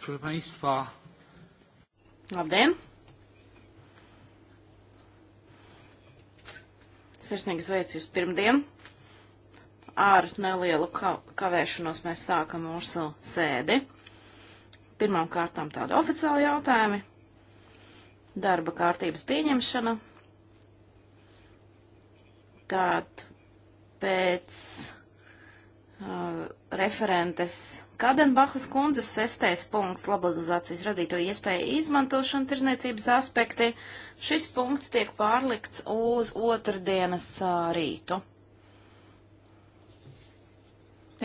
Proszę Państwa. Labdien! Sirsnīgi sveicu jūs pirmdien. Ar nelielu kavēšanos mēs sākam mūsu sēdi. Pirmām kārtām tādi oficiāli jautājumi. Darba kārtības pieņemšana. Tad pēc referentes Kādenbahas kundzes sestais punkts - globalizācijas radīto iespēju izmantošana tirzniecības aspekti. Šis punkts tiek pārlikts uz otrdienas rītu.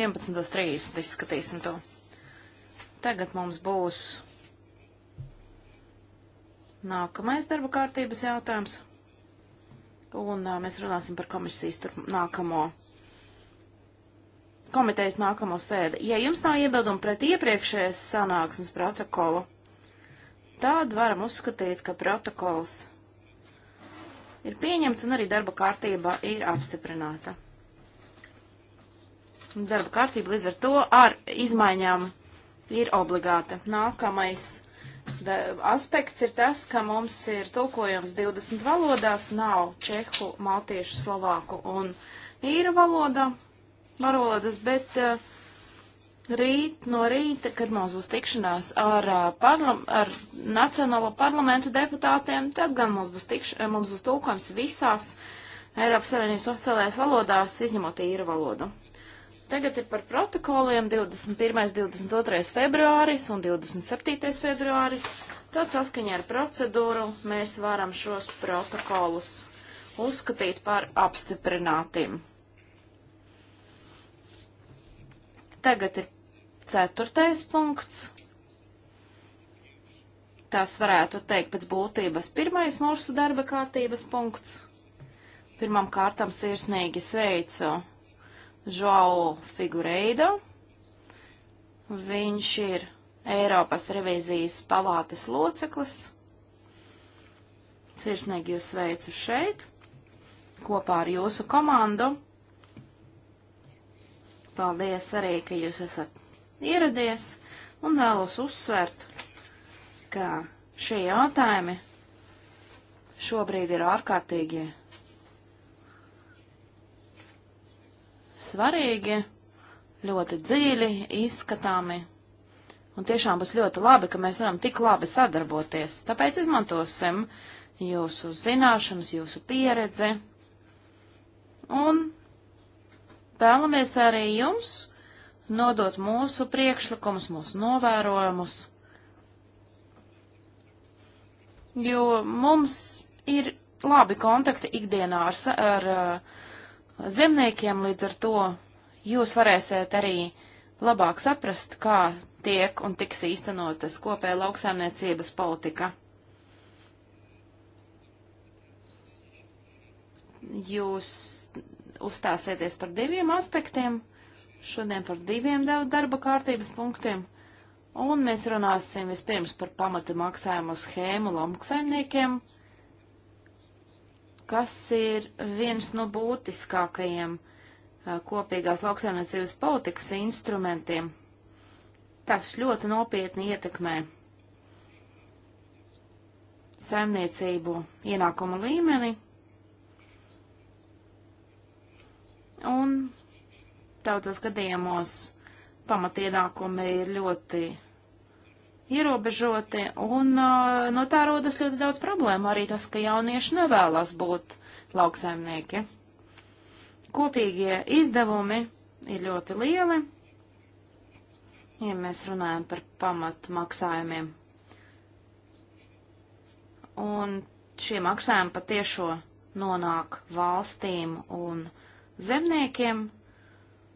11.30 izskatīsim to. Tagad mums būs nākamais darba kārtības jautājums. Un mēs runāsim par komisijas turp nākamo komitejas nākamo sēdi. Ja jums nav iebildumi pret iepriekšējās sanāksmes protokolu, tad varam uzskatīt, ka protokols ir pieņemts un arī darba kārtība ir apstiprināta. Darba kārtība līdz ar to ar izmaiņām ir obligāta. Nākamais aspekts ir tas, ka mums ir tulkojums 20 valodās, nav čehu, maltiešu, slovāku un īru valodā valodas, bet uh, rīt no rīta, kad mums būs tikšanās ar, uh, parlam, ar Nacionālo parlamentu deputātiem, tad gan mums būs, tikš, eh, mums būs tulkojums visās Eiropas Savienības oficiālajās valodās, izņemot īru valodu. Tagad ir par protokoliem 21. 22. februāris un 27. februāris. Tad saskaņā ar procedūru mēs varam šos protokolus uzskatīt par apstiprinātiem. Tagad ir ceturtais punkts. Tas varētu teikt pēc būtības pirmais mūsu darba kārtības punkts. Pirmam kārtam sirsnīgi sveicu Žoau Figureido. Viņš ir Eiropas revīzijas palātas loceklis. Sirsnīgi jūs sveicu šeit, kopā ar jūsu komandu. Paldies arī, ka jūs esat ieradies un vēlos uzsvert, ka šie jautājumi šobrīd ir ārkārtīgi svarīgi, ļoti dziļi izskatāmi. Un tiešām būs ļoti labi, ka mēs varam tik labi sadarboties. Tāpēc izmantosim jūsu zināšanas, jūsu pieredzi un vēlamies arī jums nodot mūsu priekšlikumus, mūsu novērojumus, jo mums ir labi kontakti ikdienā ar, ar, ar uh, zemniekiem, līdz ar to jūs varēsiet arī labāk saprast, kā tiek un tiks īstenotas kopēja lauksaimniecības politika. Jūs uzstāsieties par diviem aspektiem, šodien par diviem darba kārtības punktiem, un mēs runāsim vispirms par pamatu maksājumu schēmu lamksaimniekiem, kas ir viens no būtiskākajiem kopīgās lauksaimniecības politikas instrumentiem. Tas ļoti nopietni ietekmē saimniecību ienākumu līmeni un daudzos gadījumos pamatienākumi ir ļoti ierobežoti, un uh, no tā rodas ļoti daudz problēmu. Arī tas, ka jaunieši nevēlas būt lauksaimnieki. Kopīgie izdevumi ir ļoti lieli, ja mēs runājam par pamatmaksājumiem. Un šie maksājumi patiešo nonāk valstīm un valstīm zemniekiem,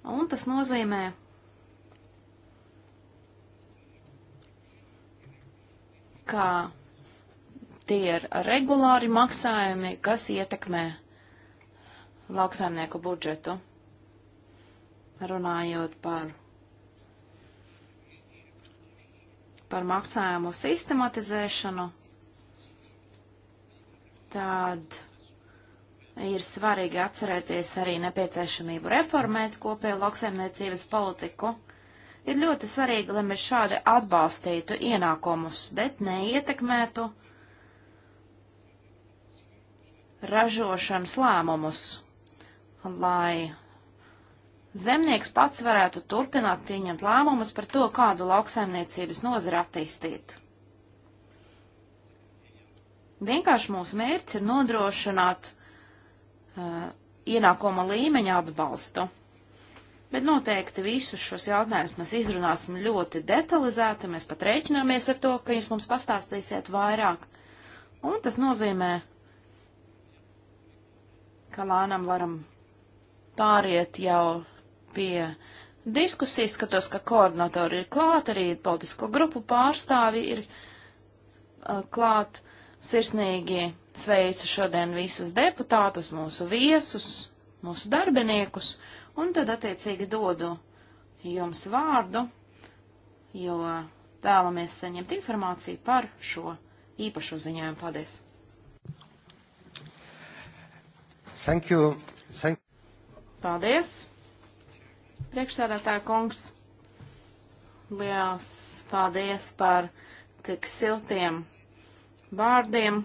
un tas nozīmē, ka tie ir regulāri maksājumi, kas ietekmē lauksaimnieku budžetu. Runājot par, par maksājumu sistematizēšanu, tad ir svarīgi atcerēties arī nepieciešamību reformēt kopēju lauksaimniecības politiku. Ir ļoti svarīgi, lai mēs šādi atbalstītu ienākumus, bet neietekmētu ražošanas lēmumus, lai zemnieks pats varētu turpināt pieņemt lēmumus par to, kādu lauksaimniecības nozari attīstīt. Vienkārši mūsu mērķis ir nodrošināt uh, ienākuma līmeņa atbalstu. Bet noteikti visus šos jautājumus mēs izrunāsim ļoti detalizēti, mēs pat rēķināmies ar to, ka jūs mums pastāstīsiet vairāk. Un tas nozīmē, ka lēnām varam pāriet jau pie diskusijas, skatos, ka koordinatori ir klāt, arī politisko grupu pārstāvi ir uh, klāt sirsnīgi Sveicu šodien visus deputātus, mūsu viesus, mūsu darbiniekus, un tad attiecīgi dodu jums vārdu, jo vēlamies saņemt informāciju par šo īpašu ziņojumu. Paldies! Thank you. Thank you. Paldies! Priekšstādātāja kungs, liels paldies par tik siltiem vārdiem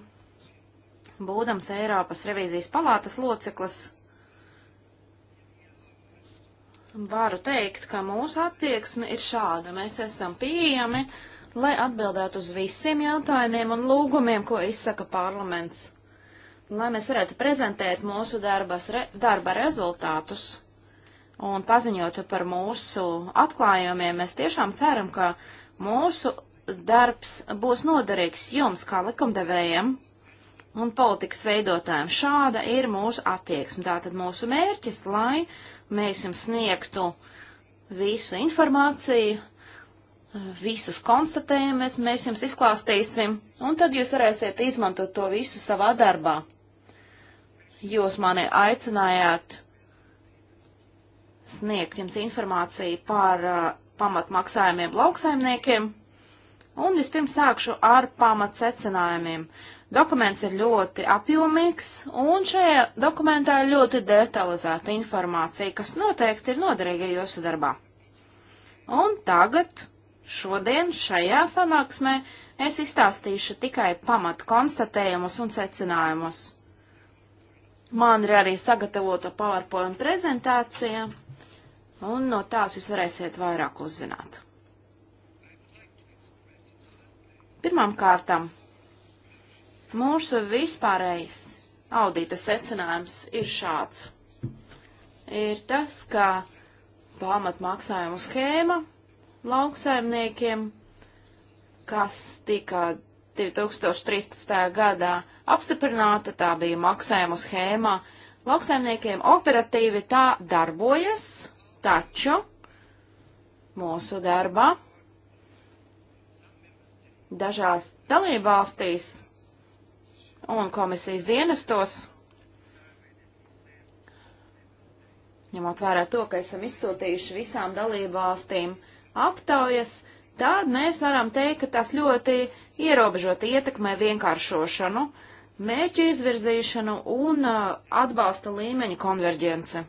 būdams Eiropas revīzijas palātas loceklis, varu teikt, ka mūsu attieksme ir šāda. Mēs esam pieejami, lai atbildētu uz visiem jautājumiem un lūgumiem, ko izsaka parlaments, lai mēs varētu prezentēt mūsu darbas, re, darba rezultātus un paziņot par mūsu atklājumiem. Mēs tiešām ceram, ka mūsu darbs būs noderīgs jums, kā likumdevējiem, un politikas veidotājiem. Šāda ir mūsu attieksme. Tātad mūsu mērķis, lai mēs jums sniegtu visu informāciju, visus konstatējumus, mēs jums izklāstīsim, un tad jūs varēsiet izmantot to visu savā darbā. Jūs mani aicinājāt sniegt jums informāciju par uh, pamatmaksājumiem lauksaimniekiem, un vispirms sākšu ar pamatsecinājumiem. Uh, Dokuments ir ļoti apjomīgs, un šajā dokumentā ir ļoti detalizēta informācija, kas noteikti ir noderīga jūsu darbā. Un tagad, šodien, šajā sanāksmē, es izstāstīšu tikai pamata konstatējumus un secinājumus. Man ir arī sagatavota PowerPoint prezentācija, un no tās jūs varēsiet vairāk uzzināt. Pirmām kārtām Mūsu vispārējais audīta secinājums ir šāds. Ir tas, ka pamatmaksājumu schēma lauksaimniekiem, kas tika 2013. gadā apstiprināta, tā bija maksājumu schēma lauksaimniekiem operatīvi tā darbojas, taču mūsu darbā dažās dalībvalstīs un komisijas dienestos, ņemot vērā to, ka esam izsūtījuši visām dalībvalstīm aptaujas, tad mēs varam teikt, ka tas ļoti ierobežot ietekmē vienkāršošanu, mērķu izvirzīšanu un uh, atbalsta līmeņa konverģence.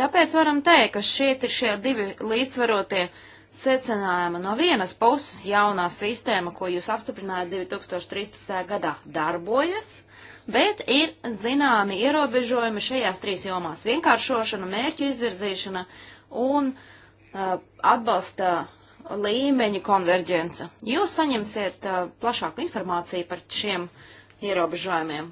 Tāpēc varam teikt, ka šeit ir šie divi līdzsvarotie uh, secinājuma. No vienas puses jaunā sistēma, ko jūs apstiprinājāt 2013. gadā, darbojas, bet ir zināmi ierobežojumi šajās trīs jomās - vienkāršošana, mērķu izvirzīšana un uh, atbalsta līmeņu konverģence. Jūs saņemsiet uh, plašāku informāciju par šiem ierobežojumiem.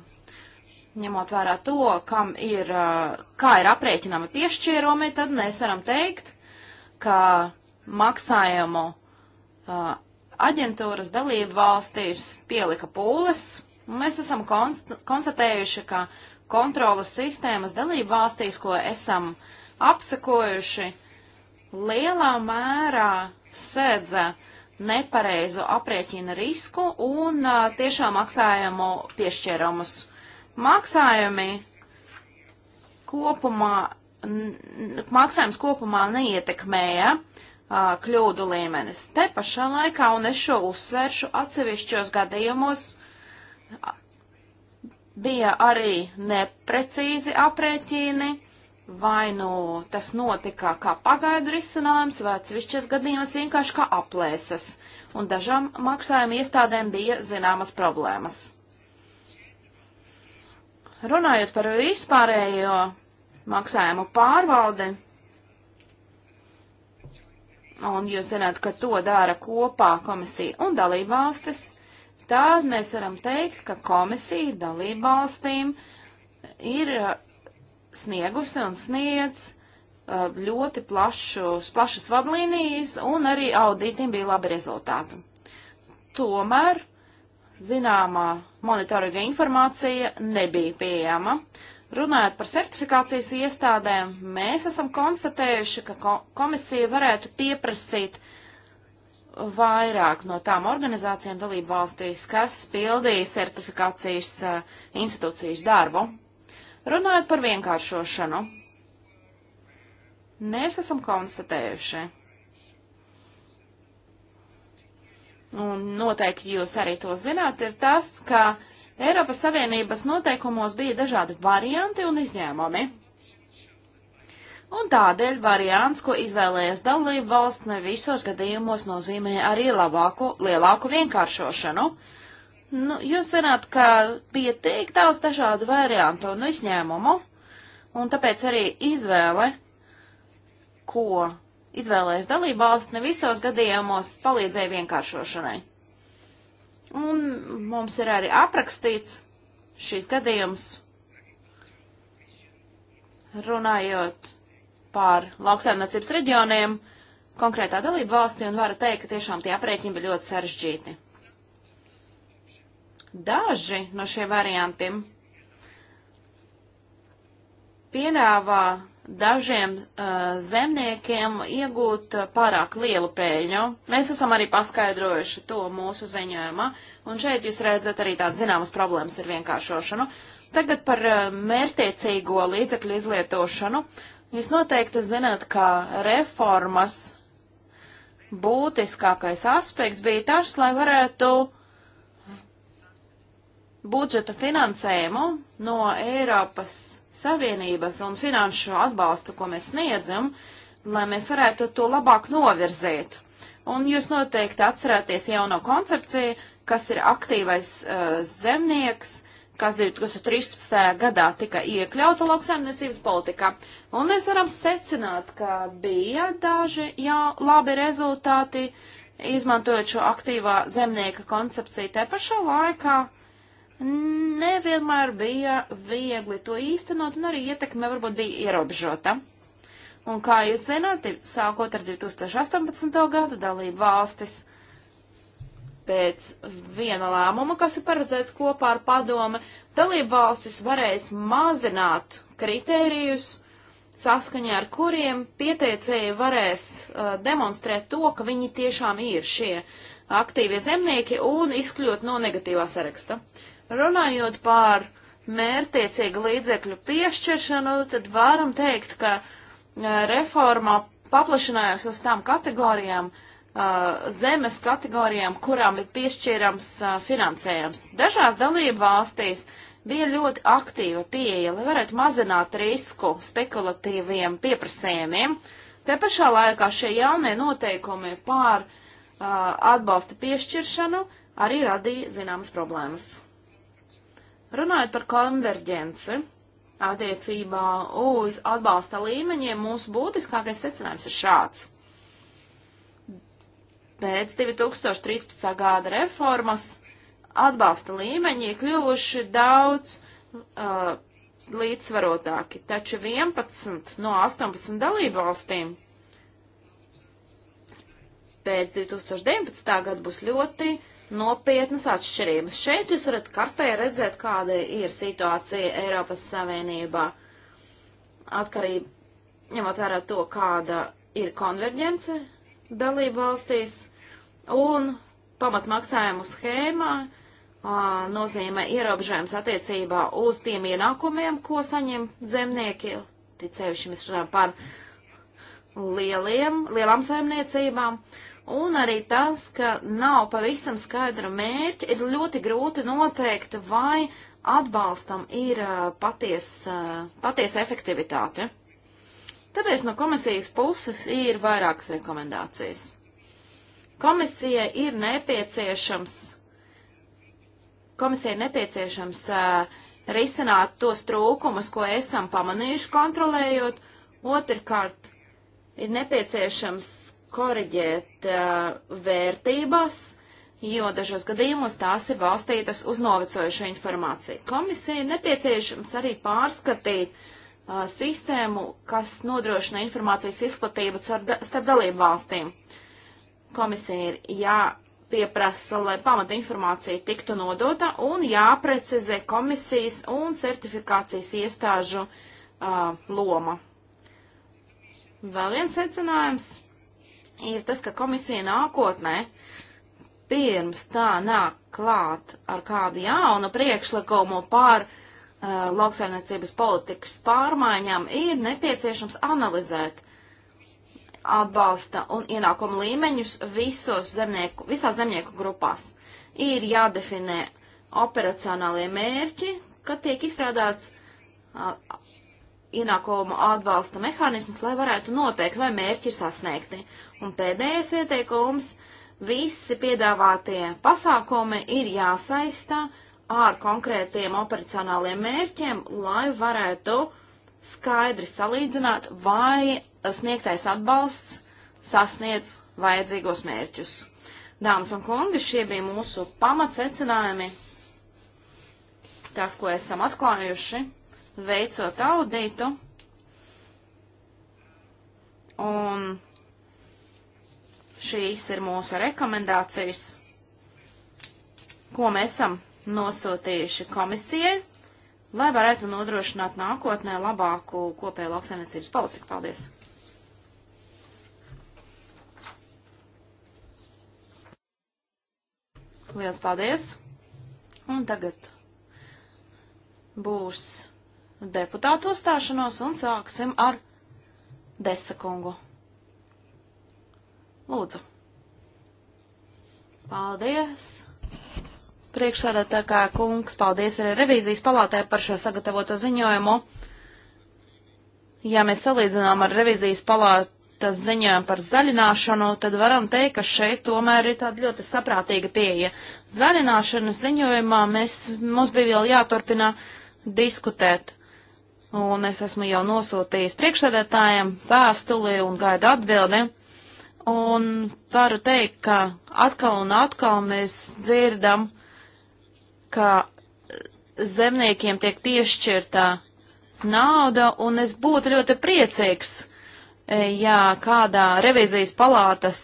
Ņemot vērā to, kam ir, uh, kā ir aprēķināmi piešķīrumi, tad mēs varam teikt, ka maksājumu uh, aģentūras dalību valstīs pielika pūles, un mēs esam konstatējuši, ka kontrolas sistēmas dalību valstīs, ko esam apsakojuši, lielā mērā sēdza nepareizu aprēķina risku un uh, tiešām maksājumu piešķirumus. Maksājumi kopumā, maksājums kopumā neietekmēja uh, uh, kļūdu līmenis. Te pašā laikā, un es šo uzsveršu, atsevišķos gadījumos bija arī neprecīzi aprēķini, vai nu tas notika kā pagaidu risinājums, vai atsevišķos gadījumos vienkārši kā aplēses, un dažām maksājuma iestādēm bija zināmas problēmas. Runājot par vispārējo maksājumu pārvaldi, un jūs zināt, ka to dara kopā komisija un dalībvalstis, tad mēs varam teikt, ka komisija dalībvalstīm ir uh, sniegusi un sniedz uh, ļoti plašus, plašas vadlīnijas, un arī audītiem bija labi rezultāti. Tomēr zināmā monitoringa informācija nebija pieejama, Runājot par certifikācijas iestādēm, mēs esam konstatējuši, ka ko komisija varētu pieprasīt vairāk no tām organizācijām dalību valstīs, kas pildīja certifikācijas uh, institūcijas darbu. Runājot par vienkāršošanu, mēs esam konstatējuši, un noteikti jūs arī to zināt, ir tas, ka uh, Eiropas Savienības noteikumos bija dažādi varianti un izņēmumi. Un tādēļ variants, ko izvēlējies dalību valsts, ne visos gadījumos nozīmē arī labāku, lielāku vienkāršošanu. Nu, jūs zināt, ka bija tik daudz dažādu variantu un izņēmumu, un tāpēc arī izvēle, ko izvēlējas dalībvalsts, ne visos gadījumos palīdzēja vienkāršošanai. Un mums ir arī aprakstīts šīs gadījums, runājot par lauksaimniecības reģioniem, konkrētā dalību valstī, un varu teikt, ka tiešām tie aprēķini bija ļoti sarežģīti. Daži no šiem variantiem piedāvā dažiem uh, zemniekiem iegūt uh, pārāk lielu pēļņu. Mēs esam arī paskaidrojuši to mūsu ziņojumā, un šeit jūs redzat arī tādas zināmas problēmas ar vienkāršošanu. Tagad par uh, mērtiecīgo līdzekļu izlietošanu. Jūs noteikti zināt, ka reformas būtiskākais aspekts bija tas, lai varētu budžeta finansējumu no Eiropas Savienības un finanšu atbalstu, ko mēs sniedzam, lai mēs varētu to labāk novirzēt. Un jūs noteikti atcerēties jauno koncepciju, kas ir aktīvais uh, zemnieks, kas 2013. gadā tika iekļauta lauksaimniecības politikā. Un mēs varam secināt, ka bija daži jā, labi rezultāti, izmantojot šo aktīvā zemnieka koncepciju. Te pašā laikā uh, nevienmēr bija viegli to īstenot, un arī ietekme varbūt bija ierobežota. Un kā jūs zināt, sākot ar 2018. gadu dalību valstis pēc viena lēmuma, kas ir paredzēts kopā ar padome, dalību valstis varēs mazināt kritērijus, saskaņā ar kuriem pieteicēji varēs uh, demonstrēt to, ka viņi tiešām ir šie aktīvie zemnieki un izkļūt no negatīvā saraksta. Uh, Runājot par mērtiecīgu līdzekļu piešķiršanu, tad varam teikt, ka e, reformā paplašinājās uz tām kategorijām, e, zemes kategorijām, kurām ir piešķirams e, finansējums. Dažās dalību valstīs bija ļoti aktīva pieeja, lai varētu mazināt risku spekulatīviem pieprasējumiem. Te pašā laikā šie jaunie noteikumi pār uh, atbalsta piešķiršanu arī radīja zināmas problēmas. Runājot par konverģenci attiecībā uz atbalsta līmeņiem, mūsu būtiskākais secinājums ir šāds. Pēc 2013. gada reformas atbalsta līmeņi ir kļuvuši daudz uh, līdzsvarotāki, taču 11 no 18 dalību valstīm pēc 2019. gada būs ļoti uh, nopietnas atšķirības. Šeit jūs varat kartē redzēt, kāda ir situācija Eiropas Savienībā atkarība, ņemot vērā to, kāda ir konverģence dalību valstīs un pamatmaksājumu schēmā a, nozīmē ierobežojums attiecībā uz tiem ienākumiem, ko saņem zemnieki. Ticējuši mēs runājam par lieliem, lielām saimniecībām. Uh, Un arī tas, ka nav pavisam skaidra mērķa, ir ļoti grūti noteikt, vai atbalstam ir uh, patiesa uh, paties efektivitāte. Tāpēc no komisijas puses ir vairākas rekomendācijas. Komisijai ir nepieciešams, komisijai nepieciešams uh, risināt tos trūkumus, ko esam pamanījuši kontrolējot. Otrkārt, ir nepieciešams koriģēt uh, vērtības, jo dažos gadījumos tās ir balstītas uz novecojušo informāciju. Komisija nepieciešams arī pārskatīt uh, sistēmu, kas nodrošina informācijas izplatību da starp dalību valstīm. Komisija ir jāpieprasa, lai pamata informācija tiktu nodota un jāprecizē komisijas un certifikācijas iestāžu uh, loma. Vēl viens secinājums ir tas, ka komisija nākotnē pirms tā nāk klāt ar kādu jaunu priekšlikumu par uh, lauksaimniecības politikas pārmaiņām, ir nepieciešams analizēt atbalsta un ienākumu līmeņus visos zemnieku, visās zemnieku grupās. Ir jādefinē operacionālie mērķi, kad tiek izstrādāts uh, ienākumu atbalsta mehānismus, lai varētu noteikt, vai mērķi ir sasniegti. Un pēdējais ieteikums - visi piedāvātie pasākumi ir jāsaistā ar konkrētiem operacionāliem mērķiem, lai varētu skaidri salīdzināt, vai sniegtais atbalsts sasniedz vajadzīgos mērķus. Dāmas un kungi, šie bija mūsu pamatsecinājumi, tas, ko esam atklājuši veicot auditu. Un šīs ir mūsu rekomendācijas, ko mēs esam nosūtījuši komisijai, lai varētu nodrošināt nākotnē labāku kopēju lauksaimniecības politiku. Paldies! Liels paldies! Un tagad būs deputātu uzstāšanos un sāksim ar Desakungu. Lūdzu. Paldies. Priekšsēdētā kā kungs, paldies arī revīzijas palātē par šo sagatavoto ziņojumu. Ja mēs salīdzinām ar revīzijas palātas ziņojumu par zaļināšanu, tad varam teikt, ka šeit tomēr ir tāda ļoti saprātīga pieeja. Zaļināšanas ziņojumā mēs, mums bija vēl jāturpina diskutēt un es esmu jau nosūtījis priekšsēdētājiem vēstuli un gaidu atbildi. Un varu teikt, ka atkal un atkal mēs dzirdam, ka zemniekiem tiek piešķirta nauda, un es būtu ļoti priecīgs, e, ja kādā revizijas palātas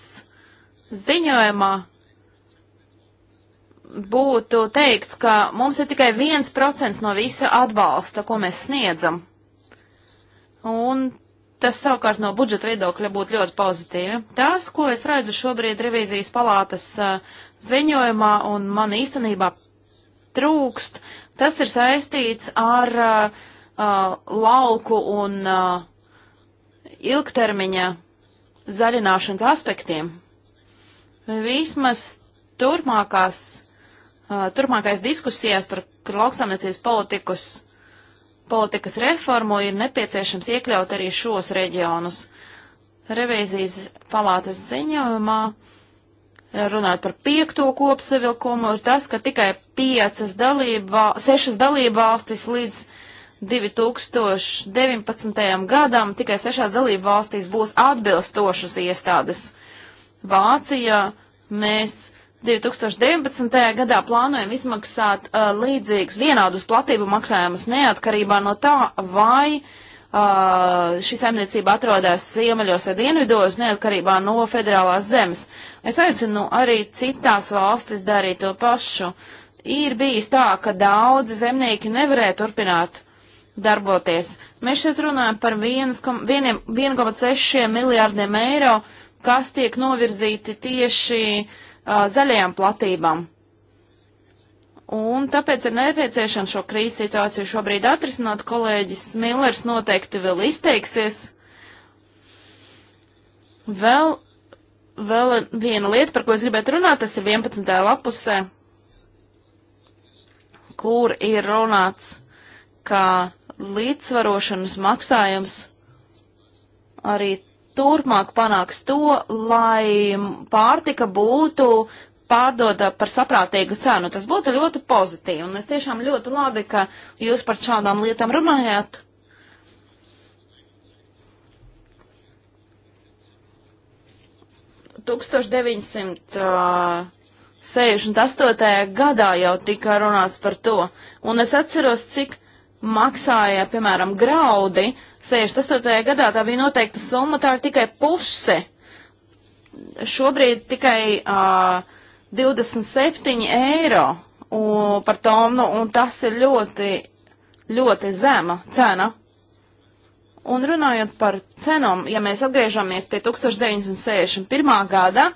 ziņojumā būtu teikts, ka mums ir tikai viens procents no visa atbalsta, ko mēs sniedzam. Un tas savukārt no budžeta viedokļa būtu ļoti pozitīvi. Tas, ko es redzu šobrīd revīzijas palātas uh, ziņojumā un man īstenībā trūkst, tas ir saistīts ar uh, uh, lauku un uh, ilgtermiņa zaļināšanas aspektiem. Vismaz turpmākās Uh, turpmākais diskusijās par lauksaimniecības politikas, politikas reformu ir nepieciešams iekļaut arī šos reģionus. Revīzijas palātas ziņojumā runāt par piekto kopsavilkumu ir tas, ka tikai piecas dalība, sešas dalība valstis līdz 2019. gadam tikai sešās dalību valstīs būs atbilstošas iestādes. Vācijā mēs 2019. gadā plānojam izmaksāt uh, līdzīgus vienādus platību maksājumus neatkarībā no tā, vai uh, šī saimniecība atrodas ziemeļos vai dienvidos, neatkarībā no federālās zemes. Es aicinu arī citās valstis darīt to pašu. Ir bijis tā, ka daudzi zemnieki nevarēja turpināt darboties. Mēs šeit runājam par 1,6 miljārdiem eiro, kas tiek novirzīti tieši uh, zaļajām platībām. Un tāpēc ir nepieciešams šo krīzes situāciju šobrīd atrisināt. Kolēģis Millers noteikti vēl izteiksies. Vēl, vēl viena lieta, par ko es gribētu runāt, tas ir 11. lapusē, kur ir runāts, ka līdzsvarošanas maksājums arī turpmāk panāks to, lai pārtika būtu pārdota par saprātīgu cenu. Tas būtu ļoti pozitīvi, un es tiešām ļoti labi, ka jūs par šādām lietām runājāt. Tūkstoš deviņsimt. 68. gadā jau tika runāts par to, un es atceros, cik maksāja, piemēram, graudi, 68. gadā tā bija noteikta summa, tā ir tikai puse. Šobrīd tikai uh, 27 eiro un, par tonu, un tas ir ļoti, ļoti zema cena. Un runājot par cenām, ja mēs atgriežamies pie 1961. gada,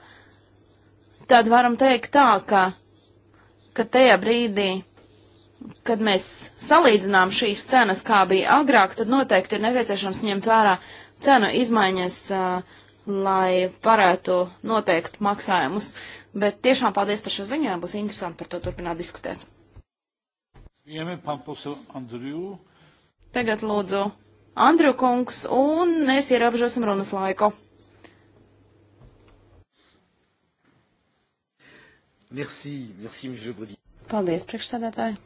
tad varam teikt tā, ka, ka tajā brīdī kad mēs salīdzinām šīs cenas, kā bija agrāk, tad noteikti ir nepieciešams ņemt vērā cenu izmaiņas, lai varētu noteikt maksājumus. Bet tiešām paldies par šo ziņojumu, būs interesanti par to turpināt diskutēt. Tagad lūdzu Andriu kungs, un mēs ierobežosim runas laiku. Merci, merci, Paldies, priekšsēdētāji.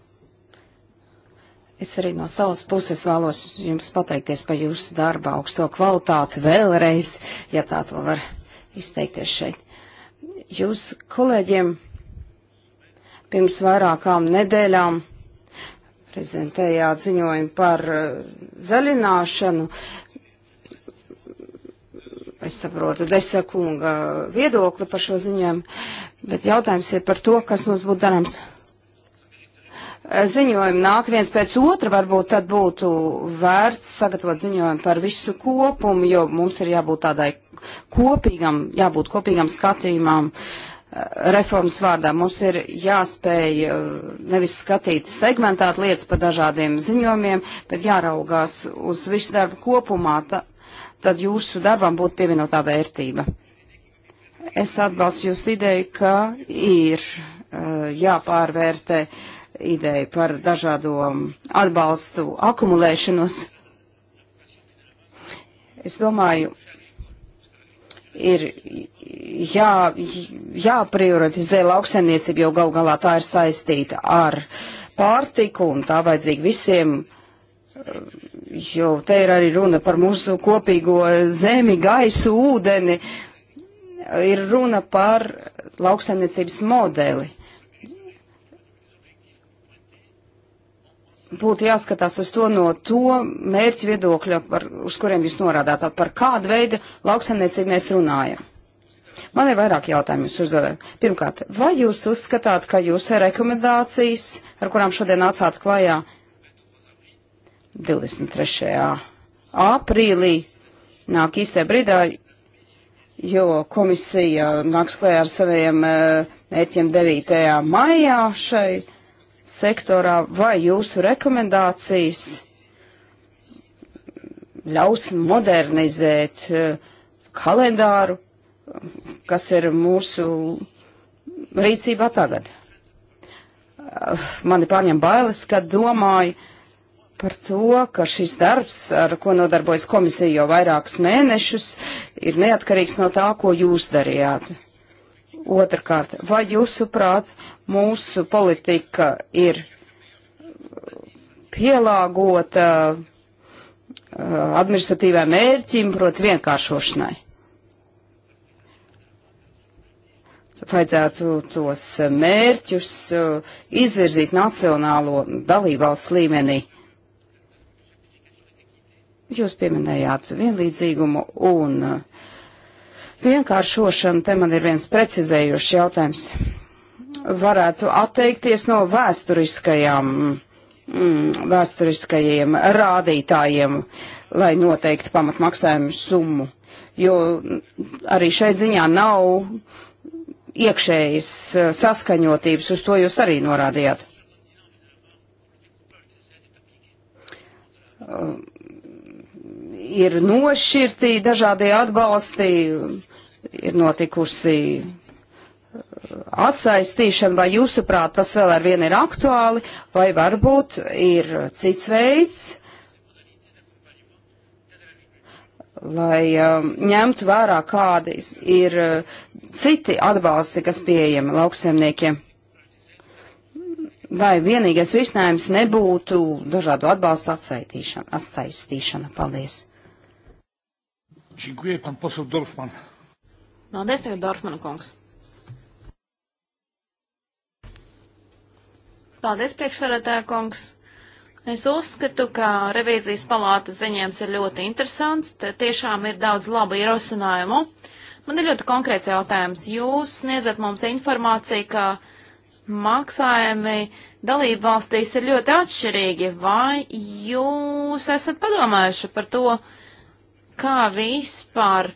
Es arī no savas puses vēlos jums pateikties par jūsu darbu augsto kvalitāti vēlreiz, ja tā to var izteikties šeit. Jūs kolēģiem pirms vairākām nedēļām prezentējāt ziņojumu par eh, zaļināšanu. Es saprotu desakunga viedokli par šo ziņojumu, bet jautājums ir par to, kas mums būtu darāms ziņojumi nāk viens pēc otra, varbūt tad būtu vērts sagatavot ziņojumu par visu kopumu, jo mums ir jābūt tādai kopīgam, jābūt kopīgam skatījumam. Eh, reformas vārdā mums ir jāspēj eh, nevis skatīt segmentēt lietas par dažādiem ziņojumiem, bet jāraugās uz visu darbu kopumā, ta, tad jūsu darbam būtu pievienotā vērtība. Es atbalstu jūsu ideju, ka ir eh, jāpārvērtē uh, ideju par dažādo atbalstu akumulēšanos. Es domāju, ir jā, jāprioritizē lauksaimniecība, jo gal galā tā ir saistīta ar pārtiku un tā vajadzīga visiem, jo te ir arī runa par mūsu kopīgo zemi, gaisu, ūdeni, ir runa par lauksaimniecības modeli. būtu jāskatās uz to no to mērķu viedokļa, par, uz kuriem jūs norādāt, par kādu veidu lauksaimniecību mēs runājam. Man ir vairāk jautājumu jūs uzdodam. Pirmkārt, vai jūs uzskatāt, ka jūsu rekomendācijas, ar kurām šodien nācāt klajā 23. aprīlī, nāk īstajā brīdā, jo komisija nāks klajā ar saviem eh, mērķiem 9. maijā šai sektorā, vai jūsu rekomendācijas ļaus modernizēt e, kalendāru, kas ir mūsu rīcībā tagad. Mani pārņem bailes, kad domāju par to, ka šis darbs, ar ko nodarbojas komisija jau vairākus mēnešus, ir neatkarīgs no tā, ko jūs darījāt. Otrakārt, vai jūsuprāt mūsu politika ir pielāgota uh, administratīvai mērķim, proti vienkāršošanai? Vajadzētu tos mērķus uh, izvirzīt nacionālo dalībvalsts līmenī. Jūs pieminējāt vienlīdzīgumu un uh, vienkāršošanu, te man ir viens precizējošs jautājums, varētu atteikties no vēsturiskajām, mm, vēsturiskajiem rādītājiem, lai noteiktu pamatmaksājumu summu, jo arī šai ziņā nav iekšējas eh, saskaņotības, uz to jūs arī norādījāt. Um ir nošķirti dažādie atbalsti, ir notikusi uh, atsaistīšana, vai jūsuprāt tas vēl ar vienu ir aktuāli, vai varbūt ir cits veids, lai um, ņemtu vērā, kādi ir uh, citi atbalsti, kas pieejami lauksaimniekiem. Vai vienīgais risinājums nebūtu dažādu atbalstu atsaistīšana? Paldies! Dziękuję, pan poseł Dorfman. Paldies, tagad Dorfmanu kungs. Paldies, priekšsēdētāja kungs. Es uzskatu, ka revīzijas palāta ziņojums ir ļoti interesants. Te tiešām ir daudz labu ierosinājumu. Man ir ļoti konkrēts jautājums. Jūs sniedzat mums informāciju, ka maksājumi dalību valstīs ir ļoti atšķirīgi. Vai jūs esat padomājuši par to, uh, kā vispār,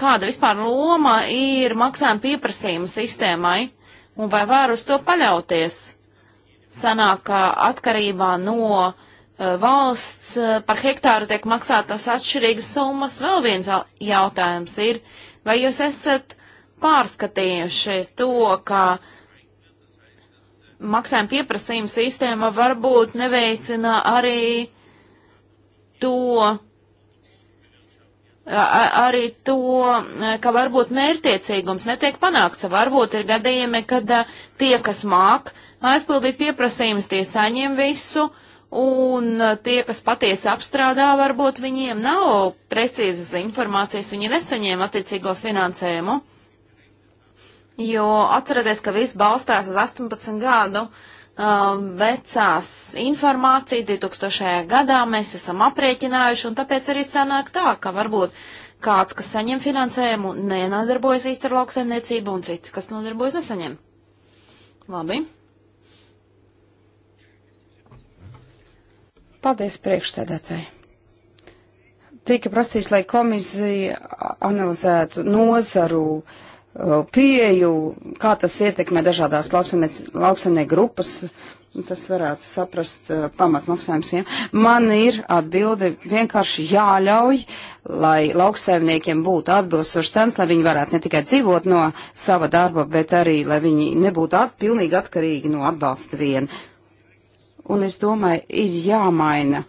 kāda vispār loma ir maksājuma pieprasījuma sistēmai un vai var uz to paļauties. Sanāk, ka atkarībā no eh, valsts eh, par hektāru tiek maksātas atšķirīgas summas. Vēl viens jautājums ir, vai jūs esat pārskatījuši to, ka maksājuma pieprasījuma sistēma varbūt neveicina arī to arī to, ka varbūt mērtiecīgums netiek panākts. Varbūt ir gadījumi, kad tie, kas māk aizpildīt pieprasījumus, tie saņem visu, un tie, kas patiesi apstrādā, varbūt viņiem nav precīzas informācijas, viņi nesaņēma attiecīgo finansējumu. Jo atcerieties, ka viss balstās uz 18 gadu uh, um, vecās informācijas 2000. gadā mēs esam aprēķinājuši, un tāpēc arī sanāk tā, ka varbūt kāds, kas saņem finansējumu, nenodarbojas īsti ar lauksaimniecību, un cits, kas nodarbojas, nesaņem. Labi. Paldies priekšstādātāji. Tika prasīts, lai komisija analizētu nozaru uh, Uh, pieju, kā tas ietekmē dažādās lauksaimnie grupas, tas varētu saprast uh, pamatmaksājums. Ja? Man ir atbildi vienkārši jāļauj, lai lauksaimniekiem būtu atbilstošs cenas, lai viņi varētu ne tikai dzīvot no sava darba, bet arī, lai viņi nebūtu at, pilnīgi atkarīgi no atbalsta vien. Un es domāju, ir jāmaina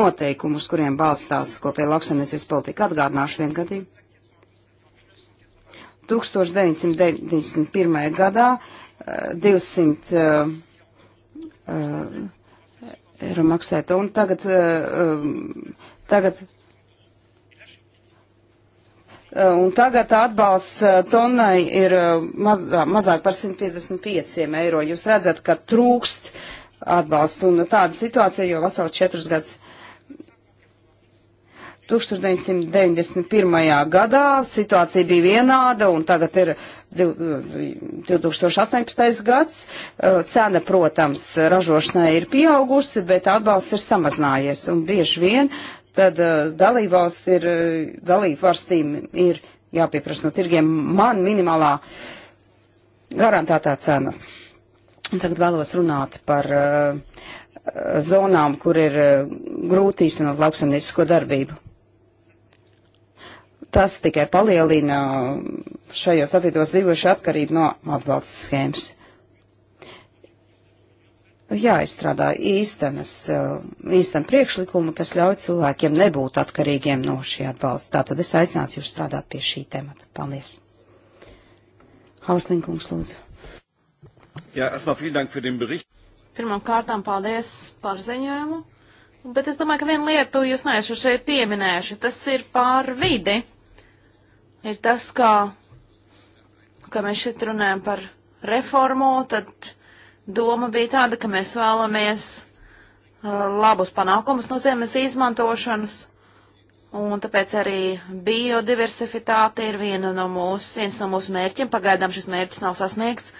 noteikumus, kuriem balstās kopēja lauksaimniecības politika. Atgādināšu vienu gadījumu 1991. gadā 200 eh, eh, eh, eiro maksēta, un tagad, tagad Un tagad atbalsts tonai ir mazā, mazāk par 155 eiro. Jūs redzat, ka trūkst atbalstu, un tāda situācija jau vasaru četrus gadus 1991. gadā situācija bija vienāda un tagad ir 2018. gads. Uh, cena, protams, ražošanai ir pieaugusi, bet atbalsts ir samazinājies un bieži vien tad uh, dalībvalsts ir, uh, dalībvalstīm ir jāpieprasa no tirgiem man minimālā garantētā cena. Un tagad vēlos runāt par uh, zonām, kur ir uh, grūti īstenot lauksaimniecisko darbību. Tas tikai palielina šajos apvidos dzīvošu atkarību no atbalsta schēmas. Jāizstrādā īstenas, eh, īsten priekšlikumi, kas ļauj cilvēkiem nebūt atkarīgiem no šī atbalsta. Tātad es aicinātu jūs strādāt pie šī temata. Paldies. Hauslinkums, lūdzu. Jā, esmā, vielen dank für den Bericht. Pirmām kārtām paldies par ziņojumu. Bet es domāju, ka vienu lietu jūs neesat šeit pieminējuši. Tas ir pār vidi ir tas, kā, ka mēs šeit runājam par reformu, tad doma bija tāda, ka mēs vēlamies uh, labus panākumus no zemes izmantošanas, un tāpēc arī biodiversitāte ir viena no mūsu, viens no mūsu mērķiem. Pagaidām šis mērķis nav sasniegts,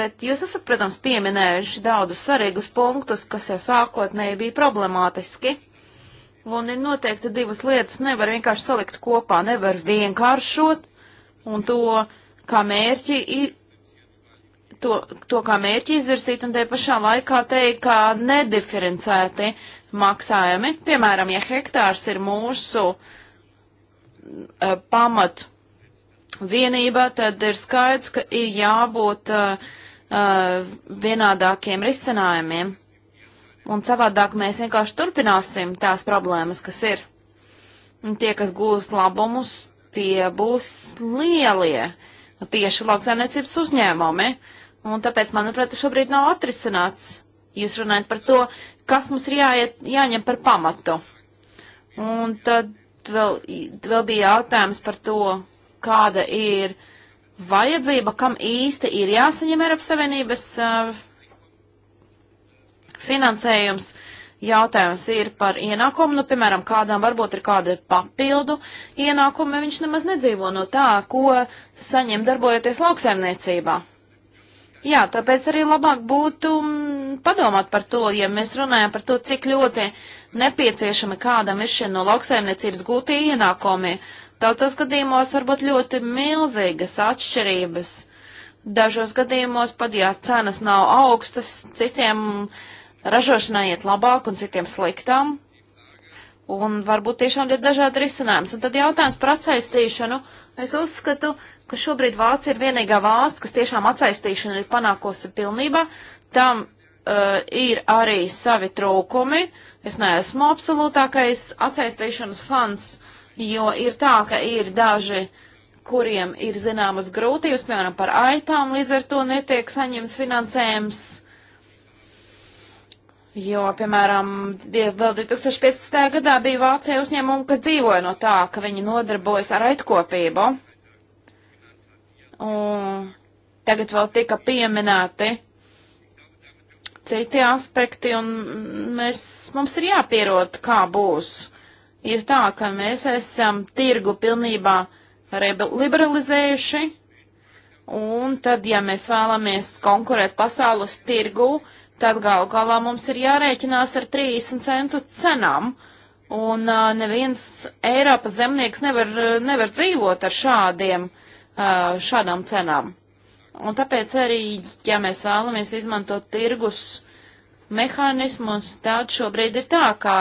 bet jūs esat, protams, pieminējuši daudzus svarīgus punktus, kas jau sākotnēji bija problemātiski. Un ir noteikti divas lietas, nevar vienkārši salikt kopā, nevar vienkāršot un to kā mērķi, to, to kā mērķi izvirsīt un te pašā laikā teikt, kā nediferencēti maksājumi. Piemēram, ja hektārs ir mūsu uh, pamat vienībā, tad ir skaidrs, ka ir jābūt uh, uh, vienādākiem risinājumiem un savādāk mēs vienkārši turpināsim tās problēmas, kas ir. Un tie, kas gūs labumus, tie būs lielie, tieši lauksainiecības uzņēmumi, un tāpēc, manuprāt, tas šobrīd nav atrisināts. Jūs runājat par to, kas mums ir jāiet, jāņem par pamatu. Un tad vēl, vēl bija jautājums par to, kāda ir vajadzība, kam īsti ir jāsaņem Eiropas Savienības uh, Finansējums jautājums ir par ienākumu, nu, piemēram, kādām varbūt ir kāda papildu ienākuma, viņš nemaz nedzīvo no tā, ko saņem darbojoties lauksaimniecībā. Jā, tāpēc arī labāk būtu mm, padomāt par to, ja mēs runājam par to, cik ļoti nepieciešami kādam ir šie no lauksaimniecības gūtie ienākumi. Tautos gadījumos varbūt ļoti milzīgas atšķirības. Dažos gadījumos pat, ja cenas nav augstas, citiem uh, ražošanai iet labāk un citiem sliktām, un varbūt tiešām ir dažādi risinājums. Un tad jautājums par atsaistīšanu. Es uzskatu, ka šobrīd Vācija ir vienīgā valsts, kas tiešām atsaistīšana ir panākusi pilnībā. Tam uh, ir arī savi trūkumi. Es neesmu absolūtākais atsaistīšanas fans, jo ir tā, ka ir daži kuriem ir zināmas grūtības, piemēram, par aitām, līdz ar to netiek saņemts finansējums uh, Jo, piemēram, vēl 2015. gadā bija Vācija uzņēmumi, kas dzīvoja no tā, ka viņi nodarbojas ar aitkopību. Un tagad vēl tika pieminēti citi aspekti, un mēs, mums ir jāpierod, kā būs. Ir tā, ka mēs esam tirgu pilnībā liberalizējuši, un tad, ja mēs vēlamies konkurēt pasaules tirgu, uh, tad gal galā mums ir jārēķinās ar 30 centu cenām. Un uh, neviens Eiropas zemnieks nevar, nevar dzīvot ar šādiem, uh, šādām cenām. Un tāpēc arī, ja mēs vēlamies izmantot tirgus mehānismus, tad šobrīd ir tā, ka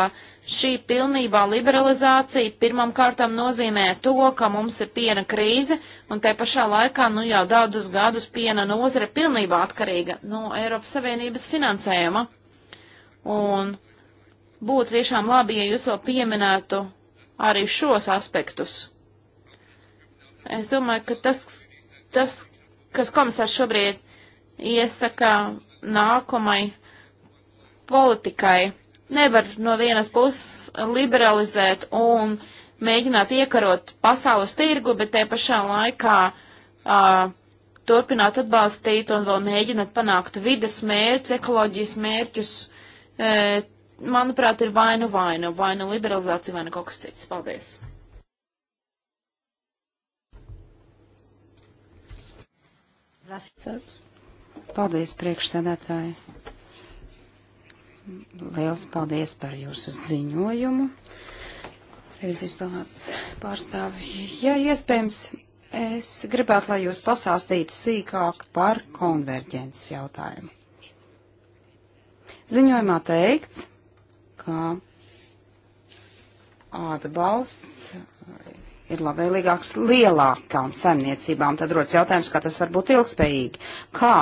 Šī pilnībā liberalizācija pirmam kārtam nozīmē to, ka mums ir piena krīze, un te pašā laikā nu jau daudzus gadus piena nozare pilnībā atkarīga no Eiropas Savienības finansējuma. Un būtu tiešām labi, ja jūs vēl pieminētu arī šos aspektus. Es domāju, ka tas, tas kas komisārs šobrīd iesaka nākamai politikai, Nevar no vienas puses liberalizēt un mēģināt iekarot pasaules tirgu, bet te pašā laikā uh, turpināt atbalstīt un vēl mēģināt panākt vidas mērķus, ekoloģijas mērķus. E, manuprāt, ir vainu vainu, vainu liberalizācija, vainu kaut kas cits. Paldies! Paldies, priekšsēdētāji! Liels paldies par jūsu ziņojumu. Revizijas palātas pārstāvi. Ja iespējams, es gribētu, lai jūs pastāstītu sīkāk par konverģences jautājumu. Ziņojumā teikts, ka atbalsts ir labvēlīgāks lielākām saimniecībām. Tad rodas jautājums, kā tas var būt ilgspējīgi. Kā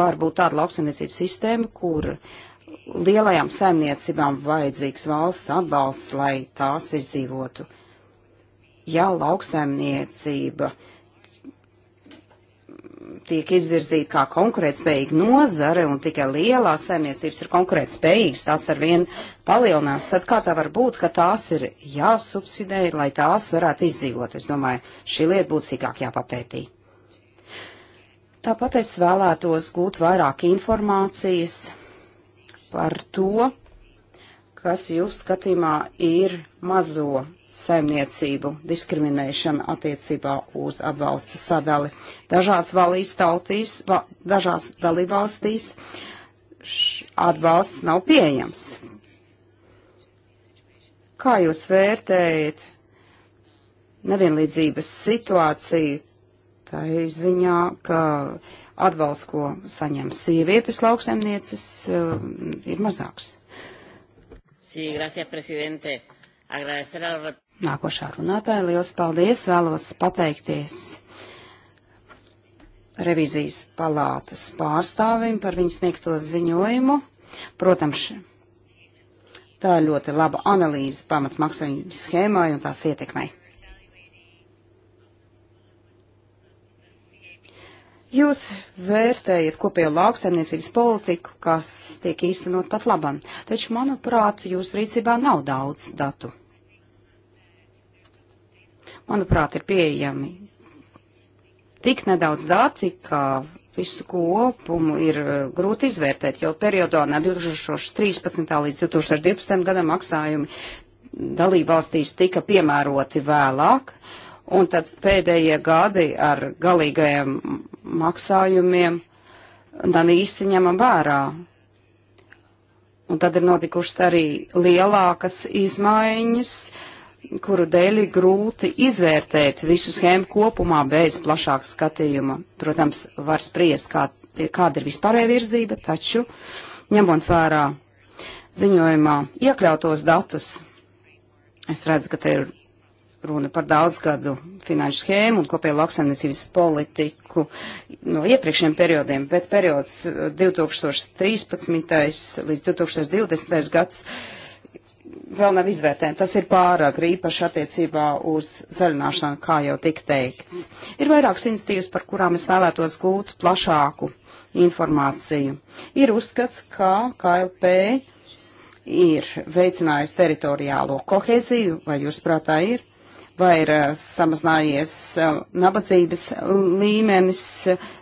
var būt tāda lauksaimniecības sistēma, kur uh, lielajām saimniecībām vajadzīgs valsts atbalsts, lai tās izdzīvotu. Ja lauksaimniecība tiek izvirzīta kā konkurētspējīga nozare un tikai lielās saimniecības ir konkurētspējīgas, tās ar vienu palielinās, tad kā tā var būt, ka tās ir jāsubsidē, lai tās varētu izdzīvot? Es domāju, šī lieta būtu sīkāk jāpapētī. Tāpat es vēlētos gūt vairāk informācijas par to, kas jūs skatījumā ir mazo saimniecību diskriminēšana attiecībā uz atbalsta sadali. Dažās, tautīs, va, dažās dalībvalstīs atbalsts nav pieejams. Kā jūs vērtējat nevienlīdzības situāciju tai ziņā, ka uh, atbalsts, ko saņem sievietes lauksaimnieces, eh, ir mazāks. Sí, gracias, presidente. Agradecer al... Nākošā runātāja, liels paldies, vēlos pateikties revizijas palātas pārstāvim par viņas sniegto ziņojumu. Protams, tā ir ļoti laba analīze pamatmaksājuma schēmai un tās ietekmei. Jūs vērtējat kopējo lauksaimniecības politiku, kas tiek īstenot pat labam, taču, manuprāt, jūsu rīcībā nav daudz datu. Manuprāt, ir pieejami tik nedaudz dati, ka visu kopumu ir eh, grūti izvērtēt, jo periodā no 2013. līdz 2012. gadam maksājumi dalībvalstīs tika piemēroti vēlāk. Uh, un tad pēdējie gadi ar galīgajiem maksājumiem nav īsti ņemam vērā. Un tad ir notikušas arī lielākas izmaiņas, kuru dēļ ir grūti izvērtēt visu schēmu kopumā bez plašāka skatījuma. Protams, var spriest, kā, kāda ir vispārēja virzība, taču ņemot vērā ziņojumā iekļautos datus, es redzu, ka te ir runa par daudzgadu finanšu schēmu un kopēju lauksaimniecības politiku no iepriekšējiem periodiem, bet periods 2013. Eh, līdz 2020. gads vēl nav izvērtējams. Tas ir pārāk īpaši attiecībā uz zaļināšanu, kā jau tika teikts. Ir vairākas institīvas, par kurām es vēlētos gūt plašāku informāciju. Ir uzskats, ka KLP ir veicinājis teritoriālo koheziju, vai jūs prātā ir? vai ir eh, samazinājies eh, nabadzības līmenis,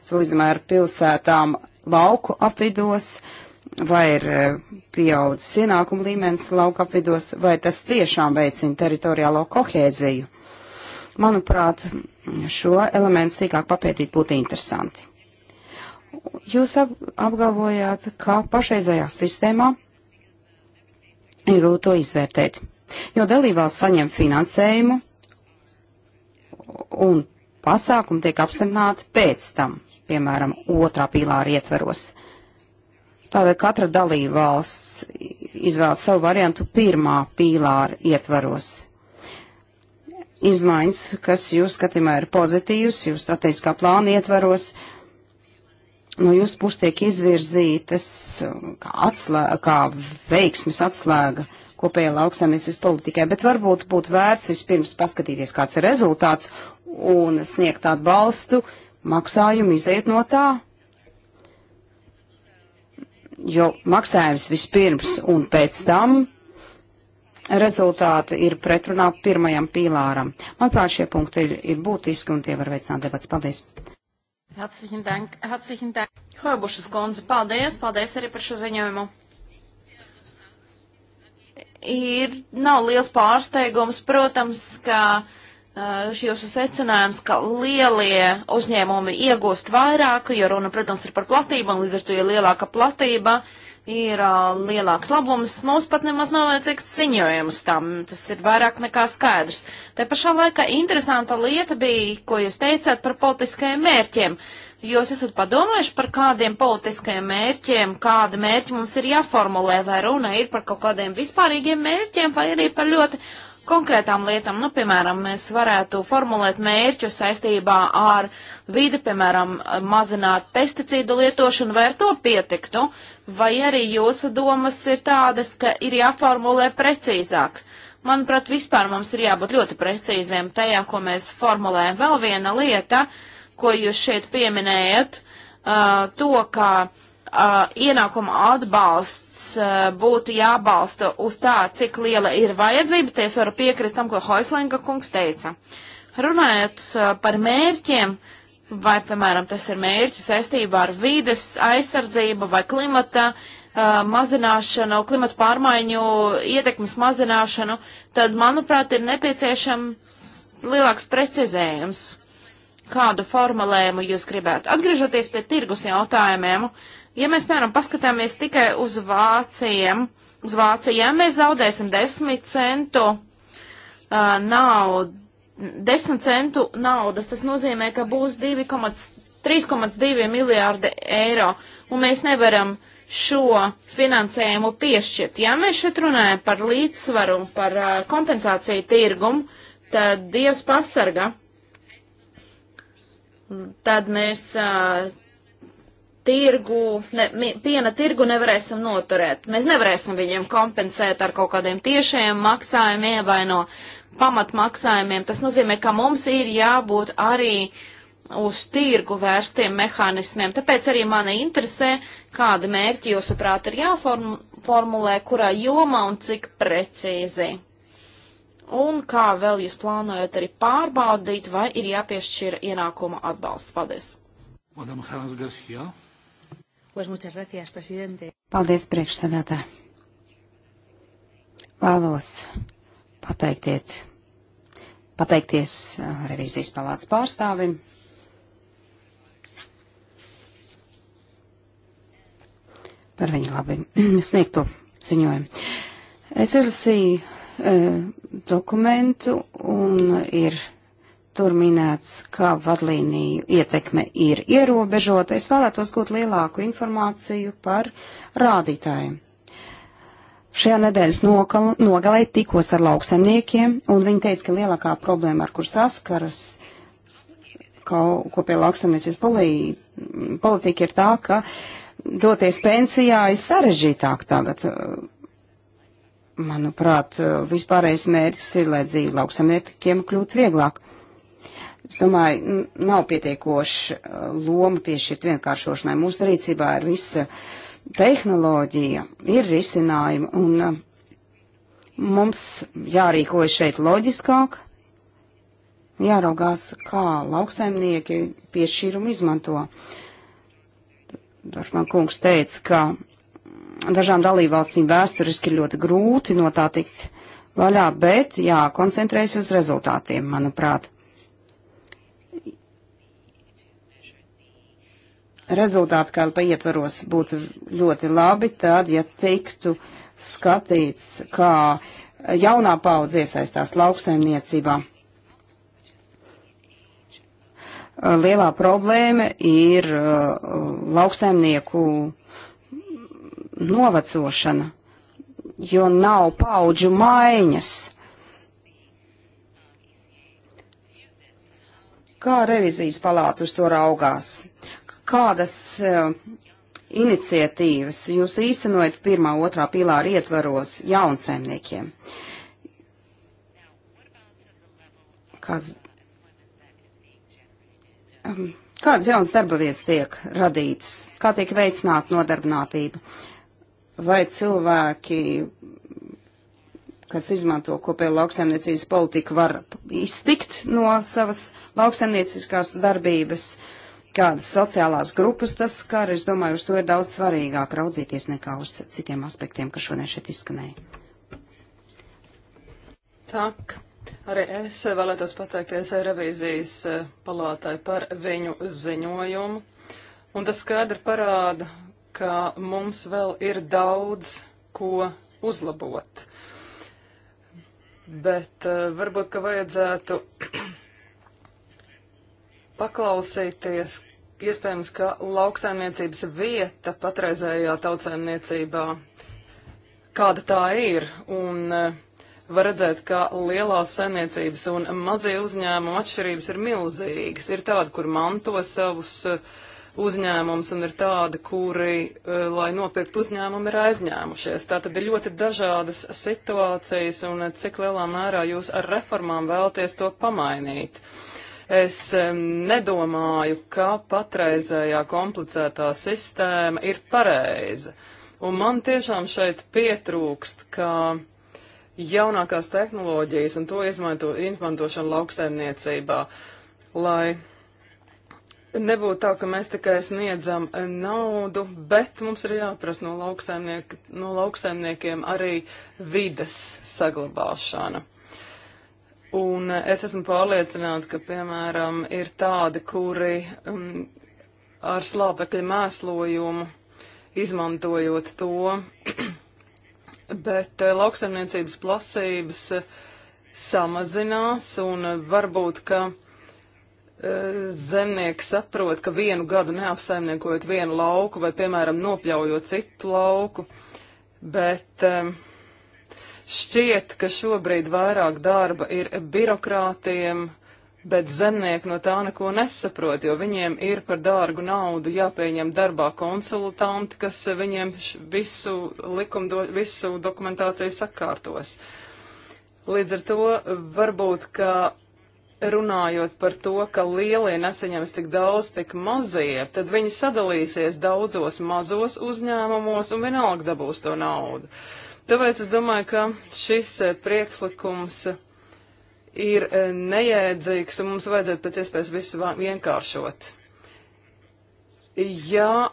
salīdzinājumā ar pilsētām lauku apvidos, vai ir eh, pieaudzis ienākumu līmenis lauku apvidos, vai tas tiešām veicina teritoriālo kohēziju. Manuprāt, šo elementu sīkāk papētīt būtu interesanti. Jūs ap apgalvojāt, ka pašreizējā sistēmā ir grūti to izvērtēt, jo dalībvalsts saņem finansējumu un pasākumi tiek apstiprināti pēc tam, piemēram, otrā pīlāra ietveros. Tātad katra dalībvalsts izvēlas savu variantu pirmā pīlāra ietvaros. Izmaiņas, kas jūs skatījumā ir pozitīvas, jūs strateģiskā plāna ietvaros, no nu, jūsu puses tiek izvirzītas kā, atslēga, kā veiksmes atslēga uh, kopējai lauksaimniecības politikai, bet varbūt būtu vērts vispirms paskatīties, kāds ir rezultāts un sniegt atbalstu, maksājumu iziet no tā, jo maksājums vispirms un pēc tam rezultāti ir pretrunā pirmajam pīlāram. Manuprāt, šie punkti ir, ir būtiski un tie var veicināt debats. Paldies! Herzlichen Dank, herzlichen Dank. Hoibušas kundze, paldies, paldies arī par šo ziņojumu ir, nav liels pārsteigums, protams, ka eh, jūsu secinājums, ka lielie uzņēmumi iegūst vairāk, jo runa, protams, ir par platību, un līdz ar to, ja lielāka platība ir uh, lielāks labums, mums pat nemaz nav vajadzīgs ziņojums tam, tas ir vairāk nekā skaidrs. Te pašā laikā interesanta lieta bija, ko jūs teicāt par politiskajiem mērķiem. Uh, Jūs esat padomājuši par kādiem politiskajiem mērķiem, kāda mērķi mums ir jāformulē, vai runa ir par kaut kādiem vispārīgiem mērķiem, vai arī par ļoti konkrētām lietām. Nu, piemēram, mēs varētu formulēt mērķu saistībā ar vidi, piemēram, mazināt pesticīdu lietošanu, vai ar to pietiktu, vai arī jūsu domas ir tādas, ka ir jāformulē precīzāk. Manuprāt, vispār mums ir jābūt ļoti precīziem tajā, ko mēs formulējam. Vēl viena lieta. Uh, ko jūs šeit pieminējat, uh, to, ka uh, ienākuma atbalsts uh, būtu jābalsta uz tā, cik liela ir vajadzība, tie es varu piekrist tam, ko Hoislinga kungs teica. Runājot uh, par mērķiem, vai, piemēram, tas ir mērķis saistībā ar vides aizsardzību vai klimata uh, mazināšanu, klimata pārmaiņu ietekmes mazināšanu, tad, manuprāt, ir nepieciešams lielāks precizējums kādu formulējumu jūs gribētu. Atgriežoties pie tirgus jautājumiem, ja mēs, piemēram, paskatāmies tikai uz Vācijiem, uz Vācijiem mēs zaudēsim 10 centu uh, naudu. 10 centu naudas, tas nozīmē, ka būs 3,2 miljārdi eiro, un mēs nevaram šo finansējumu piešķirt. Ja mēs šeit runājam par līdzsvaru, par uh, kompensāciju tirgumu, tad Dievs pasarga tad mēs uh, tirgu, ne, piena tirgu nevarēsim noturēt. Mēs nevarēsim viņiem kompensēt ar kaut kādiem tiešajiem maksājumiem vai no pamatmaksājumiem. Tas nozīmē, ka mums ir jābūt arī uz tirgu vērstiem mehānismiem. Tāpēc arī mani interesē, kāda mērķi jūsuprāt ir jāformulē, kurā jomā un cik precīzi. Un kā vēl jūs plānojat arī pārbaudīt, vai ir jāpiešķir ienākuma atbalsts? Paldies! Pues muchas gracias, presidente. Paldies, priekšsēdētā. Vēlos pateiktiet, pateikties uh, revizijas palātas pārstāvim. Par viņu labi sniegto ziņojumu. Es izlasīju E, dokumentu un ir tur minēts, ka vadlīniju ietekme ir ierobežota. Es vēlētos gūt lielāku informāciju par rādītājiem. Šajā nedēļas nogalē tikos ar lauksemniekiem, un viņi teica, ka lielākā problēma, ar kur saskaras kopie lauksemniecības politika, ir tā, ka doties pensijā ir sarežģītāk tagad Manuprāt, vispārējais mērķis ir, lai dzīve lauksamniekiem kļūtu vieglāk. Es domāju, nav pietiekoši uh, loma piešķirt vienkāršošanai. Mūsu rīcībā ir visa tehnoloģija, ir risinājumi, un uh, mums jārīkojas šeit loģiskāk, jāraugās, kā lauksaimnieki piešķīrumu izmanto. Dorfman kungs teica, ka dažām dalībvalstīm vēsturiski ir ļoti grūti no tā tikt vaļā, bet jākoncentrējas uz rezultātiem, manuprāt. Rezultāti kalpa ietvaros būtu ļoti labi, tad, ja tiktu skatīts, kā jaunā paudze iesaistās lauksaimniecībā. Lielā problēma ir uh, lauksaimnieku novecošana, jo nav paudžu maiņas. Kā revizijas palāta uz to raugās? Kādas uh, iniciatīvas jūs īstenojat pirmā, otrā pīlāra ietvaros jaunsaimniekiem? Kāds, um, kādas jaunas darba vietas tiek radītas? Kā tiek veicināta nodarbinātība? Uh, vai cilvēki, kas izmanto kopēju lauksaimniecības politiku, var iztikt no savas lauksaimnieciskās darbības, kādas sociālās grupas tas skar. Es domāju, uz to ir daudz svarīgāk raudzīties nekā uz citiem aspektiem, kas šodien šeit izskanēja. Tak. Arī es vēlētos pateikties revīzijas eh, palātai par viņu ziņojumu. Un tas skaidri parāda, ka mums vēl ir daudz ko uzlabot. Bet uh, varbūt, ka vajadzētu paklausīties, iespējams, ka lauksaimniecības vieta patreizējā tautsēmniecībā, kāda tā ir, un uh, var redzēt, ka lielās saimniecības un mazie uzņēmumi atšķirības ir milzīgas. Ir tāda, kur manto savus uh, uzņēmums un ir tādi, kuri, e, lai nopirkt uzņēmumu, ir aizņēmušies. Tā tad ir ļoti dažādas situācijas un e, cik lielā mērā jūs ar reformām vēlties to pamainīt. Es e, nedomāju, ka patreizējā komplicētā sistēma ir pareiza. Un man tiešām šeit pietrūkst, ka jaunākās tehnoloģijas un to izmanto, izmantošana lauksaimniecībā, lai Nebūtu tā, ka mēs tikai sniedzam eh, naudu, bet mums ir jāprasa no, lauksaimniek, no lauksaimniekiem arī vides saglabāšana. Un eh, es esmu pārliecināta, ka, piemēram, ir tādi, kuri um, ar slāpekļa mēslojumu izmantojot to, bet eh, lauksaimniecības plasības samazinās un varbūt, ka E, zemnieki saprot, ka vienu gadu neapsaimniekojot vienu lauku vai, piemēram, nopļaujot citu lauku, bet e, šķiet, ka šobrīd vairāk darba ir birokrātiem, bet zemnieki no tā neko nesaprot, jo viņiem ir par dārgu naudu jāpieņem darbā konsultanti, kas viņiem visu, likumdo, visu dokumentāciju sakārtos. Līdz ar to varbūt, ka runājot par to, ka lielie nesaņems tik daudz, tik mazie, tad viņi sadalīsies daudzos mazos uzņēmumos un vienalga dabūs to naudu. Tāpēc es domāju, ka šis eh, priekšlikums ir eh, nejēdzīgs un mums vajadzētu pēc iespējas visu vienkāršot. Ja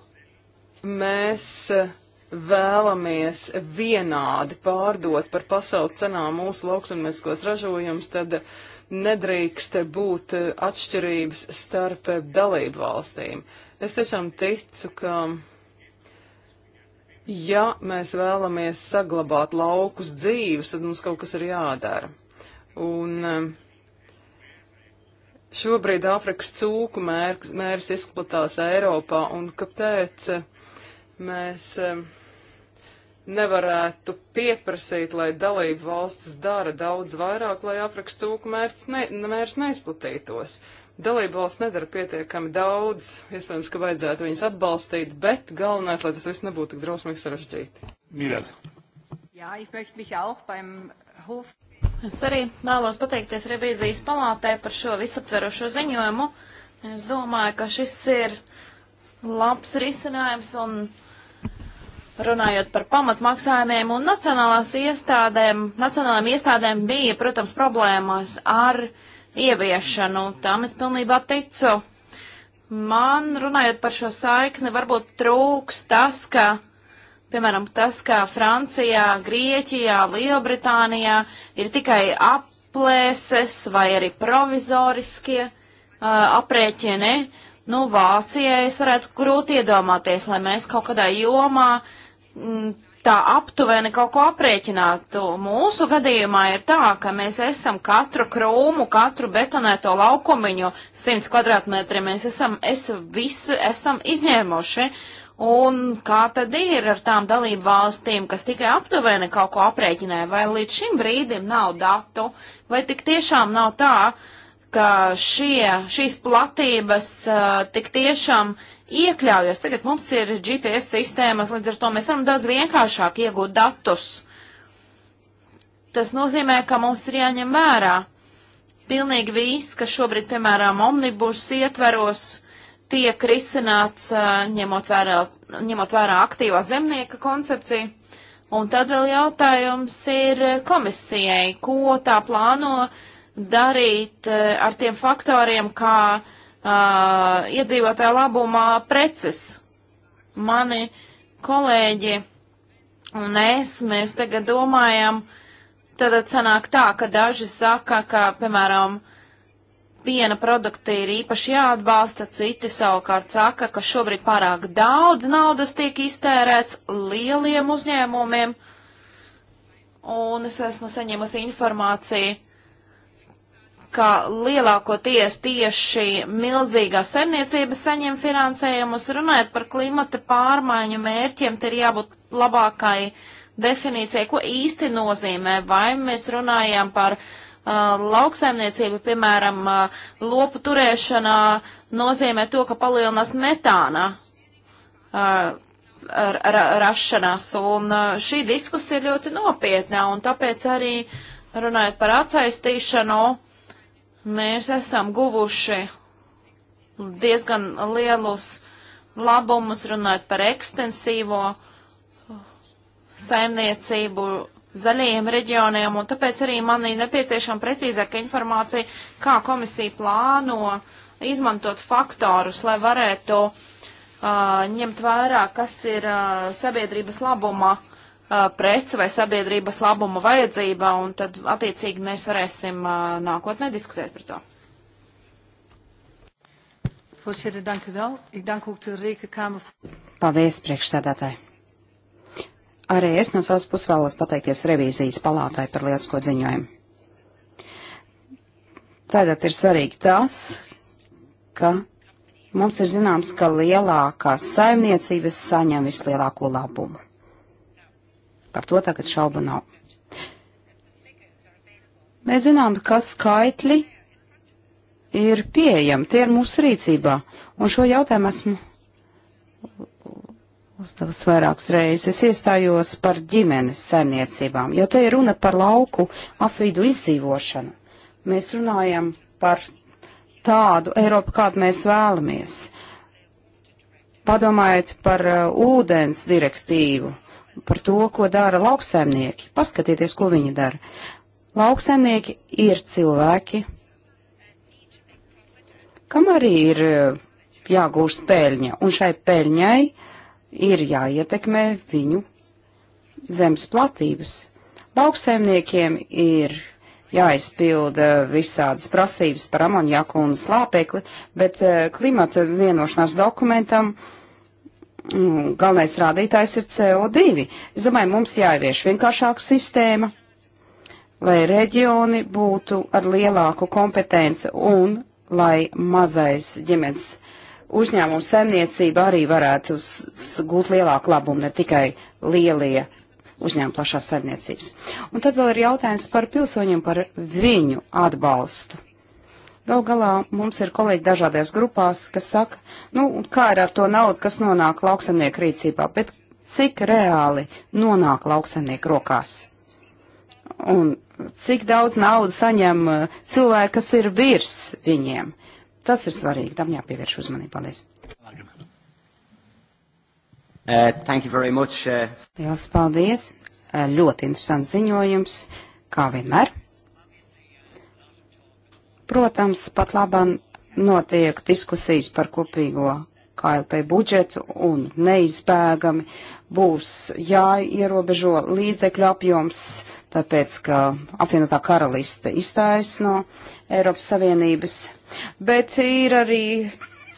mēs eh, vēlamies vienādi pārdot par pasaules cenām mūsu lauksaimnieciskos ražojumus, tad uh, nedrīkst būt eh, atšķirības starp eh, dalību valstīm. Es tiešām ticu, ka ja mēs vēlamies saglabāt laukus dzīves, tad mums kaut kas ir jādara. Un eh, šobrīd Āfrikas cūku mērs izplatās Eiropā, un kāpēc mēs. Uh, nevarētu pieprasīt, lai dalību valstis dara daudz vairāk, lai apraksts cūku mērķis ne, mērs neizplatītos. Dalību valsts nedara pietiekami daudz, iespējams, ka vajadzētu viņas atbalstīt, bet galvenais, lai tas viss nebūtu tik drausmīgi sarežģīti. Mirel. Jā, ich möchte mich auch beim Hof. Es arī vēlos pateikties revīzijas palātē par šo visaptverošo ziņojumu. Es domāju, ka šis ir labs risinājums un runājot par pamatmaksājumiem un nacionālās iestādēm, nacionālām iestādēm bija, protams, problēmas ar ieviešanu. Tam es pilnībā ticu. Man runājot par šo saikni, varbūt trūks tas, ka, piemēram, tas, ka Francijā, Grieķijā, Lielbritānijā ir tikai aplēses vai arī provizoriskie uh, aprēķini, Nu, Vācijai es varētu grūti iedomāties, lai mēs kaut kādā jomā Mm, tā aptuveni kaut ko aprēķinātu. Mūsu gadījumā ir tā, ka mēs esam katru krūmu, katru betonēto laukumiņu 100 kvadrātmetri, mēs esam, es visi esam izņēmuši. Un kā tad ir ar tām dalību valstīm, kas tikai aptuveni kaut ko aprēķināja, vai līdz šim brīdim nav datu, vai tik tiešām nav tā, ka šie, šīs platības uh, tik tiešām uh, iekļaujas. Tagad mums ir GPS sistēmas, līdz ar to mēs varam daudz vienkāršāk iegūt datus. Tas nozīmē, ka mums ir jāņem vērā pilnīgi viss, kas šobrīd, piemēram, omnibus ietveros, tiek risināts, ņemot vērā, ņemot vērā aktīvā zemnieka koncepciju. Un tad vēl jautājums ir komisijai, ko tā plāno darīt ar tiem faktoriem, kā uh, uh, iedzīvotāja labumā preces. Mani kolēģi un es, mēs tagad domājam, tad sanāk tā, ka daži saka, ka, piemēram, piena produkti ir īpaši jāatbalsta, citi savukārt saka, ka šobrīd pārāk daudz naudas tiek iztērēts lieliem uzņēmumiem, un es esmu saņēmusi informāciju, ka lielākoties tieši milzīgās saimniecības saņem finansējumus. Runājot par klimata pārmaiņu mērķiem, te ir jābūt labākai definīcijai, ko īsti nozīmē. Vai mēs runājam par uh, lauksaimniecību, piemēram, uh, lopu turēšanā nozīmē to, ka palielinās metāna uh, ra rašanās. Un uh, šī diskusija ir ļoti nopietna, un tāpēc arī runājot par atsaistīšanu, uh, mēs esam guvuši diezgan lielus labumus runājot par ekstensīvo saimniecību zaļajiem reģioniem, un tāpēc arī man ir nepieciešama precīzāka informācija, kā komisija plāno izmantot faktorus, lai varētu uh, ņemt vērā, kas ir uh, sabiedrības labuma uh, preci vai sabiedrības labuma vajadzība, un tad attiecīgi mēs varēsim nākotnē diskutēt par to. Voorzitter, dank u wel. Ik dank ook de Rekenkamer voor. Paldies, priekšsēdētāji. Arī es no savas puses vēlos pateikties revīzijas palātai par lielisko ziņojumu. Tagad ir svarīgi tas, ka mums ir zināms, ka lielākās saimniecības saņem vislielāko labumu. Par to tagad šaubu nav. Mēs zinām, ka skaitļi ir pieejami, tie ir mūsu rīcībā. Un šo jautājumu esmu uzdevusi vairākas reizes. Es iestājos par ģimenes saimniecībām, jo te ir runa par lauku apvidu izdzīvošanu. Mēs runājam par tādu Eiropu, kādu mēs vēlamies. Padomājiet par uh, ūdens direktīvu par to, ko dara lauksaimnieki. Paskatieties, ko viņi dara. Lauksaimnieki ir cilvēki, kam arī ir eh, jāgūst peļņa, un šai peļņai ir jāietekmē viņu zemes platības. Lauksaimniekiem ir jāizpilda visādas prasības par amonjaku un slāpekli, bet eh, klimata vienošanās dokumentam uh, Mm, galvenais rādītājs ir CO2. Es domāju, mums jāievieš vienkāršāka sistēma, lai reģioni būtu ar lielāku kompetenci un lai mazais ģimenes uzņēmums saimniecība arī varētu gūt lielāku labumu, ne tikai lielie uzņēmumi plašās saimniecības. Un tad vēl ir jautājums par pilsoņiem, par viņu atbalstu. Gal galā mums ir kolēģi dažādās grupās, kas saka, nu, kā ir ar to naudu, kas nonāk lauksaimnieku rīcībā, bet cik reāli nonāk lauksaimnieku rokās? Un cik daudz naudu saņem eh, cilvēki, kas ir virs viņiem? Tas ir svarīgi, tam jāpievērš uzmanība. Paldies! Uh, thank you very much. Uh... Lielas paldies! Uh, ļoti interesants ziņojums, kā vienmēr. Protams, pat labam notiek diskusijas par kopīgo KLP budžetu un neizbēgami būs jāierobežo līdzekļu apjoms, tāpēc, ka apvienotā karaliste izstājas no Eiropas Savienības. Bet ir arī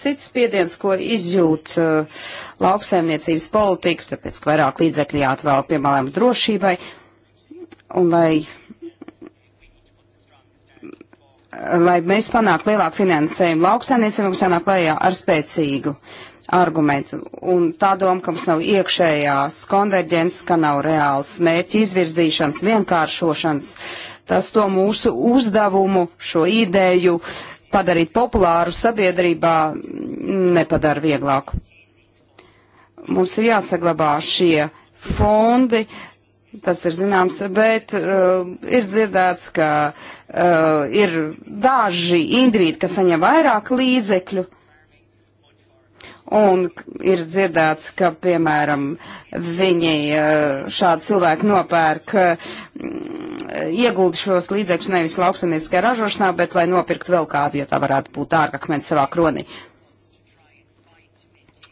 cits spiediens, ko izjūt uh, lauksaimniecības politiku, tāpēc, ka vairāk līdzekļu jāatvēl, piemēram, drošībai. Un lai lai mēs panāktu lielāku finansējumu lauksainiecību, mums jānāk klajā ar spēcīgu argumentu. Un tā doma, ka mums nav iekšējās konverģences, ka nav reāls mērķi izvirzīšanas, vienkāršošanas, tas to mūsu uzdevumu, šo ideju padarīt populāru sabiedrībā nepadara vieglāku. Mums ir jāsaglabā šie fondi, uh, tas ir zināms, bet uh, ir dzirdēts, ka uh, ir daži individi, kas saņem vairāk līdzekļu. Un ir dzirdēts, ka, piemēram, viņi uh, šādi cilvēki nopērk, uh, ieguldi šos līdzekļus nevis lauksaimnieciskajā ražošanā, bet lai nopirkt vēl kādu, ja tā varētu būt ārkakmeni savā kronī. Uh,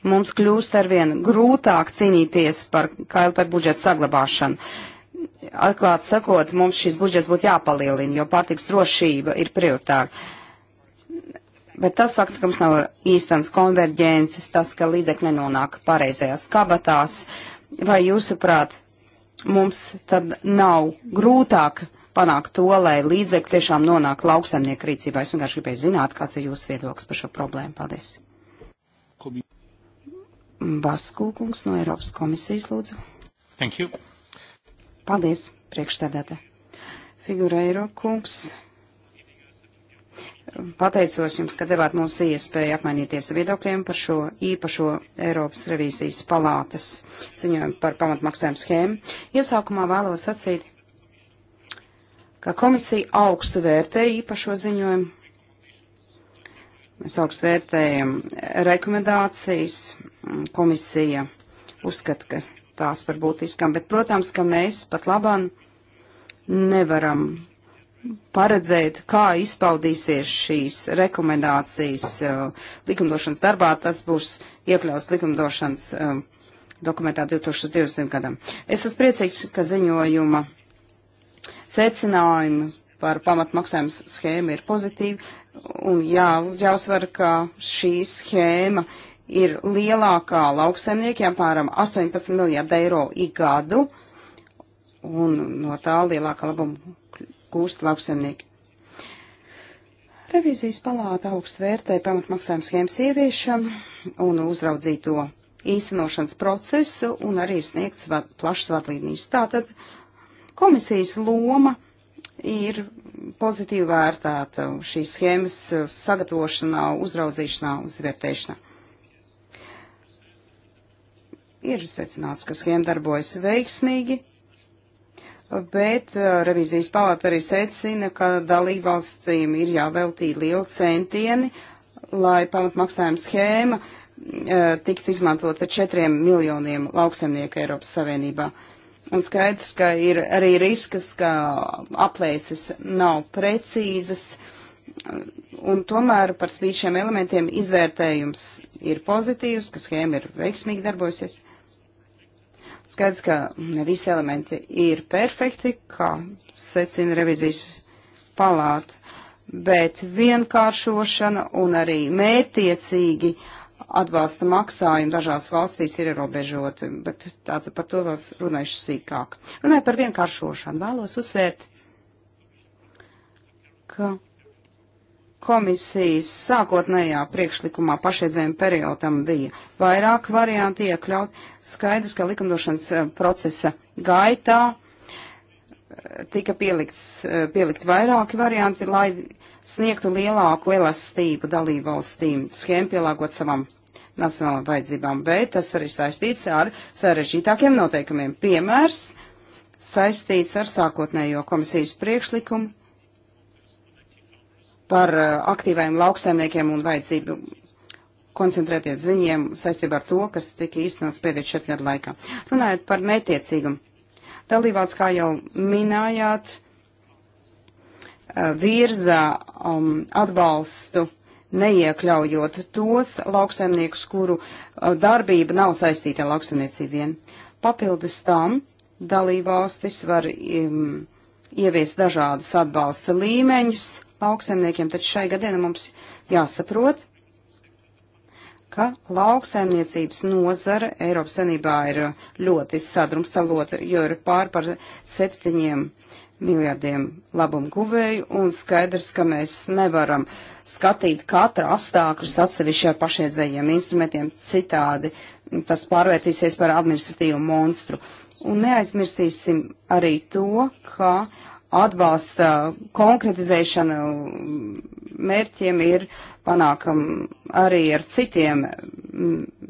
mums kļūst arvien grūtāk cīnīties par KLP budžetu saglabāšanu. Atklāt sakot, mums šis budžets būtu jāpalielina, jo pārtiks drošība ir prioritāra. Bet tas fakts, ka mums nav īstenas konverģences, tas, ka līdzekļi nenonāk pareizajās kabatās, vai jūsuprāt, mums tad nav grūtāk panākt to, lai līdzekļi tiešām nonāk lauksaimnieku rīcībā. Es vienkārši gribēju zināt, kāds ir jūsu viedoklis par šo problēmu. Paldies. Baskūkungs no Eiropas komisijas lūdzu. Thank you. Paldies, priekšstādātā. Figureiro kungs. Pateicos jums, ka devāt mums iespēju apmainīties viedokļiem par šo īpašo Eiropas revīzijas palātes ziņojumu par pamatmaksājumu schēmu. Iesākumā vēlos sacīt, ka komisija augstu vērtē īpašo ziņojumu. Mēs augstu vērtējam rekomendācijas, komisija uzskata, ka tās var būtiskām, bet, protams, ka mēs pat labam nevaram paredzēt, kā izpaudīsies šīs rekomendācijas uh, likumdošanas darbā. Tas būs iekļauts likumdošanas uh, dokumentā 2020. gadam. Es esmu priecīgs, ka ziņojuma secinājumi par pamatmaksājumu schēmu ir pozitīvi, un jā, jāuzsver, ka šī schēma ir lielākā lauksaimniekiem pāram 18 miljārdu eiro ik gadu, un no tā lielākā labuma gūst lauksaimnieki. Revizijas palāta augst vērtē pamatmaksājuma schēmas ieviešanu un uzraudzīto īstenošanas procesu un arī ir sniegts plašs vadlīnijas. Tātad komisijas loma ir pozitīvi vērtēta šīs schēmas sagatavošanā, uzraudzīšanā, uzvērtēšanā ir secināts, ka schēma darbojas veiksmīgi, bet uh, revizijas palāta arī secina, ka dalībvalstīm ir jāveltī liela centieni, lai pamatmaksājuma schēma uh, tiktu izmantota četriem miljoniem lauksemnieku Eiropas Savienībā. Un skaidrs, ka ir arī risks, ka aplēses nav precīzas, un tomēr par spīd šiem elementiem izvērtējums ir pozitīvs, ka schēma ir veiksmīgi darbojusies. Skaidrs, ka ne visi elementi ir perfekti, kā secina revizijas palāta, bet vienkāršošana un arī mērtiecīgi atbalsta maksājumi dažās valstīs ir ierobežoti, bet tātad par to vēl runāšu sīkāk. Runāju par vienkāršošanu. Vēlos uzsvērt, ka komisijas sākotnējā priekšlikumā pašreizējiem periodam bija vairāk varianti iekļaut. Skaidrs, ka likumdošanas eh, procesa gaitā eh, tika pielikts, eh, pielikt vairāki varianti, lai sniegtu lielāku elastību dalībvalstīm, schēmu pielāgot savam nacionālām vajadzībām, bet tas arī saistīts ar sarežģītākiem noteikumiem. Piemērs saistīts ar sākotnējo komisijas priekšlikumu par eh, aktīvajiem lauksaimniekiem un vajadzību koncentrēties viņiem saistībā ar to, kas tika īstenots pēdējo četru gadu laikā. Runājot par netiecīgumu. Dalībvalsts, kā jau minējāt, eh, virza um, atbalstu, neiekļaujot tos lauksaimniekus, kuru uh, darbība nav saistīta ar lauksaimniecību vien. Papildus tam dalībvalstis var um, ieviest dažādas atbalsta līmeņus, lauksaimniekiem, taču šai gadienā mums jāsaprot, ka lauksaimniecības nozara Eiropas Sanībā ir ļoti sadrumstalota, jo ir pār par septiņiem miljardiem labumu guvēju, un skaidrs, ka mēs nevaram skatīt katru apstākļus atsevišķi ar pašreizējiem instrumentiem citādi, tas pārvērtīsies par administratīvu monstru. Un neaizmirstīsim arī to, ka uh, atbalsta konkretizēšana mērķiem ir panākam arī ar citiem mm,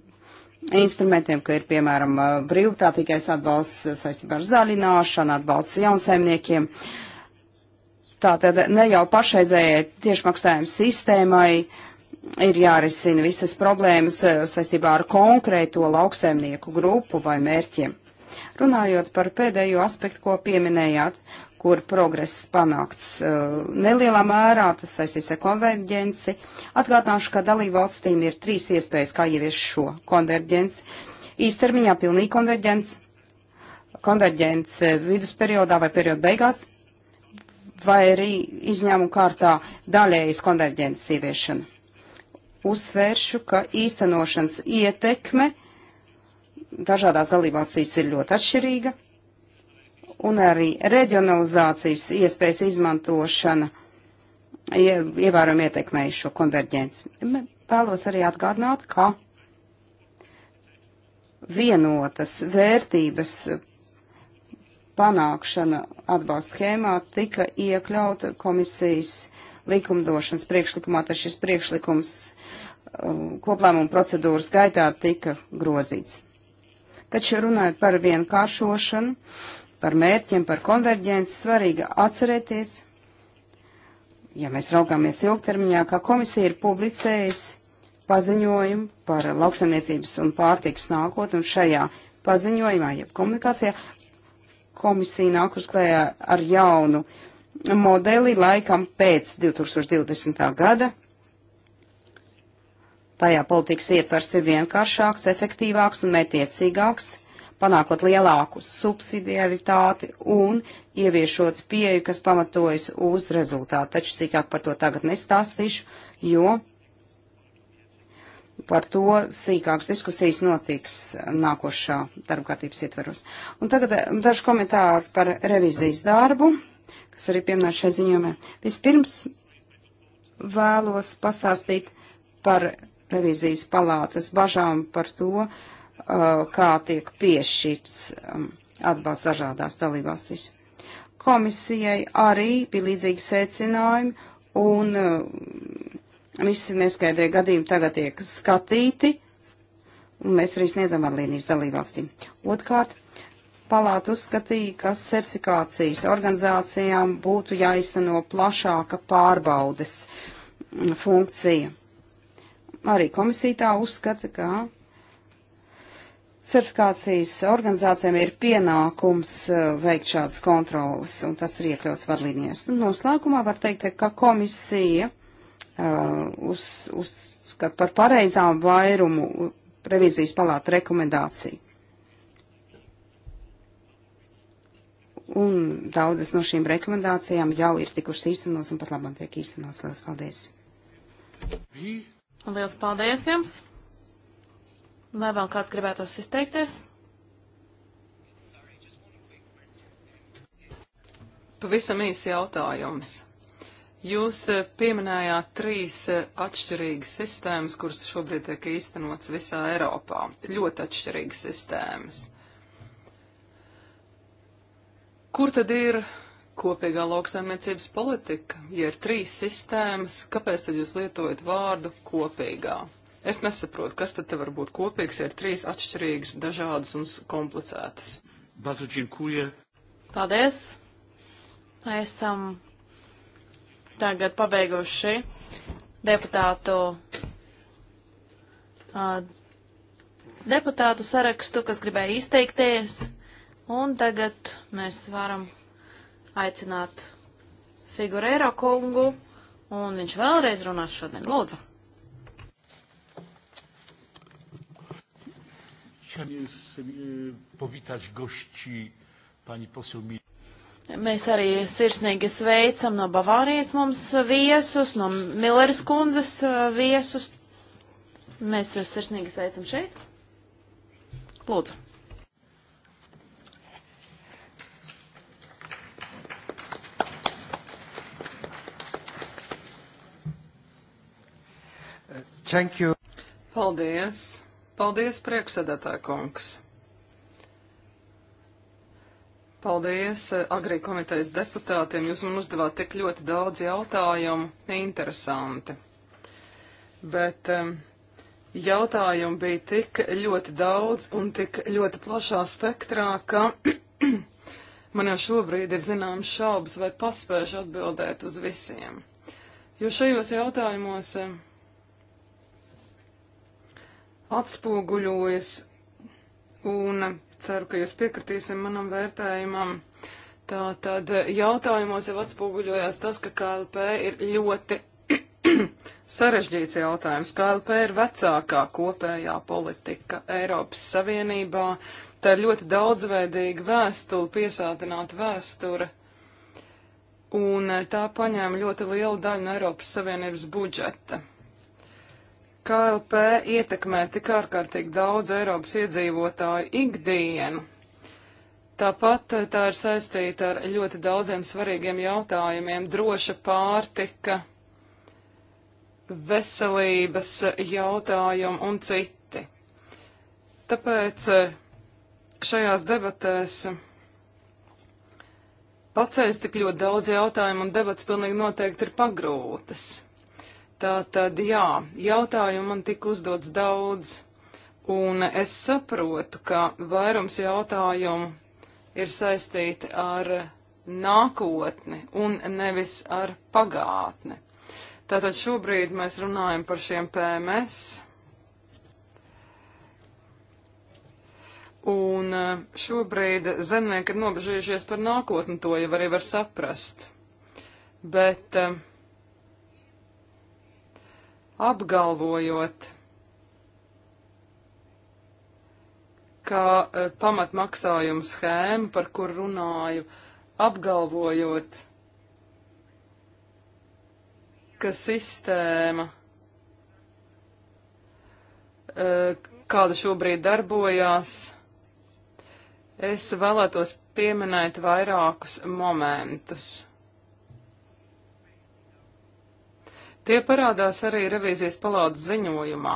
instrumentiem, ka ir piemēram brīvprātīgais atbalsts saistībā ar zaļināšanu, atbalsts jaunsaimniekiem. Tātad ne jau pašreizējai tiešmaksājuma sistēmai ir jārisina visas problēmas eh, saistībā ar konkrēto lauksaimnieku grupu vai mērķiem. Runājot par pēdējo aspektu, ko pieminējāt, kur progress panākts uh, nelielā mērā, tas saistīs ar konverģenci. Atgādināšu, ka dalībvalstīm ir trīs iespējas, kā ievies šo konverģenci. Īstermiņā pilnīgi konverģents, konverģents eh, vidusperiodā vai perioda beigās, vai arī izņēmuma kārtā daļējas konverģents ieviešana. Uzsvēršu, ka īstenošanas ietekme dažādās dalībvalstīs ir ļoti atšķirīga un arī reģionalizācijas iespējas izmantošana ievērojami ietekmēja šo konverģenci. Vēlos arī atgādināt, ka vienotas vērtības panākšana atbalsta schēmā tika iekļauta komisijas likumdošanas priekšlikumā, tad šis priekšlikums um, koplēmuma procedūras gaitā tika grozīts. Taču runājot par vienkāršošanu, par mērķiem, par konverģenci, svarīgi atcerēties, ja mēs raugāmies ilgtermiņā, ka komisija ir publicējusi paziņojumu par lauksaimniecības un pārtikas nākotni, un šajā paziņojumā, jeb komunikācijā, komisija nāk uz klējā ar jaunu modeli laikam pēc 2020. gada. Tajā politikas ietvers ir vienkāršāks, efektīvāks un mētiecīgāks panākot lielāku subsidiaritāti un ieviešot pieeju, kas pamatojas uz rezultātu. Taču sīkāk par to tagad nestāstīšu, jo par to sīkāks diskusijas notiks nākošā darbkārtības ietveros. Un tagad eh, daži komentāri par revizijas darbu, kas arī pieminēts šai ziņojumā. Vispirms vēlos pastāstīt par revizijas palātas bažām par to, uh, Uh, kā tiek piešķirts um, atbalsts dažādās dalībvalstīs. Komisijai arī bija līdzīgi secinājumi, un uh, visi neskaidrie gadījumi tagad tiek skatīti, un mēs arī sniedzam atlīnijas dalībvalstīm. Otkārt, palāta uzskatīja, ka certifikācijas organizācijām būtu jāizteno plašāka pārbaudes mm, funkcija. Arī komisija tā uzskata, ka Certifikācijas organizācijām ir pienākums eh, veikt šādas kontrolas, un tas ir iekļauts vadlīnijās. Nu, noslēgumā var teikt, ka komisija uh, uz, uzskat par pareizām vairumu revizijas palāta rekomendāciju. Un daudzas no šīm rekomendācijām jau ir tikušas īstenotas un pat labāk tiek īstenotas. Lielas paldies! Lielas paldies jums! Vai vēl kāds gribētos izteikties? Pavisam īsi jautājums. Jūs eh, pieminējāt trīs eh, atšķirīgas sistēmas, kuras šobrīd tiek īstenots visā Eiropā. Ļoti atšķirīgas sistēmas. Kur tad ir kopīgā lauksaimniecības politika? Ja ir trīs sistēmas, kāpēc tad jūs lietojat vārdu kopīgā? Es nesaprotu, kas tad te var būt kopīgs, ja ir trīs atšķirīgas, dažādas un komplicētas. Paldies! Esam tagad pabeiguši deputātu, uh, deputātu sarakstu, kas gribēja izteikties, un tagad mēs varam aicināt Figurēro kungu, un viņš vēlreiz runās šodien. Lūdzu! E, Mēs arī sirsnīgi sveicam no Bavārijas mums viesus, no Milleris kundzes e, viesus. Mēs jūs sirsnīgi sveicam šeit. Lūdzu. Thank you. Paldies. Paldies, priekšsēdētāja kungs! Paldies eh, Agrī komitejas deputātiem. Jūs man uzdevāt tik ļoti daudz jautājumu. Interesanti. Bet um, jautājumu bija tik ļoti daudz un tik ļoti plašā spektrā, ka man jau šobrīd ir zināms šaubas, vai paspēšu atbildēt uz visiem. Jo šajos jautājumos. Um, atspoguļojas, un ceru, ka jūs piekritīsim manam vērtējumam. Tā tad jautājumos jau atspoguļojās tas, ka KLP ir ļoti sarežģīts jautājums. KLP ir vecākā kopējā politika Eiropas Savienībā. Tā ir ļoti daudzveidīga vēstule, piesātināta vēsture, un tā paņēma ļoti lielu daļu no Eiropas Savienības budžeta. KLP ietekmē tik ārkārtīgi daudz Eiropas iedzīvotāju ikdienu. Tāpat eh, tā ir saistīta ar ļoti daudziem svarīgiem jautājumiem - droša pārtika, veselības eh, jautājumi un citi. Tāpēc eh, šajās debatēs paceļas tik ļoti daudz jautājumu un debats pilnīgi noteikti ir pagrūtas. Tā tad jā, jautājumu man tika uzdots daudz, un es saprotu, ka vairums jautājumu ir saistīti ar nākotni un nevis ar pagātni. Tātad šobrīd mēs runājam par šiem PMS. Un eh, šobrīd zemnieki ir nobežījušies par nākotni, to jau arī var saprast. Bet uh, apgalvojot, ka eh, pamatmaksājuma schēma, par kur runāju, apgalvojot, ka sistēma, eh, kāda šobrīd darbojās, es vēlētos pieminēt vairākus momentus. Tie parādās arī revīzijas palādes ziņojumā.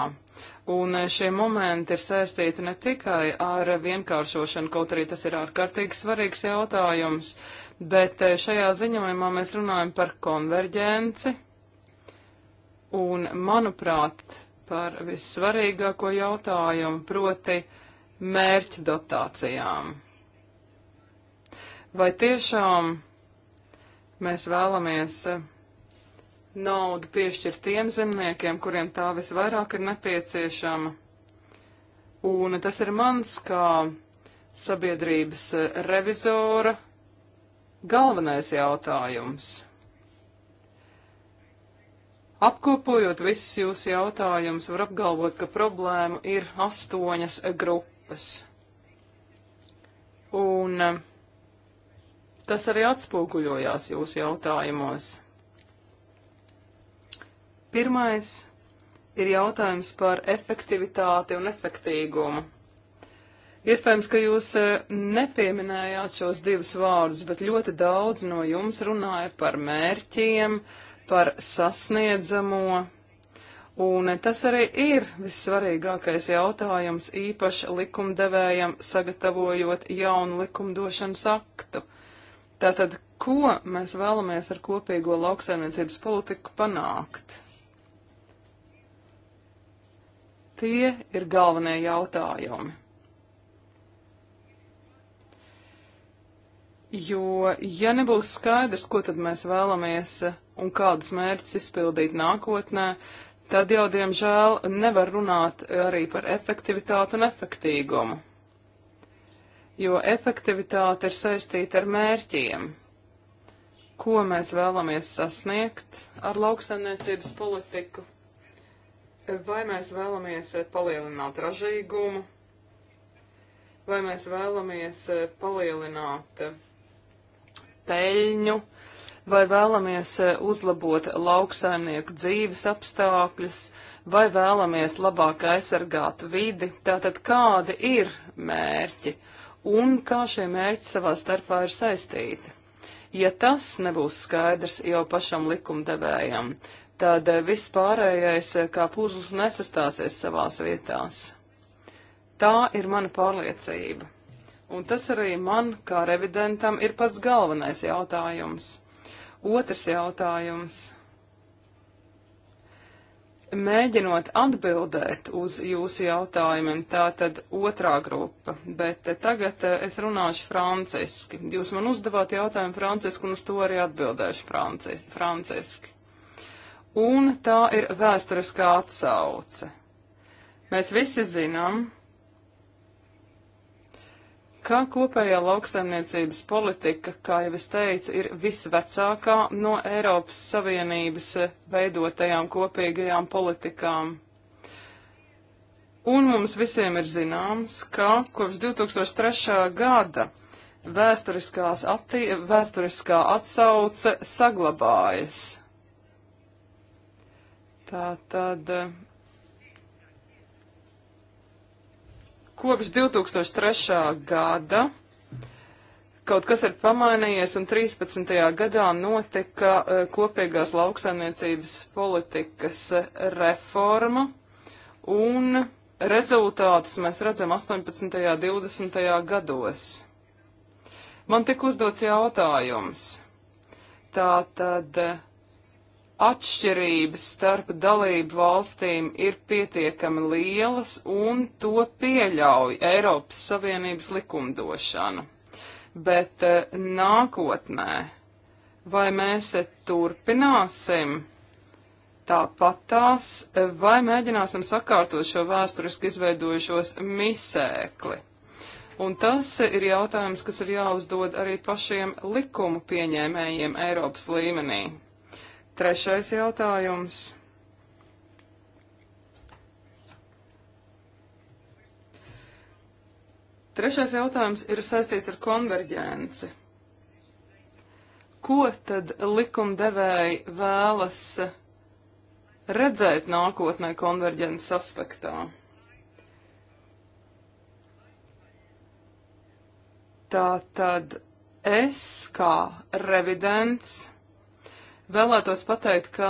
Un šie momenti ir saistīti ne tikai ar vienkāršošanu, kaut arī tas ir ārkārtīgi svarīgs jautājums, bet eh, šajā ziņojumā mēs runājam par konverģenci un, manuprāt, par vissvarīgāko jautājumu, proti mērķu dotācijām. Vai tiešām mēs vēlamies eh, naudu piešķirt tiem zemniekiem, kuriem tā visvairāk ir nepieciešama. Un tas ir mans kā sabiedrības revizora galvenais jautājums. Apkopojot visus jūsu jautājumus, var apgalvot, ka problēma ir astoņas grupas. Un eh, tas arī atspoguļojās jūsu jautājumos. Pirmais ir jautājums par efektivitāti un efektīgumu. Iespējams, ka jūs eh, nepieminējāt šos divus vārdus, bet ļoti daudz no jums runāja par mērķiem, par sasniedzamo, Un eh, tas arī ir vissvarīgākais jautājums īpaši likumdevējam sagatavojot jaunu likumdošanas aktu. Tātad, ko mēs vēlamies ar kopīgo lauksaimniecības politiku panākt? Tie ir galvenie jautājumi. Jo, ja nebūs skaidrs, ko tad mēs vēlamies un kādus mērķus izpildīt nākotnē, tad jau, diemžēl, nevar runāt arī par efektivitāti un efektīgumu. Jo efektivitāte ir saistīta ar mērķiem, ko mēs vēlamies sasniegt ar lauksaimniecības politiku, vai mēs vēlamies palielināt ražīgumu, vai mēs vēlamies eh, palielināt eh, peļņu, vai vēlamies eh, uzlabot lauksaimnieku dzīves apstākļus, vai vēlamies labāk aizsargāt vidi. Tātad kādi ir mērķi un kā šie mērķi savā starpā ir saistīti? Ja tas nebūs skaidrs jau pašam likumdevējam, tad viss pārējais eh, kā puzles nesastāsies savās vietās. Tā ir mana pārliecība. Un tas arī man, kā revidentam, ir pats galvenais jautājums. Otrs jautājums. Mēģinot atbildēt uz jūsu jautājumiem, tā tad otrā grupa, bet tagad eh, es runāšu franciski. Jūs man uzdevāt jautājumu franciski un uz to arī atbildēšu franciski un tā ir vēsturiskā atsauce. Mēs visi zinām, ka kopējā lauksaimniecības politika, kā jau es teicu, ir visvecākā no Eiropas Savienības veidotajām kopīgajām politikām. Un mums visiem ir zināms, ka kopš 2003. gada vēsturiskā atsauce saglabājas Tā tad eh, kopš 2003. gada kaut kas ir pamainījies, un 13. gadā notika eh, kopīgās lauksaimniecības politikas eh, reforma, un rezultātus mēs redzam 18. un 20. gados. Man tik uzdots jautājums. Tā tad atšķirības starp dalību valstīm ir pietiekami lielas un to pieļauj Eiropas Savienības likumdošana. Bet eh, nākotnē, vai mēs turpināsim tāpatās, vai mēģināsim sakārtot šo vēsturiski izveidojušos misēkli? Un tas ir jautājums, kas ir jāuzdod arī pašiem likumu pieņēmējiem Eiropas līmenī. Trešais jautājums. Trešais jautājums ir saistīts ar konverģenci. Ko tad likumdevēji vēlas redzēt nākotnē konverģences aspektā? Tā tad es kā revidents Vēlētos pateikt, ka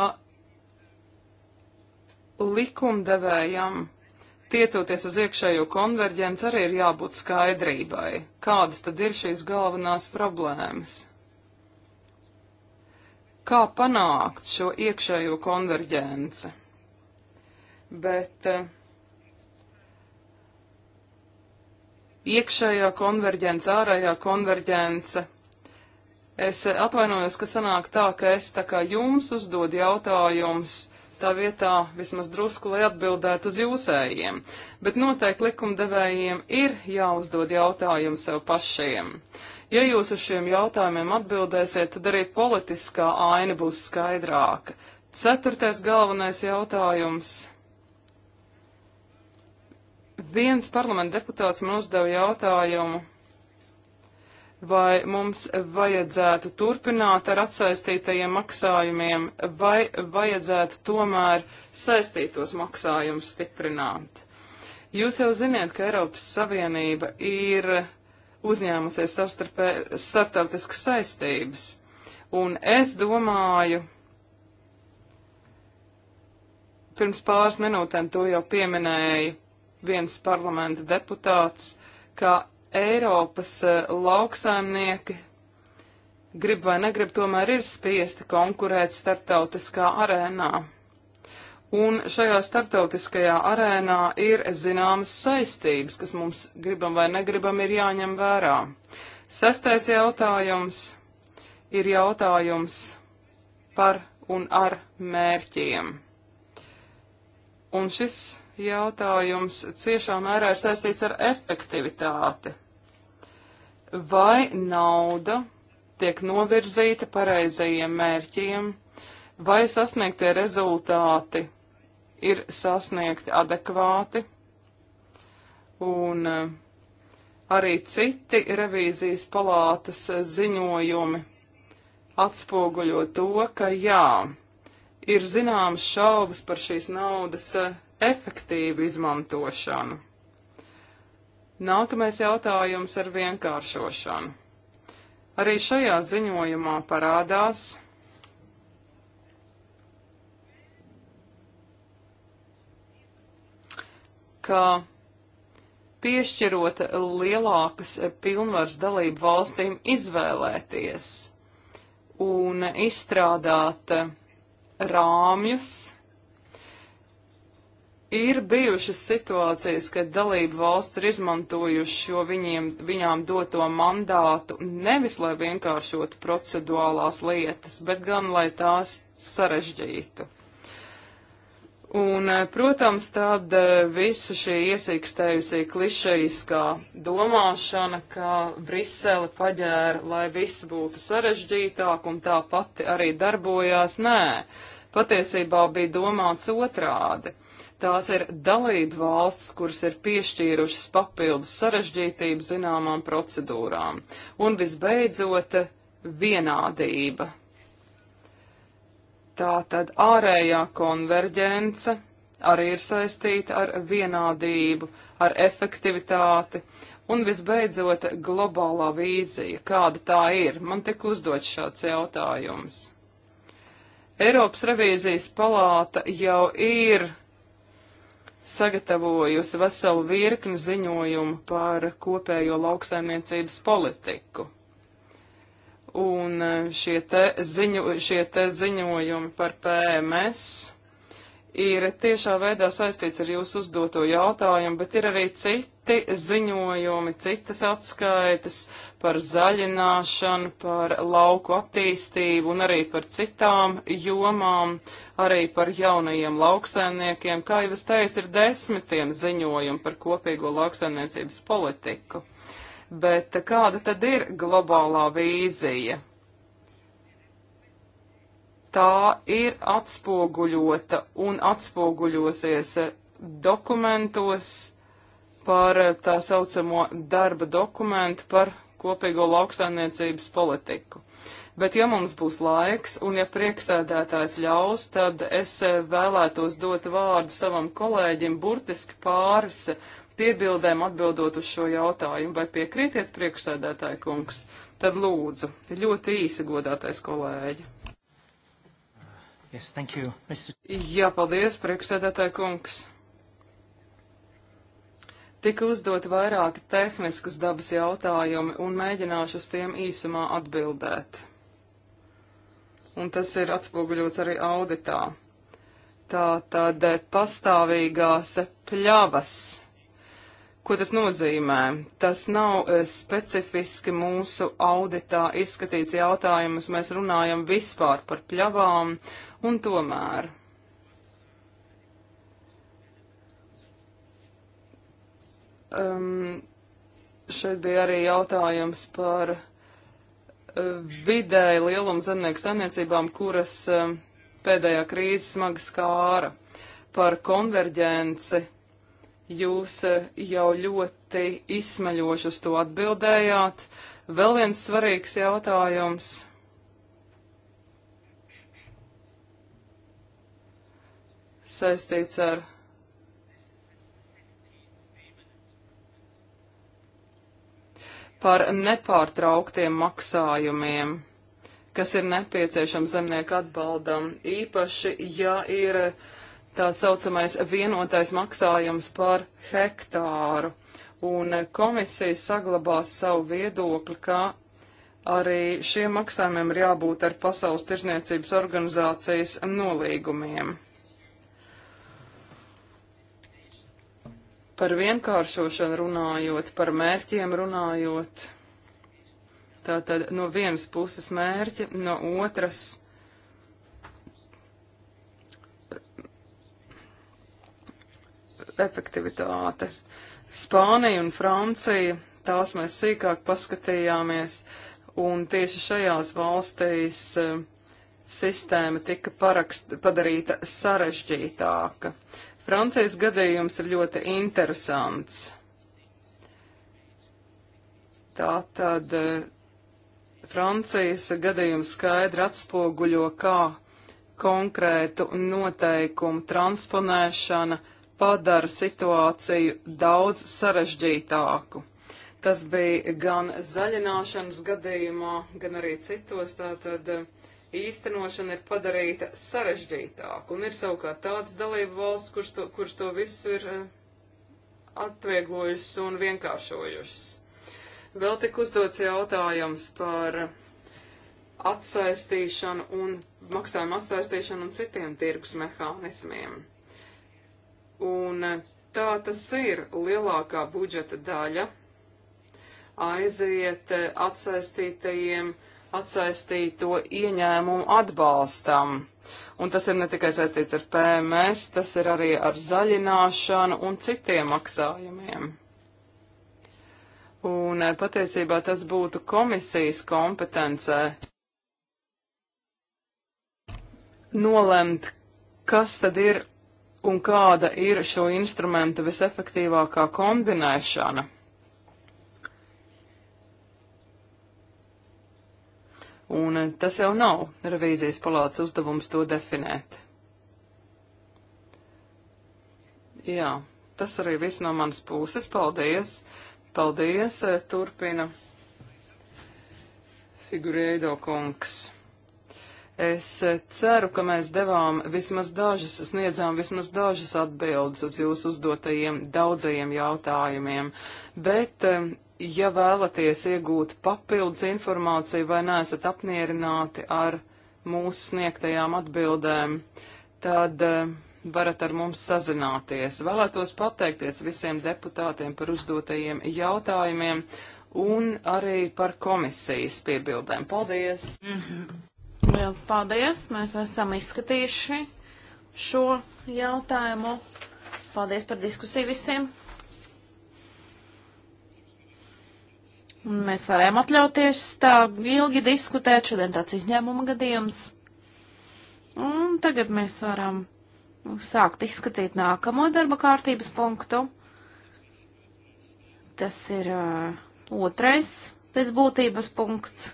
likumdevējam tiecoties uz iekšējo konverģenci arī ir jābūt skaidrībai, kādas tad ir šīs galvenās problēmas. Kā panākt šo iekšējo konverģenci? Bet uh, iekšējā konverģence, ārējā konverģence Es atvainojos, ka sanāk tā, ka es tā kā jums uzdod jautājums tā vietā vismaz drusku, lai atbildētu uz jūsējiem. Bet noteikti likumdevējiem ir jāuzdod jautājumu sev pašiem. Ja jūs uz šiem jautājumiem atbildēsiet, tad arī politiskā aina būs skaidrāka. Ceturtais galvenais jautājums. Viens parlamenta deputāts man uzdeva jautājumu vai mums vajadzētu turpināt ar atsaistītajiem maksājumiem, vai vajadzētu tomēr saistītos maksājumus stiprināt. Jūs jau ziniet, ka Eiropas Savienība ir uzņēmusies savstarpē starptautiskas saistības, un es domāju, pirms pāris minūtēm to jau pieminēja viens parlamenta deputāts, ka Eiropas eh, lauksaimnieki grib vai negrib, tomēr ir spiesti konkurēt starptautiskā arēnā. Un šajā starptautiskajā arēnā ir zināmas saistības, kas mums gribam vai negribam ir jāņem vērā. Sestais jautājums ir jautājums par un ar mērķiem. Un šis jautājums ciešā mērā ir saistīts ar efektivitāti vai nauda tiek novirzīta pareizajiem mērķiem, vai sasniegtie rezultāti ir sasniegti adekvāti, un eh, arī citi revīzijas palātas ziņojumi atspoguļo to, ka jā, ir zināms šaubas par šīs naudas eh, efektīvu izmantošanu. Nākamais jautājums ar vienkāršošanu. Arī šajā ziņojumā parādās, ka piešķirot lielākas pilnvaras dalību valstīm izvēlēties un izstrādāt rāmjus, Ir bijušas situācijas, kad dalību valsts ir izmantojuši šo viņiem, viņām doto mandātu nevis, lai vienkāršotu procedūrālās lietas, bet gan, lai tās sarežģītu. Un, eh, protams, tad eh, visa šī iesīkstējusī klišejiskā domāšana, ka Brisele paģēra, lai viss būtu sarežģītāk un tā pati arī darbojās, nē, patiesībā bija domāts otrādi Tās ir dalība valsts, kuras ir piešķīrušas papildus sarežģītību zināmām procedūrām. Un visbeidzot, vienādība. Tā tad ārējā konverģence arī ir saistīta ar vienādību, ar efektivitāti, Un visbeidzot, globālā vīzija, kāda tā ir, man tik uzdots šāds jautājums. Eiropas revīzijas palāta jau ir sagatavojusi veselu virkni ziņojumu par kopējo lauksaimniecības politiku. Un e, šie te, ziņo, šie te ziņojumi par PMS ir tiešā veidā saistīts ar jūsu uzdoto jautājumu, bet ir arī citi citi ziņojumi, citas atskaites par zaļināšanu, par lauku attīstību un arī par citām jomām, arī par jaunajiem lauksaimniekiem. Kā jau es teicu, ir desmitiem ziņojumu par kopīgo lauksaimniecības politiku. Bet kāda tad ir globālā vīzija? tā ir atspoguļota un atspoguļosies dokumentos, par tā saucamo darba dokumentu par kopīgo lauksaimniecības politiku. Bet ja mums būs laiks un ja prieksēdētājs ļaus, tad es vēlētos dot vārdu savam kolēģim burtiski pāris piebildēm atbildot uz šo jautājumu. Vai piekrītiet priekšsēdētāji kungs? Tad lūdzu, ļoti īsi godātais kolēģi. Yes, thank you. Mr. Jā, paldies, priekšsēdētāji kungs. Tika uzdot vairāki tehniskas dabas jautājumi un mēģināšu uz tiem īsumā atbildēt. Un tas ir atspoguļots arī auditā. Tā tad pastāvīgās pļavas. Ko tas nozīmē? Tas nav e, specifiski mūsu auditā izskatīts jautājums, mēs runājam vispār par pļavām, un tomēr um, šeit bija arī jautājums par uh, vidēji lielumu zemnieku saimniecībām, kuras um, pēdējā krīze smagi skāra. Par konverģenci jūs uh, jau ļoti izsmeļoši uz to atbildējāt. Vēl viens svarīgs jautājums. saistīts ar par nepārtrauktiem maksājumiem, kas ir nepieciešams zemnieku atbaldam, īpaši, ja ir tā saucamais vienotais maksājums par hektāru. Un komisija saglabās savu viedokli, ka arī šiem maksājumiem ir jābūt ar Pasaules tirzniecības organizācijas nolīgumiem. Par vienkāršošanu runājot, par mērķiem runājot, tātad no vienas puses mērķi, no otras. efektivitāte. Spānija un Francija, tās mēs sīkāk paskatījāmies, un tieši šajās valstīs eh, sistēma tika parakst, padarīta sarežģītāka. Francijas gadījums ir ļoti interesants. Tā tad eh, Francijas gadījums skaidri atspoguļo, kā konkrētu noteikumu transponēšana padara situāciju daudz sarežģītāku. Tas bija gan zaļināšanas gadījumā, gan arī citos. Tātad eh, īstenošana ir padarīta sarežģītāka, un ir savukārt tāds dalību valsts, kurš to, kurš to visu ir eh, atvieglojusi un vienkāršojusi. Vēl tik uzdots jautājums par atsaistīšanu un maksājumu atsaistīšanu un citiem tirgus mehānismiem. Un eh, tā tas ir lielākā budžeta daļa aiziet eh, atsaistītajiem uh, atsaistīto ieņēmumu atbalstam. Un tas ir ne tikai saistīts ar PMS, tas ir arī ar zaļināšanu un citiem maksājumiem. Un eh, patiesībā tas būtu komisijas kompetencē nolemt, kas tad ir un kāda ir šo instrumentu visefektīvākā kombinēšana. un eh, tas jau nav revīzijas palātas uzdevums to definēt. Jā, tas arī viss no manas puses. Paldies! Paldies! Eh, turpina Figurēdo kungs. Es eh, ceru, ka mēs devām vismaz dažas, sniedzām vismaz dažas atbildes uz jūsu uzdotajiem daudzajiem jautājumiem, bet ja vēlaties iegūt papildus informāciju vai neesat apmierināti ar mūsu sniegtajām atbildēm, tad eh, varat ar mums sazināties. Vēlētos pateikties visiem deputātiem par uzdotajiem jautājumiem un arī par komisijas piebildēm. Paldies! Mm -hmm. Liels paldies! Mēs esam izskatījuši šo jautājumu. Paldies par diskusiju visiem! Un mēs varējām atļauties tā ilgi diskutēt, šodien tāds izņēmuma gadījums. Un tagad mēs varam sākt izskatīt nākamo darba kārtības punktu. Tas ir uh, otrais pēc būtības punkts.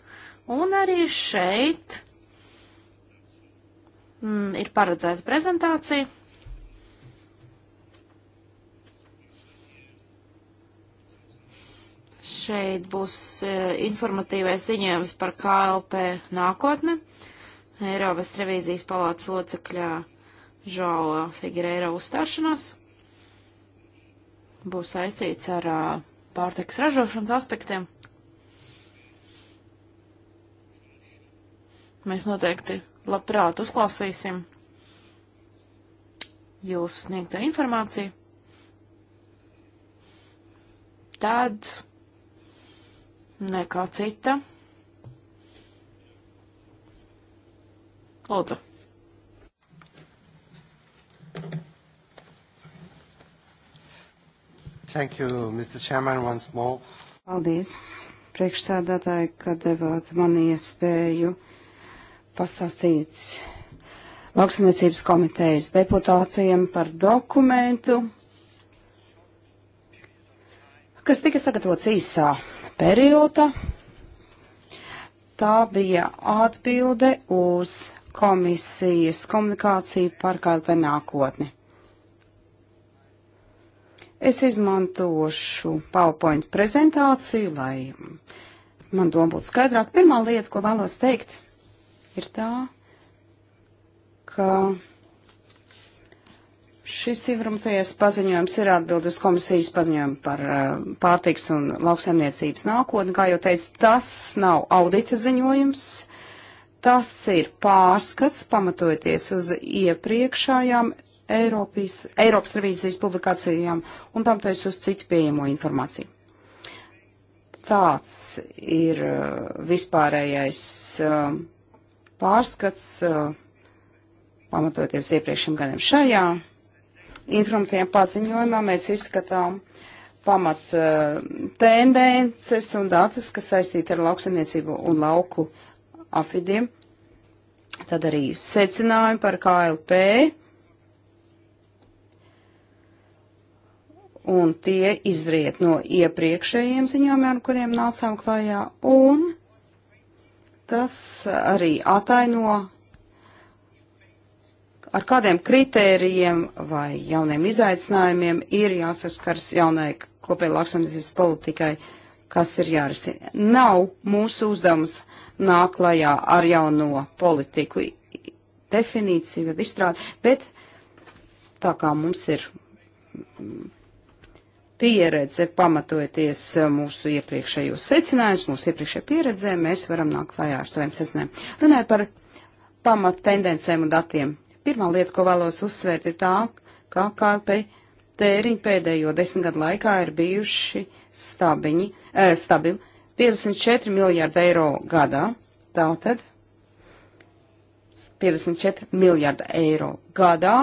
Un arī šeit mm, ir paredzēta prezentācija. Šeit būs e, informatīvais ziņojums par KLP nākotne. Eiropas revīzijas palātas locekļā Žola Figureira uzstāšanās būs saistīts ar e, pārtiks ražošanas aspektiem. Mēs noteikti labprāt uzklausīsim jūsu sniegto informāciju. Tad nekā cita. Lūdzu. Thank you, Mr. Chairman, once more. Paldies, priekšstādātāji, ka devāt man iespēju pastāstīt lauksamniecības komitejas deputātiem par dokumentu, kas tika sagatavots īsā perioda. Tā bija atbilde uz komisijas komunikāciju par KLP nākotni. Es izmantošu PowerPoint prezentāciju, lai man doma būtu skaidrāk. Pirmā lieta, ko vēlos teikt, ir tā, ka. Oh Šis ievrumtais paziņojums ir atbild uz komisijas paziņojumu par uh, pārtiks un lauksaimniecības nākotni. Kā jau teicu, tas nav audita ziņojums, tas ir pārskats pamatojoties uz iepriekšējām Eiropas, Eiropas revīzijas publikācijām un pamatojas uz citu pieejamo informāciju. Tāds ir uh, vispārējais uh, pārskats, uh, pamatoties iepriekšējiem gadiem šajā informatīviem paziņojumā mēs izskatām pamat uh, tendences un datus, kas saistīti ar lauksaimniecību un lauku apvidiem. Tad arī secinājumi par KLP. Un tie izriet no iepriekšējiem ziņojumiem, ar kuriem nācām klajā. Un tas arī ataino ar kādiem kritērijiem vai jauniem izaicinājumiem ir jāsaskars jaunai kopēji lauksaimniecības politikai, kas ir jārisina. Nav mūsu uzdevums nāk lajā ar jauno politiku definīciju, izstrādi, bet tā kā mums ir pieredze, pamatojoties mūsu iepriekšējos secinājumus, mūsu iepriekšējā pieredzē, mēs varam nākt klajā ar saviem secinājumiem. Runāju par pamat tendencēm un datiem. Pirmā lieta, ko vēlos uzsvērt, ir tā, ka KLP tēriņi pēdējo desmit gadu laikā ir bijuši stabiņi, eh, stabili 54 miljārdi eiro gadā. Tātad 54 miljārdi eiro gadā.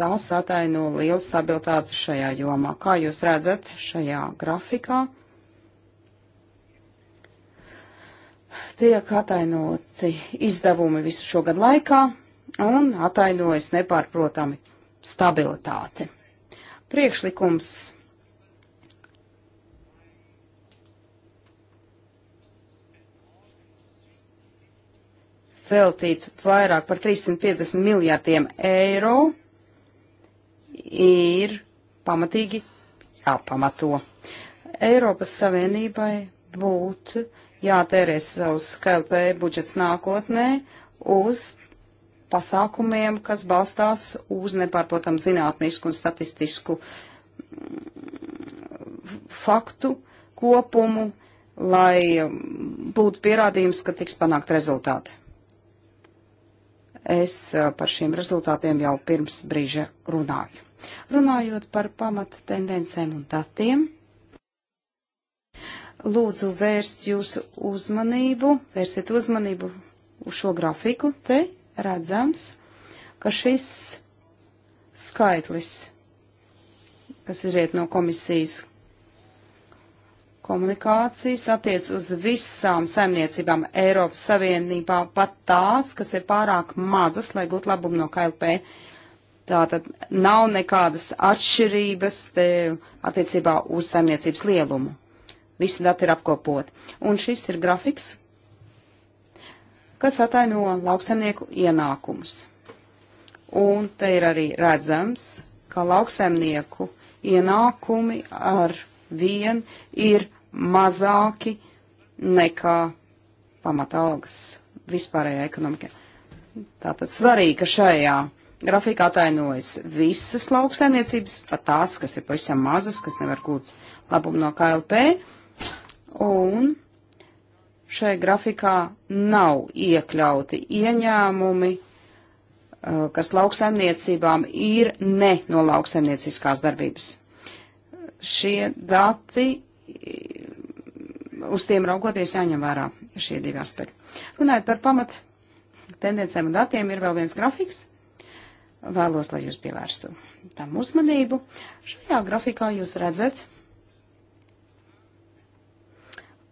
Tās ataino lielu stabilitāti šajā jomā. Kā jūs redzat šajā grafikā? tiek atainoti izdevumi visu šo gadu laikā, un atainojas nepārprotami stabilitāte. Priekšlikums veltīt vairāk par 350 miljārdiem eiro ir pamatīgi jāpamato. Eiropas Savienībai būtu jātērē savus KLP budžets nākotnē uz pasākumiem, kas balstās uz nepārprotam zinātnisku un statistisku mm, faktu kopumu, lai mm, būtu pierādījums, ka tiks panākt rezultāti. Es par šiem rezultātiem jau pirms brīža runāju. Runājot par pamata tendencēm un datiem, lūdzu vērst jūsu uzmanību, vērsiet uzmanību uz šo grafiku te, redzams, ka šis skaitlis, kas izriet no komisijas komunikācijas, attiec uz visām saimniecībām Eiropas Savienībā, pat tās, kas ir pārāk mazas, lai gūtu labumu no KLP. Tātad nav nekādas atšķirības te, attiecībā uz saimniecības lielumu. Visi dati ir apkopot. Un šis ir grafiks, kas ataino lauksaimnieku ienākumus. Un te ir arī redzams, ka lauksaimnieku ienākumi ar vien ir mazāki nekā pamatalgas vispārējā ekonomikā. Tātad svarīgi, ka šajā grafikā atainojas visas lauksaimniecības, pat tās, kas ir pavisam mazas, kas nevar gūt labumu no KLP. Un šai grafikā nav iekļauti ieņēmumi, eh, kas lauksaimniecībām ir ne no lauksaimnieciskās darbības. Šie dati, eh, uz tiem raugoties, jāņem vērā šie divi aspekti. Runājot par pamat tendencēm un datiem, ir vēl viens grafiks. Vēlos, lai jūs pievērstu tam uzmanību. Šajā grafikā jūs redzat,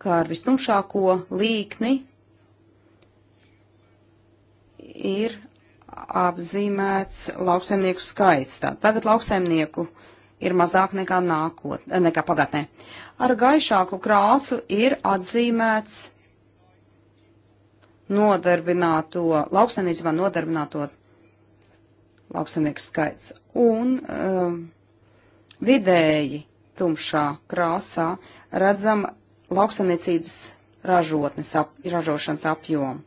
kā ar vistumšāko līkni ir apzīmēts lauksaimnieku skaits. Tā, tagad lauksaimnieku ir mazāk nekā, nākot, eh, nekā pagātnē. Ar gaišāku krāsu ir atzīmēts nodarbināto, lauksaimniecībā nodarbināto lauksaimnieku skaits. Un um, vidēji tumšā krāsā redzam lauksaimniecības ražotnes, ap, ražošanas apjomu.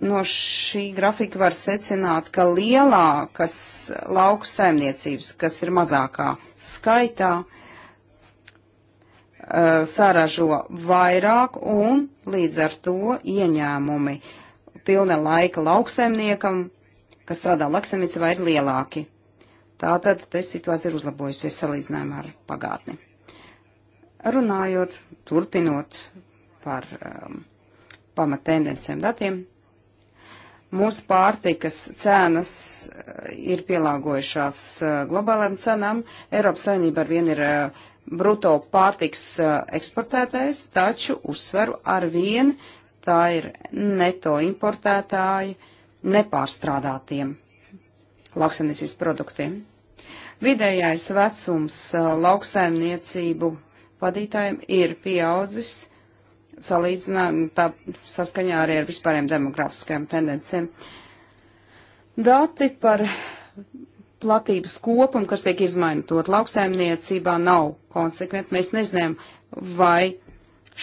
No šī grafika var secināt, ka lielākas lauksaimniecības, kas ir mazākā skaitā, eh, saražo vairāk un līdz ar to ieņēmumi pilna laika lauksaimniekam, kas strādā lauksaimniecībā, ir lielāki. Tātad te situācija ir uzlabojusies salīdzinājumā ar pagātni. Runājot, turpinot par um, pamat tendencēm datiem, mūsu pārtikas cenas uh, ir pielāgojušās uh, globālajām cenām. Eiropas Savienība ar vienu ir uh, bruto pārtiks eksportētājs, taču uzsveru ar vienu tā ir neto importētāji nepārstrādātiem lauksaimniecības produktiem. Vidējais vecums lauksaimniecību vadītājiem ir pieaudzis salīdzinājumā, nu, tā saskaņā arī ar vispārējiem demografiskajiem tendencēm. Dati par platības kopumu, kas tiek izmantot lauksaimniecībā, nav konsekventi. Mēs nezinām, vai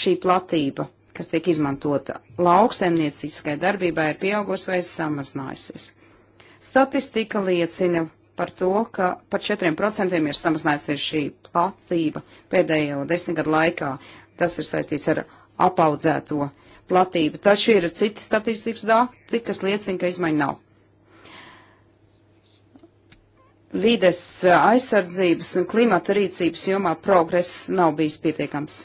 šī platība, kas tiek izmantota lauksaimnieciskai darbībā, ir pieaugusi vai samazinājusies. Statistika liecina par to, ka par 4% ir samazinājusies šī platība pēdējo desmit gadu laikā. Tas ir saistīts ar apaudzēto platību. Taču ir citi statistikas dati, kas liecina, ka izmaiņa nav. Vides aizsardzības un klimata rīcības jomā progress nav bijis pietiekams.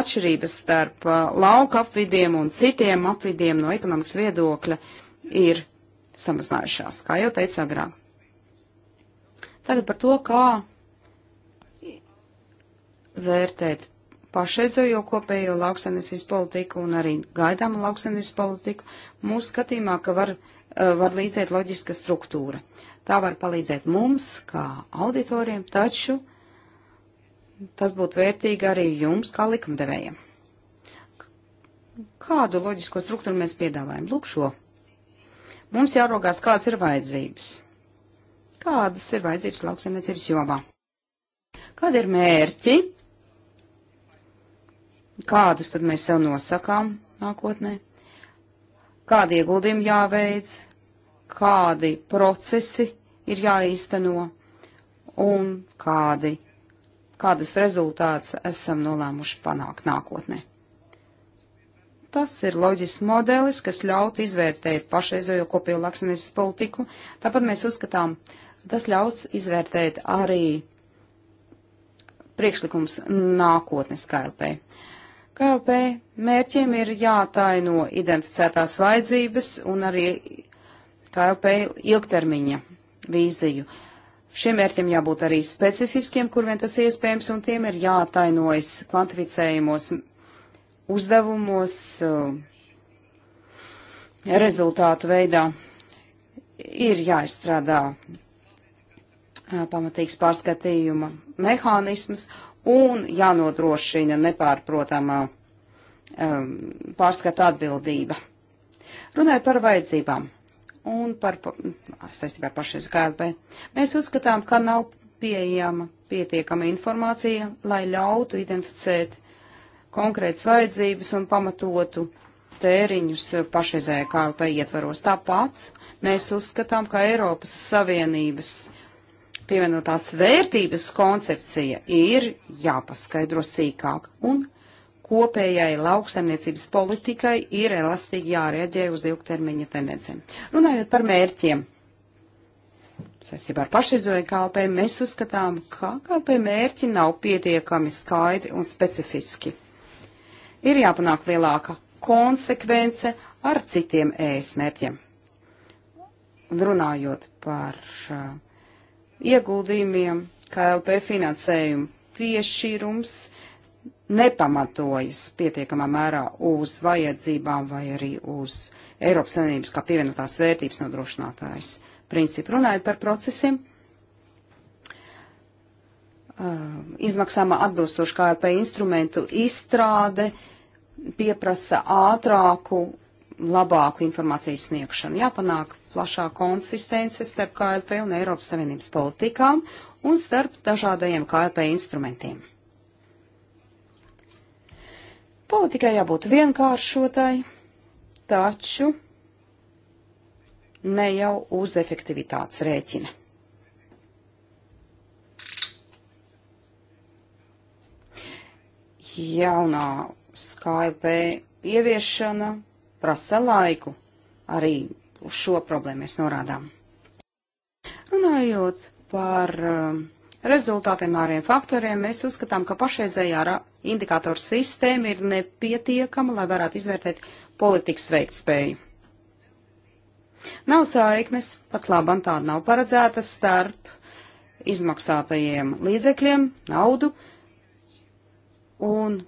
Atšķirības starp lauka apvidiem un citiem apvidiem no ekonomikas viedokļa ir samazinājušās, kā jau teicu agrāk. Tagad par to, kā vērtēt pašreizējo kopējo lauksanisīs politiku un arī gaidāmu lauksanisīs politiku, mūsu skatījumā, ka var, eh, var līdzēt loģiska struktūra. Tā var palīdzēt mums, kā auditoriem, taču tas būtu vērtīgi arī jums, kā likumdevējiem. Kādu loģisko struktūru mēs piedāvājam? Lūk šo. Mums jāraugās, kādas ir vajadzības. Kādas ir vajadzības lauksaimniecības jomā? Kādi ir mērķi? Kādus tad mēs sev nosakām nākotnē? Kādi ieguldījumi jāveic? Kādi procesi ir jāīsteno? Un kādi, kādus rezultātus esam nolēmuši panākt nākotnē? Tas ir loģisks modelis, kas ļautu izvērtēt pašreizējo kopējo lauksaimniecības politiku. Tāpat mēs uzskatām, tas ļaus izvērtēt arī priekšlikums nākotnes KLP. KLP mērķiem ir jātaino identificētās vajadzības un arī KLP ilgtermiņa vīziju. Šiem mērķiem jābūt arī specifiskiem, kur vien tas iespējams, un tiem ir jātainojas kvantificējumos uzdevumos eh, rezultātu veidā ir jāizstrādā eh, pamatīgs pārskatījuma mehānisms un jānodrošina nepārprotamā um, eh, pārskata atbildība. Runājot par vajadzībām un par, saistībā ar pašu KLP, mēs uzskatām, ka nav pieejama pietiekama informācija, lai ļautu identificēt konkrētas vajadzības un pamatotu tēriņus pašreizējā KLP ietvaros. Tāpat mēs uzskatām, ka Eiropas Savienības pievienotās vērtības koncepcija ir jāpaskaidro sīkāk un kopējai lauksaimniecības politikai ir elastīgi jārēģē uz ilgtermiņa tendencēm. Runājot par mērķiem, saistībā ar pašreizēju kalpēm, mēs uzskatām, ka kalpē mērķi nav pietiekami skaidri un specifiski ir jāpanāk lielāka konsekvence ar citiem ēs mērķiem. Un runājot par uh, ieguldījumiem, KLP finansējumu piešķīrums nepamatojas pietiekamā mērā uz vajadzībām vai arī uz Eiropas Savienības kā pievienotās vērtības nodrošinātājs. Principi runājot par procesiem, Eh, izmaksām atbilstoši KLP instrumentu izstrāde pieprasa ātrāku, labāku informācijas sniegšanu. Jāpanāk plašā konsistence starp KLP un Eiropas Savienības politikām un starp dažādajiem KLP instrumentiem. Politikai jābūt vienkāršotai, taču ne jau uz efektivitātes rēķina. Jaunā SKLP ieviešana prasa laiku. Arī uz šo problēmu mēs norādām. Runājot par um, rezultātiem āriem faktoriem, mēs uzskatām, ka pašreizējā indikātoru sistēma ir nepietiekama, lai varētu izvērtēt politikas veiktspēju. Nav saiknes, pat labam tāda nav paredzēta starp izmaksātajiem līdzekļiem, naudu, uh, un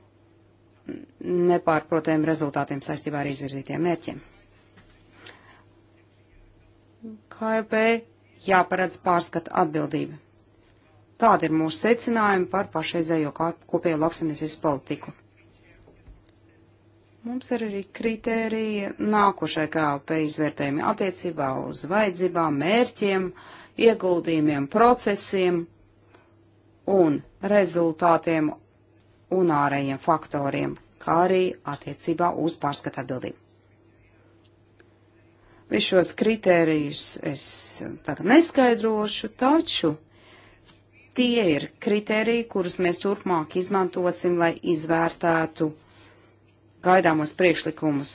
nepārprotējiem rezultātiem saistībā ar izvirzītiem mērķiem. KLP jāparedz pārskata atbildība. Tāda ir mūsu secinājuma par pašreizējo kopējo lauksanisīs politiku. Mums ir arī kritērija nākošai KLP izvērtējumi attiecībā uz vajadzībām, mērķiem, ieguldījumiem, procesiem un rezultātiem un ārējiem faktoriem, kā arī attiecībā uz pārskatu atbildību. Visus šos kritērijus es tagad neskaidrošu, taču tie ir kritēriji, kurus mēs turpmāk izmantosim, lai izvērtētu gaidāmos priekšlikumus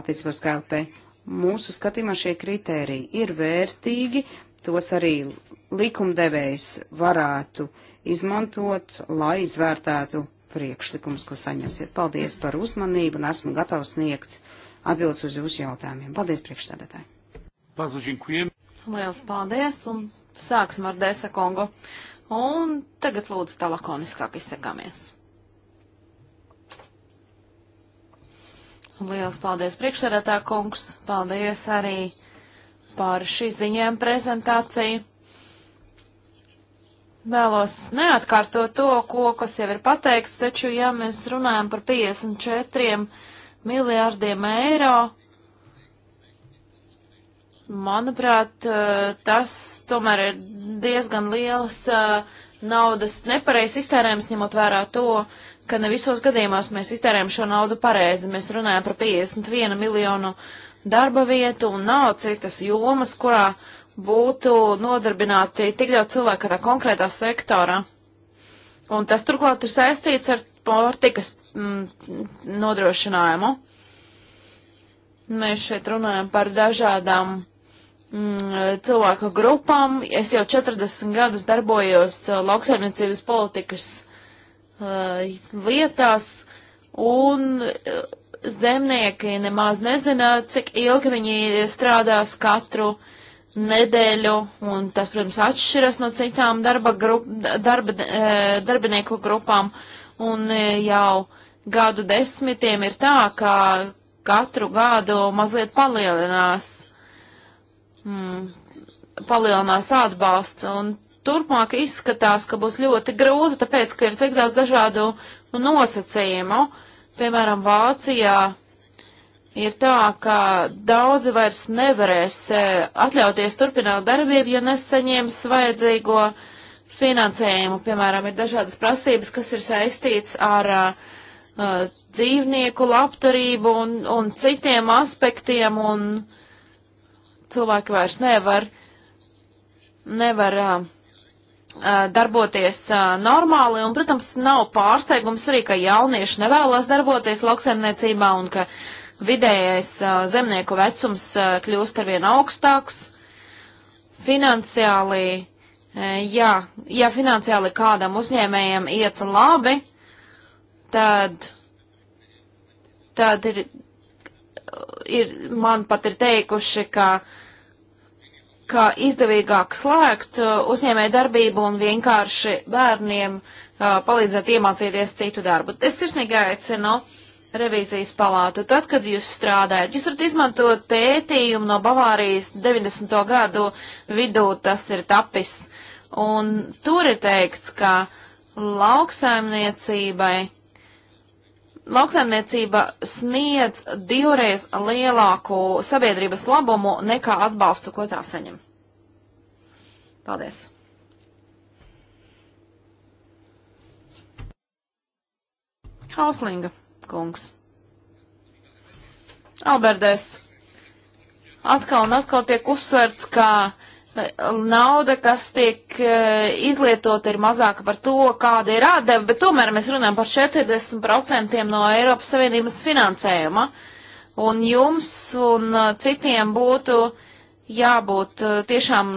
attiecībā uz KLP. Mūsu skatījumā šie kritēriji ir vērtīgi, tos arī likumdevējs varētu uh, izmantot, lai izvērtētu priekšlikumus, ko saņemsiet. Paldies par uzmanību un esmu gatavs sniegt atbildes uz jūsu jautājumiem. Paldies, priekšstādātāji! Liels paldies un sāksim ar Desa Kongo. Un tagad lūdzu tā lakoniskāk izsakāmies. Liels paldies priekšsarētā kungs, paldies arī par šī ziņojuma prezentāciju. Vēlos neatkārtot to, ko, kas jau ir pateikts, taču, ja mēs runājam par 54 miljārdiem eiro, manuprāt, eh, tas tomēr ir diezgan liels eh, naudas nepareizs iztērējums, ņemot vērā to, ka ne visos gadījumos mēs iztērējam šo naudu pareizi. Mēs runājam par 51 miljonu darba vietu un nav citas jomas, kurā uh, būtu nodarbināti tik ļoti cilvēki kādā konkrētā sektorā. Un tas turklāt ir saistīts ar pārtikas mm, nodrošinājumu. Mēs šeit runājam par dažādām mm, cilvēku grupām. Es jau 40 gadus darbojos uh, lauksaimniecības politikas uh, lietās, un uh, zemnieki nemaz nezina, cik ilgi viņi strādās katru uh, nedēļu, un tas, protams, atšķiras no citām darba grup, darba, e, darbinieku grupām, un e, jau gadu desmitiem ir tā, ka katru gadu mazliet palielinās, mm, palielinās atbalsts, un turpmāk izskatās, ka būs ļoti grūti, tāpēc, ka ir tik daudz dažādu nosacījumu, piemēram, Vācijā ir tā, ka daudzi vairs nevarēs eh, atļauties turpināt darbību, ja nesaņems vajadzīgo finansējumu. Piemēram, ir dažādas prasības, kas ir saistīts ar uh, dzīvnieku labturību un, un citiem aspektiem, un cilvēki vairs nevar, nevar uh, darboties uh, normāli, un, protams, nav pārsteigums arī, ka jaunieši nevēlas darboties lauksaimniecībā un ka uh, Vidējais zemnieku vecums kļūst arvien augstāks. Finansiāli, jā, ja finansiāli kādam uzņēmējam iet labi, tad, tad ir, ir, man pat ir teikuši, ka ka izdevīgāk slēgt uzņēmē darbību un vienkārši bērniem uh, palīdzēt iemācīties citu darbu. Es sirsnīgi aicinu uh, revīzijas palātu. Tad, kad jūs strādājat, jūs varat izmantot pētījumu no Bavārijas 90. gadu vidū, tas ir tapis. Un tur ir teikts, ka lauksaimniecībai, lauksaimniecība sniedz divreiz lielāku sabiedrības labumu nekā atbalstu, ko tā saņem. Paldies! Hauslinga kungs. Alberdes. Atkal un atkal tiek uzsverts, ka e, nauda, kas tiek e, izlietota, ir mazāka par to, kāda ir atdeva, bet tomēr mēs runājam par 40% no Eiropas Savienības finansējuma. Un jums un e, citiem būtu jābūt tiešām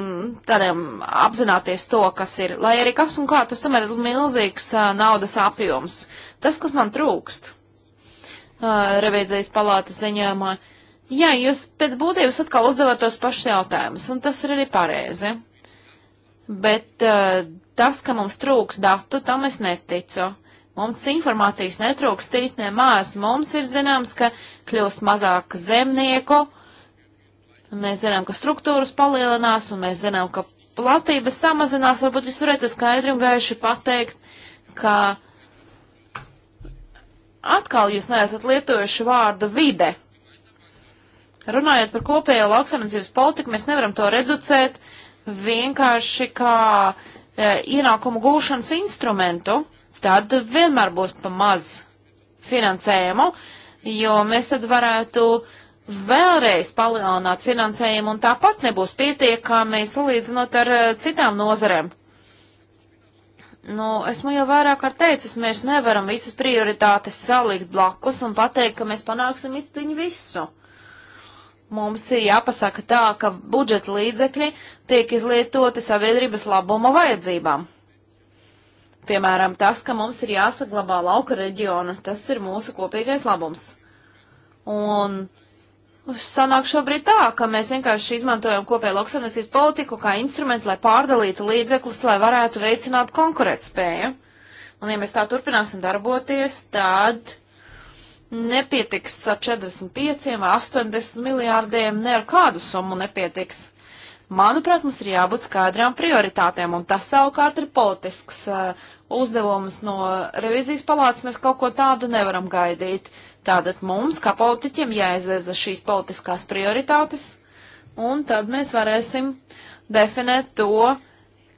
tādam apzināties to, kas ir. Lai arī kas un kā, tas tomēr ir milzīgs naudas apjoms. Tas, kas man trūkst revīzijas palātas ziņojumā. Jā, jūs pēc būtības atkal uzdevāt tos pašus jautājumus, un tas ir arī pareizi. Bet uh, tas, ka mums trūks datu, tam es neticu. Mums informācijas netrūks tīt nemaz. Mums ir zināms, ka kļūst mazāk zemnieku, mēs zinām, ka struktūras palielinās, un mēs zinām, ka platības samazinās. Varbūt jūs varētu skaidri un gaiši pateikt, ka uh, atkal jūs neesat lietojuši vārdu vide. Runājot par kopējo lauksaimniecības politiku, mēs nevaram to reducēt vienkārši kā e, ienākumu gūšanas instrumentu. Tad vienmēr būs pa maz finansējumu, jo mēs tad varētu vēlreiz palielināt finansējumu un tāpat nebūs pietiekami salīdzinot ar e, citām nozarēm. Nu, esmu jau vairāk kārt teicis, mēs nevaram visas prioritātes salikt blakus un pateikt, ka mēs panāksim itiņu visu. Mums ir jāpasaka tā, ka budžeta līdzekļi tiek izlietoti sabiedrības labuma vajadzībām. Piemēram, tas, ka mums ir jāsaglabā lauka reģiona, tas ir mūsu kopīgais labums. Un Sanāk šobrīd tā, ka mēs vienkārši izmantojam kopēju lauksaimniecības politiku kā instrumentu, lai pārdalītu līdzeklis, lai varētu veicināt konkurētspēju. Un ja mēs tā turpināsim darboties, tad nepietiks ar 45 vai 80 miljārdiem, ne ar kādu summu nepietiks. Manuprāt, mums ir jābūt skaidrām prioritātēm, un tas savukārt ir politisks uh, uzdevumus no revizijas palātas, mēs kaut ko tādu nevaram gaidīt. Tātad mums, kā politiķiem, jāizvirza šīs politiskās prioritātes, un tad mēs varēsim definēt to,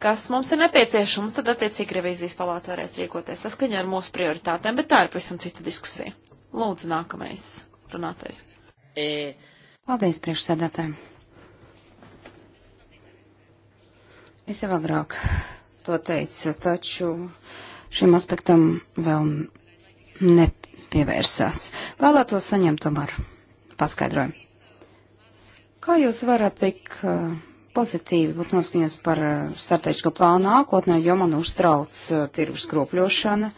kas mums ir nepieciešams, tad attiecīgi revizijas palāta varēs rīkoties saskaņā ar mūsu prioritātēm, bet tā ir pavisam cita diskusija. Lūdzu, nākamais runātais. E. Paldies, priekšsēdētāji. Es jau agrāk to teicu, taču šim aspektam vēl nepievērsās. Vēlētos saņemt tomēr paskaidrojumu. Kā jūs varat tik eh, pozitīvi būt noskaņots par eh, strateģisko plānu nākotnē, jo man uztrauc eh, tirgus kropļošana?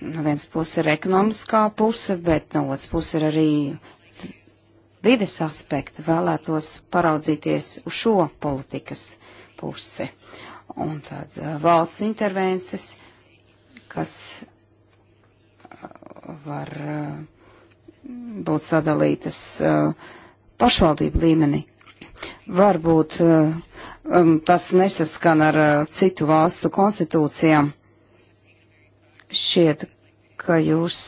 No viens puses ir ekonomiskā puse, bet no otras puses ir arī vides aspekti. Vēlētos paraudzīties uz šo politikas puse. Un tad uh, valsts intervences, kas uh, var uh, būt sadalītas pašvaldību līmenī. Varbūt um, tas nesaskan ar citu valstu konstitūcijām. Šķiet, ka jūs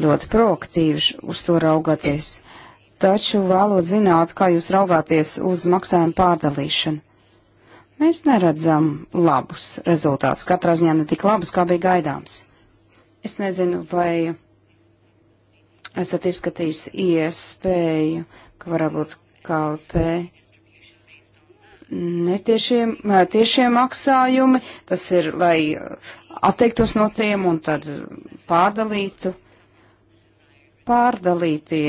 ļoti proaktīvi uz to raugaties taču vēlot zināt, kā jūs raugāties uz maksājumu pārdalīšanu. Mēs neredzam labus rezultātus, katrā ziņā ne tik labus, kā bija gaidāms. Es nezinu, vai esat izskatījis iespēju, ka varbūt KLP netiešiem, tiešie maksājumi, tas ir, lai atteiktos no tiem un tad pārdalītu, pārdalītie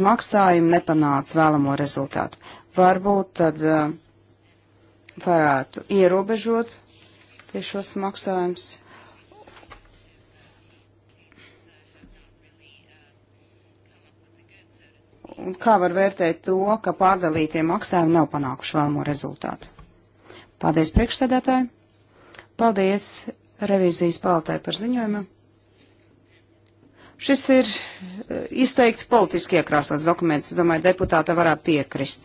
maksājumi nepanāca vēlamo rezultātu. Varbūt tad uh, varētu ierobežot tiešos maksājumus. Un kā var vērtēt to, ka pārdalītie maksājumi nav panākuši vēlamo rezultātu? Paldies priekšstādātāji! Paldies revīzijas palatai par ziņojumu! Šis ir eh, izteikti politiski iekrāsots dokuments. Es domāju, deputāta varētu piekrist.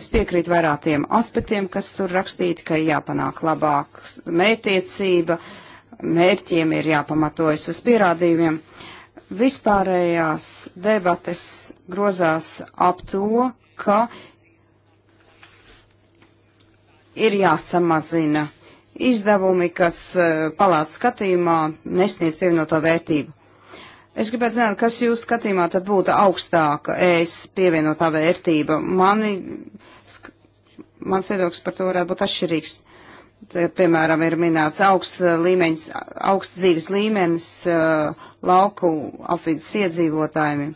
Es piekrītu vairākiem aspektiem, kas tur rakstīti, ka jāpanāk labāks mērķtiecība, mērķiem ir jāpamatojas uz pierādījumiem. Vispārējās debates grozās ap to, ka ir jāsamazina izdevumi, kas eh, palāca skatījumā nesniedz pievienoto vērtību. Es gribētu zināt, kas jūs skatījumā tad būtu augstāka es pievienotā vērtība. Mani, sk, mans viedoklis par to varētu būt atšķirīgs. Te, piemēram, ir minēts augsts eh, līmeņs, augsts dzīves līmenis uh, lauku apvidus iedzīvotājiem.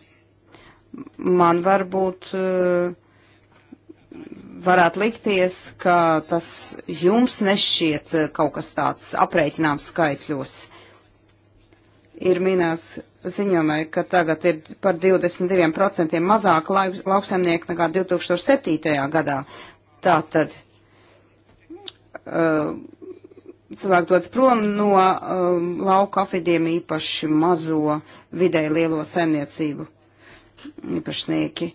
Man varbūt uh, varētu likties, ka tas jums nešķiet kaut kas tāds aprēķināms skaitļos. Ir minēts, ziņojumai, ka tagad ir par 22% mazāk lauksaimnieku nekā 2007. gadā. Tātad uh, cilvēki dodas prom no um, lauka apvidiem īpaši mazo vidēji lielo saimniecību īpašnieki.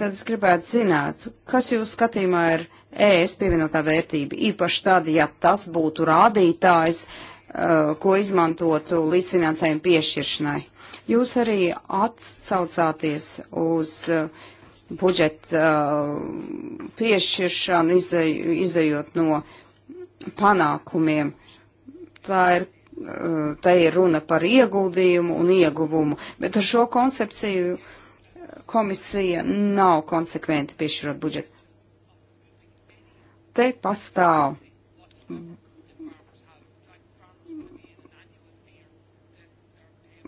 Tad es gribētu zināt, kas jūsu skatījumā ir ES pievienotā vērtība, īpaši tad, ja tas būtu rādītājs, uh, ko izmantotu līdzfinansējumu piešķiršanai Jūs arī atsaucāties uz uh, budžeta uh, piešķiršanu, izējot no panākumiem. Tā ir uh, te ir runa par ieguldījumu un ieguvumu, bet ar šo koncepciju komisija nav konsekventi piešķirot budžetu. Te pastāv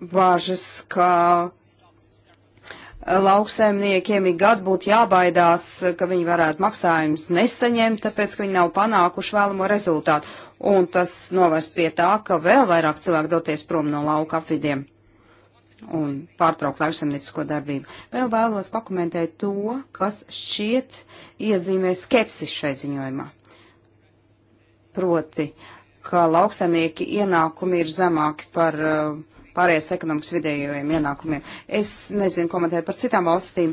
bāžas, ka lauksaimniekiem ik gadu būtu jābaidās, ka viņi varētu maksājumus nesaņemt, tāpēc, ka viņi nav panākuši vēlamo rezultātu. Un tas novest pie tā, ka vēl vairāk cilvēku doties prom no lauka apvidiem un pārtraukt lauksaimniecisko darbību. Vēl vēlos pakomentēt to, kas šķiet iezīmē skepsis šai ziņojumā. Proti, ka lauksaimnieki ienākumi ir zemāki par uh, pārējais ekonomikas vidējiem ienākumiem. Es nezinu komentēt par citām valstīm.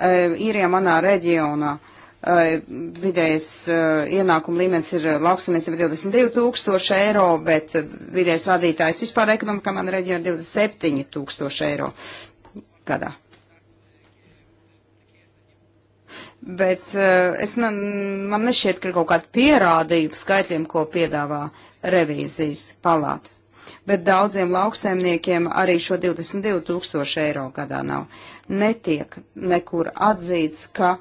Uh, Īrijā manā reģionā uh, vidējais uh, ienākuma līmenis ir lauksamniecība 22 tūkstoši eiro, bet vidējais rādītājs vispār ekonomikā man reģionā 27 tūkstoši eiro gadā. bet eh, es, man nešķiet, ka ir kaut kāda pierādījuma skaitļiem, ko piedāvā revīzijas palāta. Bet daudziem lauksaimniekiem arī šo 22 tūkstoši eiro gadā nav. Netiek nekur atzīts, ka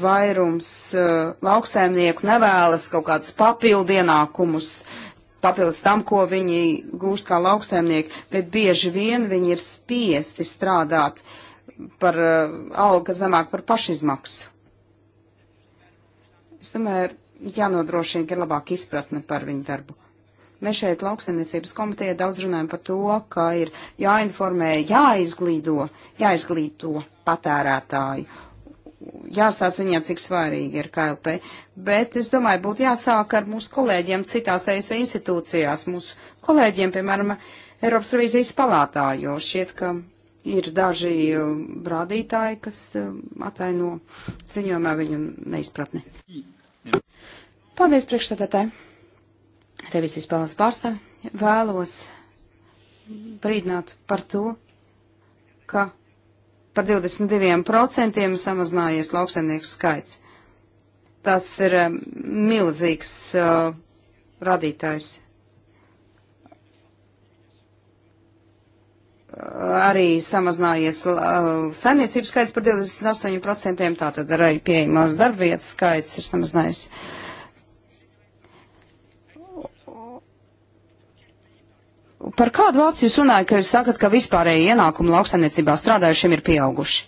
vairums uh, lauksaimnieku nevēlas kaut kādus papildu ienākumus, papildus tam, ko viņi gūst kā lauksaimnieki, bet bieži vien viņi ir spiesti strādāt uh, par uh, eh, algu zemāk par pašizmaksu. Es domāju, jānodrošina, ka ir labāka izpratne par viņu darbu. Mēs šeit lauksainiecības komitejā daudz runājam par to, ka ir jāinformē, jāizglīdo, jāizglīto patērētāju, jāstāsta viņiem, cik svarīgi ir KLP. Bet es domāju, būtu jāsāk ar mūsu kolēģiem citās ESA institūcijās, mūsu kolēģiem, piemēram, Eiropas revīzijas palātā, jo šķiet, ka ir daži eh, rādītāji, kas eh, ataino ziņojumā viņu neizpratni. Paldies priekšstādātāji. Revizijas balsts pārstāvi vēlos brīdināt par to, ka par 22% samazinājies lauksaimnieku skaits. Tas ir eh, milzīgs uh, radītājs arī samazinājies uh, saimniecības skaits par 28%, tātad arī pieejamās darbvietas skaits ir samazinājies. Par kādu valsts jūs runājat, ka jūs sakat, ka vispārēji ienākumi lauksaimniecībā strādājušiem ir pieauguši?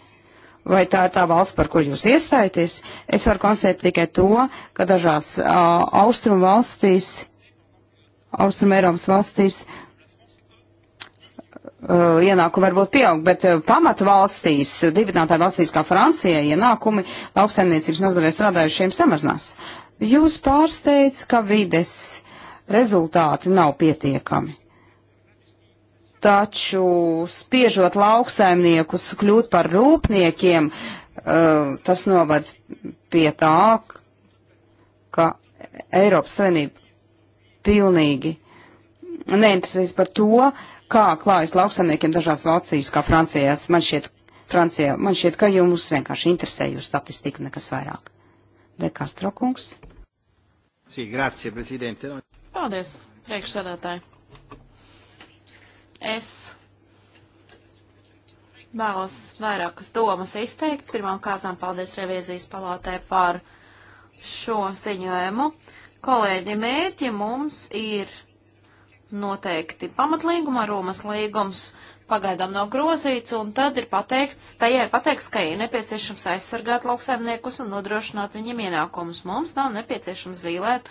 Vai tā ir tā valsts, par kur jūs iestājaties? Es varu konstatēt tikai to, ka dažās uh, austrumu valstīs, austrumu Eiropas valstīs, uh, Uh, ienākumi varbūt pieaug, bet uh, pamatu valstīs, dibinātāju valstīs kā Francijai, ienākumi lauksaimniecības nozarē strādājušiem samazinās. Jūs pārsteidz, ka vides rezultāti nav pietiekami. Taču spiežot lauksaimniekus kļūt par rūpniekiem, uh, tas novad pie tā, ka Eiropas Savienība pilnīgi neinteresēs par to, uh, kā klājas lauksaimniekiem dažās valstīs, kā Francijās. Man šķiet, Francijā, man šķiet, ka jums vienkārši interesē jūsu statistika, nekas vairāk. De Castro kungs. Sī, grācie, prezidente. Paldies, priekšsēdētāji. Es vēlos vairākas domas izteikt. Pirmkārt, paldies revīzijas palātē par šo ziņojumu. Kolēģi, mērķi mums ir noteikti pamatlīguma Romas līgums pagaidām nav grozīts, un tad ir pateikts, tajā ir pateikts, ka ir nepieciešams aizsargāt lauksaimniekus un nodrošināt viņiem ienākumus. Mums nav nepieciešams zīlēt,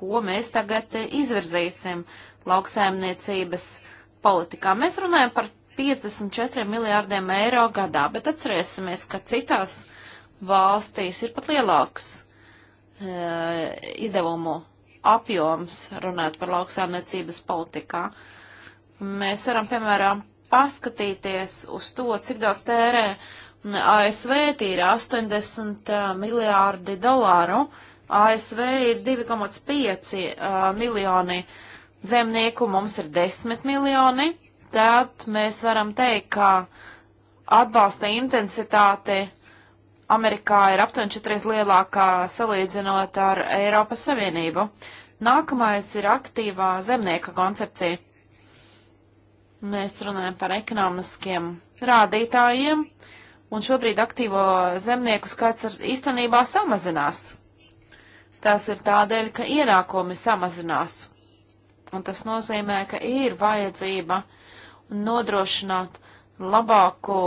ko mēs tagad eh, izvirzīsim lauksaimniecības politikā. Mēs runājam par 54 miljārdiem eiro gadā, bet atcerēsimies, ka citās valstīs ir pat lielāks e, izdevumu apjoms runāt par lauksāmniecības politikā. Mēs varam, piemēram, paskatīties uz to, cik daudz tērē ASV tīri 80 miljārdi dolāru. ASV ir 2,5 eh, miljoni zemnieku, mums ir 10 miljoni. Tad mēs varam teikt, ka atbalsta intensitāte uh, Amerikā ir aptuveni četreiz lielākā salīdzinot ar Eiropas Savienību. Nākamais ir aktīvā zemnieka koncepcija. Mēs runājam par ekonomiskiem rādītājiem, un šobrīd aktīvo zemnieku skaits īstenībā samazinās. Tas ir tādēļ, ka ienākumi samazinās, un tas nozīmē, ka ir vajadzība nodrošināt labāku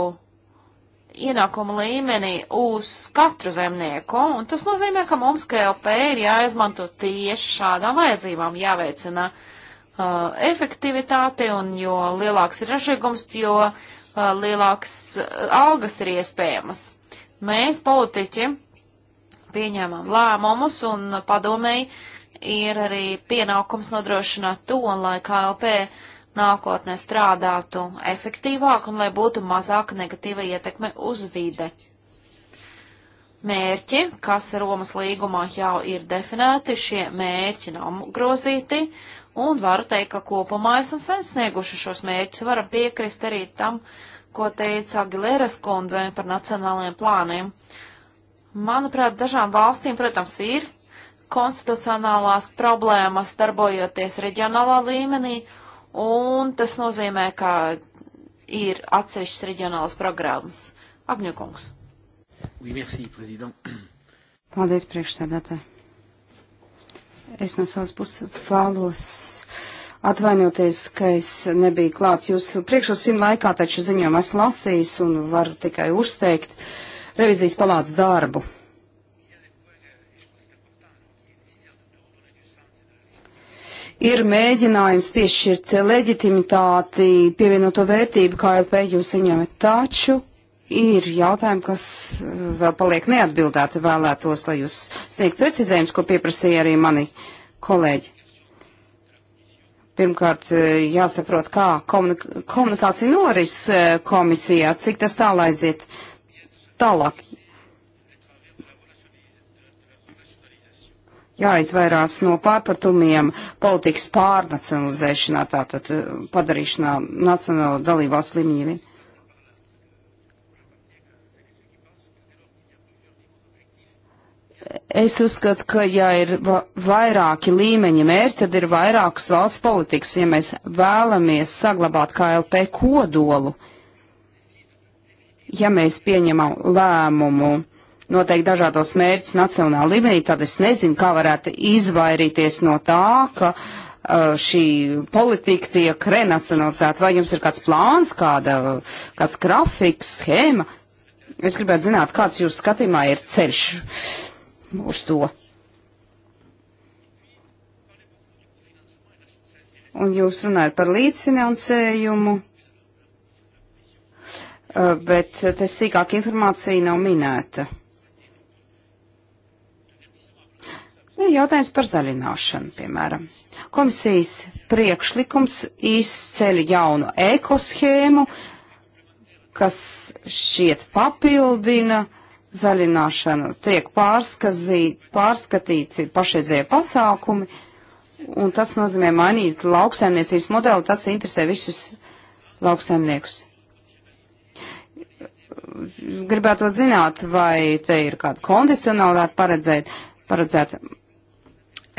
ienākumu līmenī uz katru zemnieku, un tas nozīmē, ka mums KLP ir jāizmanto tieši šādām vajadzībām, jāveicina uh, efektivitāte, un jo lielāks ir ražīgums, jo uh, lielāks uh, algas ir iespējamas. Mēs, politiķi, pieņēmām lēmumus, un padomēji ir arī pienākums nodrošināt to, un lai KLP uh, nākotnē strādātu efektīvāk un lai būtu mazāka negatīva ietekme uz vide. Mērķi, kas Romas līgumā jau ir definēti, šie mērķi nav grozīti, un varu teikt, ka kopumā esam sasnieguši šos mērķus. Varam piekrist arī tam, ko teica Agilēras kundze par nacionālajiem plāniem. Manuprāt, dažām valstīm, protams, ir konstitucionālās problēmas darbojoties reģionālā līmenī, un tas nozīmē, ka ir atsevišķas reģionālas programmas. Agņukungs. Oui, merci, prezident. Paldies, priekšsēdētāji. Es no savas puses vēlos atvainoties, ka es nebiju klāt jūsu priekšlasījuma laikā, taču ziņojumu esmu lasījis un varu tikai uzteikt revizijas palātas darbu. ir mēģinājums piešķirt leģitimitāti, pievienoto vērtību KLP jūs ziņojat, taču ir jautājumi, kas uh, vēl paliek neatbildēti vēlētos, lai jūs sniegt precizējums, ko pieprasīja arī mani kolēģi. Pirmkārt, uh, jāsaprot, kā komunikācija noris uh, komisijā, cik tas tālaiziet tālāk jāizvairās no pārpratumiem politikas pārnacionalizēšanā, tātad eh, padarīšanā nacionālo dalībās slimību. Es uzskatu, ka ja ir va vairāki līmeņi mērķi, tad ir vairākas valsts politikas. Ja mēs vēlamies saglabāt KLP kodolu, ja mēs pieņemam lēmumu, noteikti dažādos mērķus nacionāla līmenī, tad es nezinu, kā varētu izvairīties no tā, ka uh, šī politika tiek renacionalizēta. Vai jums ir kāds plāns, kāda, kāds grafiks, schēma? Es gribētu zināt, kāds jūsu skatījumā ir ceļš uz to. Un jūs runājat par līdzfinansējumu, bet te sīkāk informācija nav minēta. Nu, jautājums par zaļināšanu, piemēram. Komisijas priekšlikums izceļ jaunu ekoshēmu, kas šiet papildina zaļināšanu, tiek pārskatīti pašreizie pasākumi, un tas nozīmē mainīt lauksaimniecības modeli, tas interesē visus lauksaimniekus. Gribētu zināt, vai te ir kāda kondicionālā paredzēta. Paredzēt. paredzēt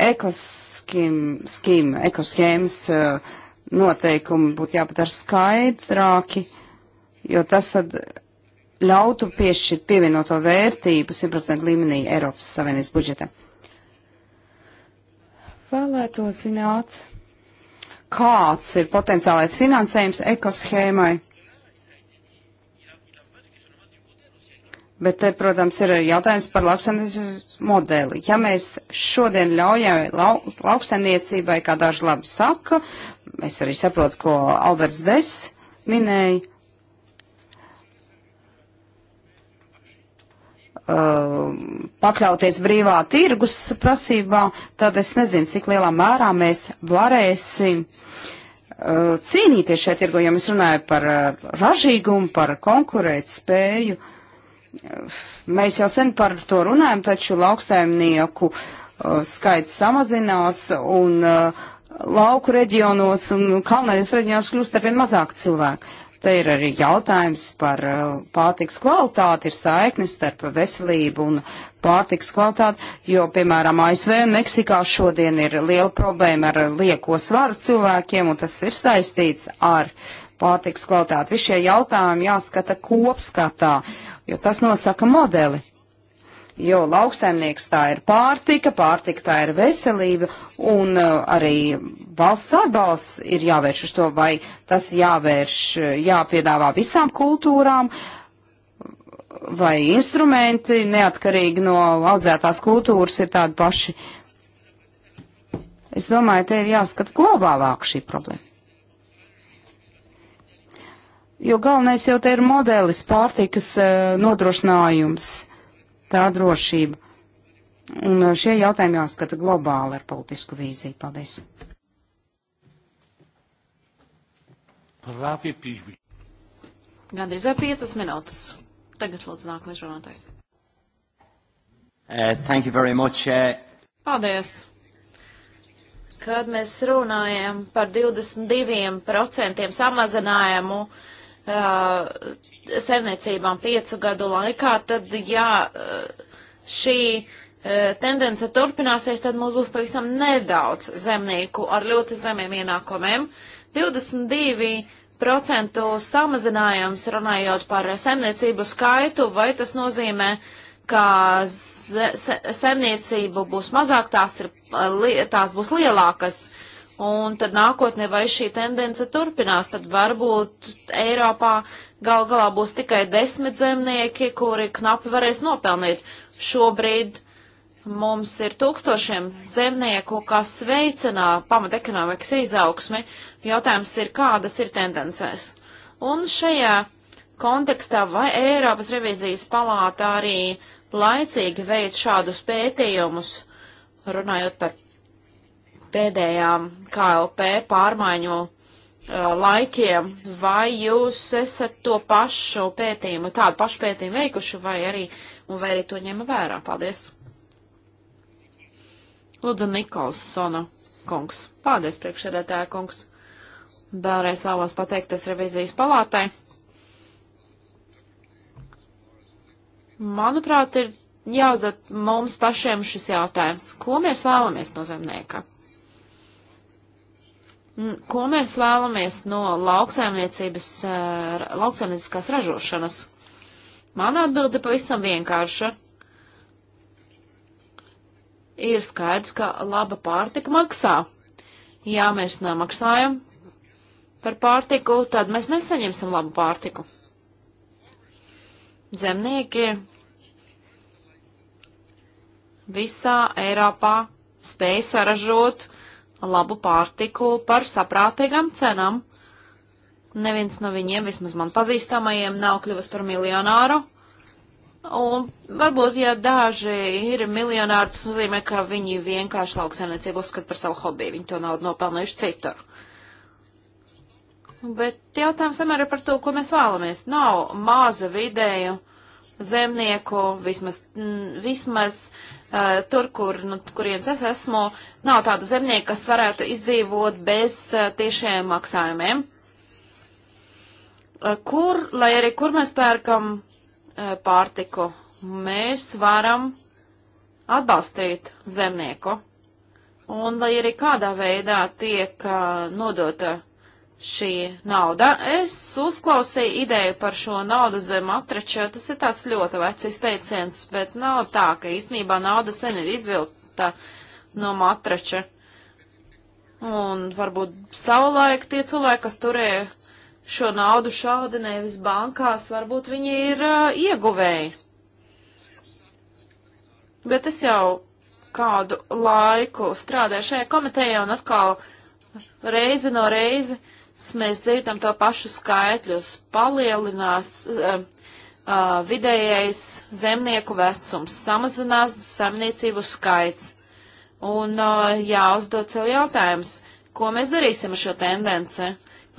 ekoskim, ekoskēmas eh, noteikumi būtu jāpadara skaidrāki, jo tas tad ļautu piešķirt pievienoto vērtību 100% līmenī Eiropas Savienības budžeta. Vēlētos zināt, kāds ir potenciālais finansējums ekoshēmai Bet te, protams, ir jautājums par lauksaimniecības modeli. Ja mēs šodien ļaujam lau, lauksaimniecībai, kā daži labi saka, es arī saprotu, ko Alberts Des minēja, uh, pakļauties brīvā tirgus prasībā, tad es nezinu, cik lielā mērā mēs varēsim uh, cīnīties šeit tirgu, jo mēs runājam par uh, ražīgumu, par konkurēt spēju Mēs jau sen par to runājam, taču lauksaimnieku uh, skaits samazinās un uh, lauku reģionos un kalnējos reģionos kļūst arvien mazāk cilvēku. Te ir arī jautājums par uh, pārtiks kvalitāti, ir saiknis starp veselību un pārtiks kvalitāti, jo, piemēram, ASV un Meksikā šodien ir liela problēma ar lieko svaru cilvēkiem, un tas ir saistīts ar pārtiks kvalitāti. Visi šie jautājumi jāskata kopskatā, jo tas nosaka modeli. Jo lauksaimnieks tā ir pārtika, pārtika tā ir veselība, un uh, arī valsts atbalsts ir jāvērš uz to, vai tas jāvērš, jāpiedāvā visām kultūrām, vai instrumenti neatkarīgi no audzētās kultūras ir tādi paši. Es domāju, te ir jāskata globālāk šī problēma. Jo galvenais jau te ir modelis, pārtikas e, nodrošinājums, tā drošība. Un e, šie jautājumi jāskata globāli ar politisku vīziju. Paldies. Gandrīz vai piecas minūtes. Tagad lūdzu nākamais runātājs. Uh, thank you very much. Uh... Paldies. Kad mēs runājam par 22% samazinājumu uh, uh, saimniecībām piecu gadu laikā, tad jā, šī tendence turpināsies, tad mums būs pavisam nedaudz zemnieku ar ļoti zemiem ienākumiem. 22% samazinājums runājot par saimniecību skaitu, vai tas nozīmē, ka saimniecību būs mazāk, tās, ir, tās būs lielākas. Un tad nākotnē, vai šī tendence turpinās, tad varbūt Eiropā gal galā būs tikai desmit zemnieki, kuri knapi varēs nopelnīt. Šobrīd mums ir tūkstošiem zemnieku, kas veicinā pamatekonomikas izaugsmi. Jautājums ir, kādas ir tendencēs. Un šajā kontekstā vai Eiropas revizijas palāta arī laicīgi veic šādus pētījumus, runājot par pēdējām KLP pārmaiņu uh, laikiem, vai jūs esat to pašu pētījumu, tādu pašu pētījumu veikuši, vai arī, un vai arī to ņēma vērā? Paldies! Lūdzu, Nikolsona kungs. Paldies, priekšsēdētāja kungs. Vēlreiz vēlos pateikties revizijas palātai. Manuprāt, ir jāuzdod mums pašiem šis jautājums, ko mēs vēlamies no zemnieka. Ko mēs vēlamies no lauksaimniecības, lauksaimnieciskās ražošanas? Mana atbilde pavisam vienkārša. Ir skaidrs, ka laba pārtika maksā. Ja mēs nemaksājam par pārtiku, tad mēs nesaņemsim labu pārtiku. Zemnieki visā Eiropā spēj saražot uh, labu pārtiku par saprātīgām cenām. Neviens no viņiem, vismaz man pazīstamajiem, nav kļuvis par miljonāru. Un varbūt, ja daži ir miljonāri, tas nozīmē, ka viņi vienkārši lauksaimniecību uzskata par savu hobiju. Viņi to naudu nopelnījuši citur. Bet jautājums samērā par to, ko mēs vēlamies. Nav mazu vidēju zemnieku, vismaz, mm, vismaz Uh, tur, kur, nu, kurienes es esmu, nav tādu zemnieku, kas varētu izdzīvot bez uh, tiešiem maksājumiem. Uh, kur, lai arī kur mēs pērkam pārtiku, mēs varam atbalstīt zemnieku. Un lai arī kādā veidā tiek nodota šī nauda. Es uzklausīju ideju par šo naudu zem atraču, tas ir tāds ļoti vecs teiciens, bet nav tā, ka īstenībā nauda sen ir izvilkta no matrača. Un varbūt savulaik tie cilvēki, kas turēja šo naudu šādi nevis bankās, varbūt viņi ir uh, ieguvēji. Bet es jau kādu laiku strādāju šajā komitejā un atkal reizi no reizi uh, mēs dzirdam to pašu skaitļus. Palielinās uh, uh, vidējais zemnieku vecums, samazinās saimniecību skaits. Un uh, jāuzdod sev jautājums, ko mēs darīsim ar šo tendenci.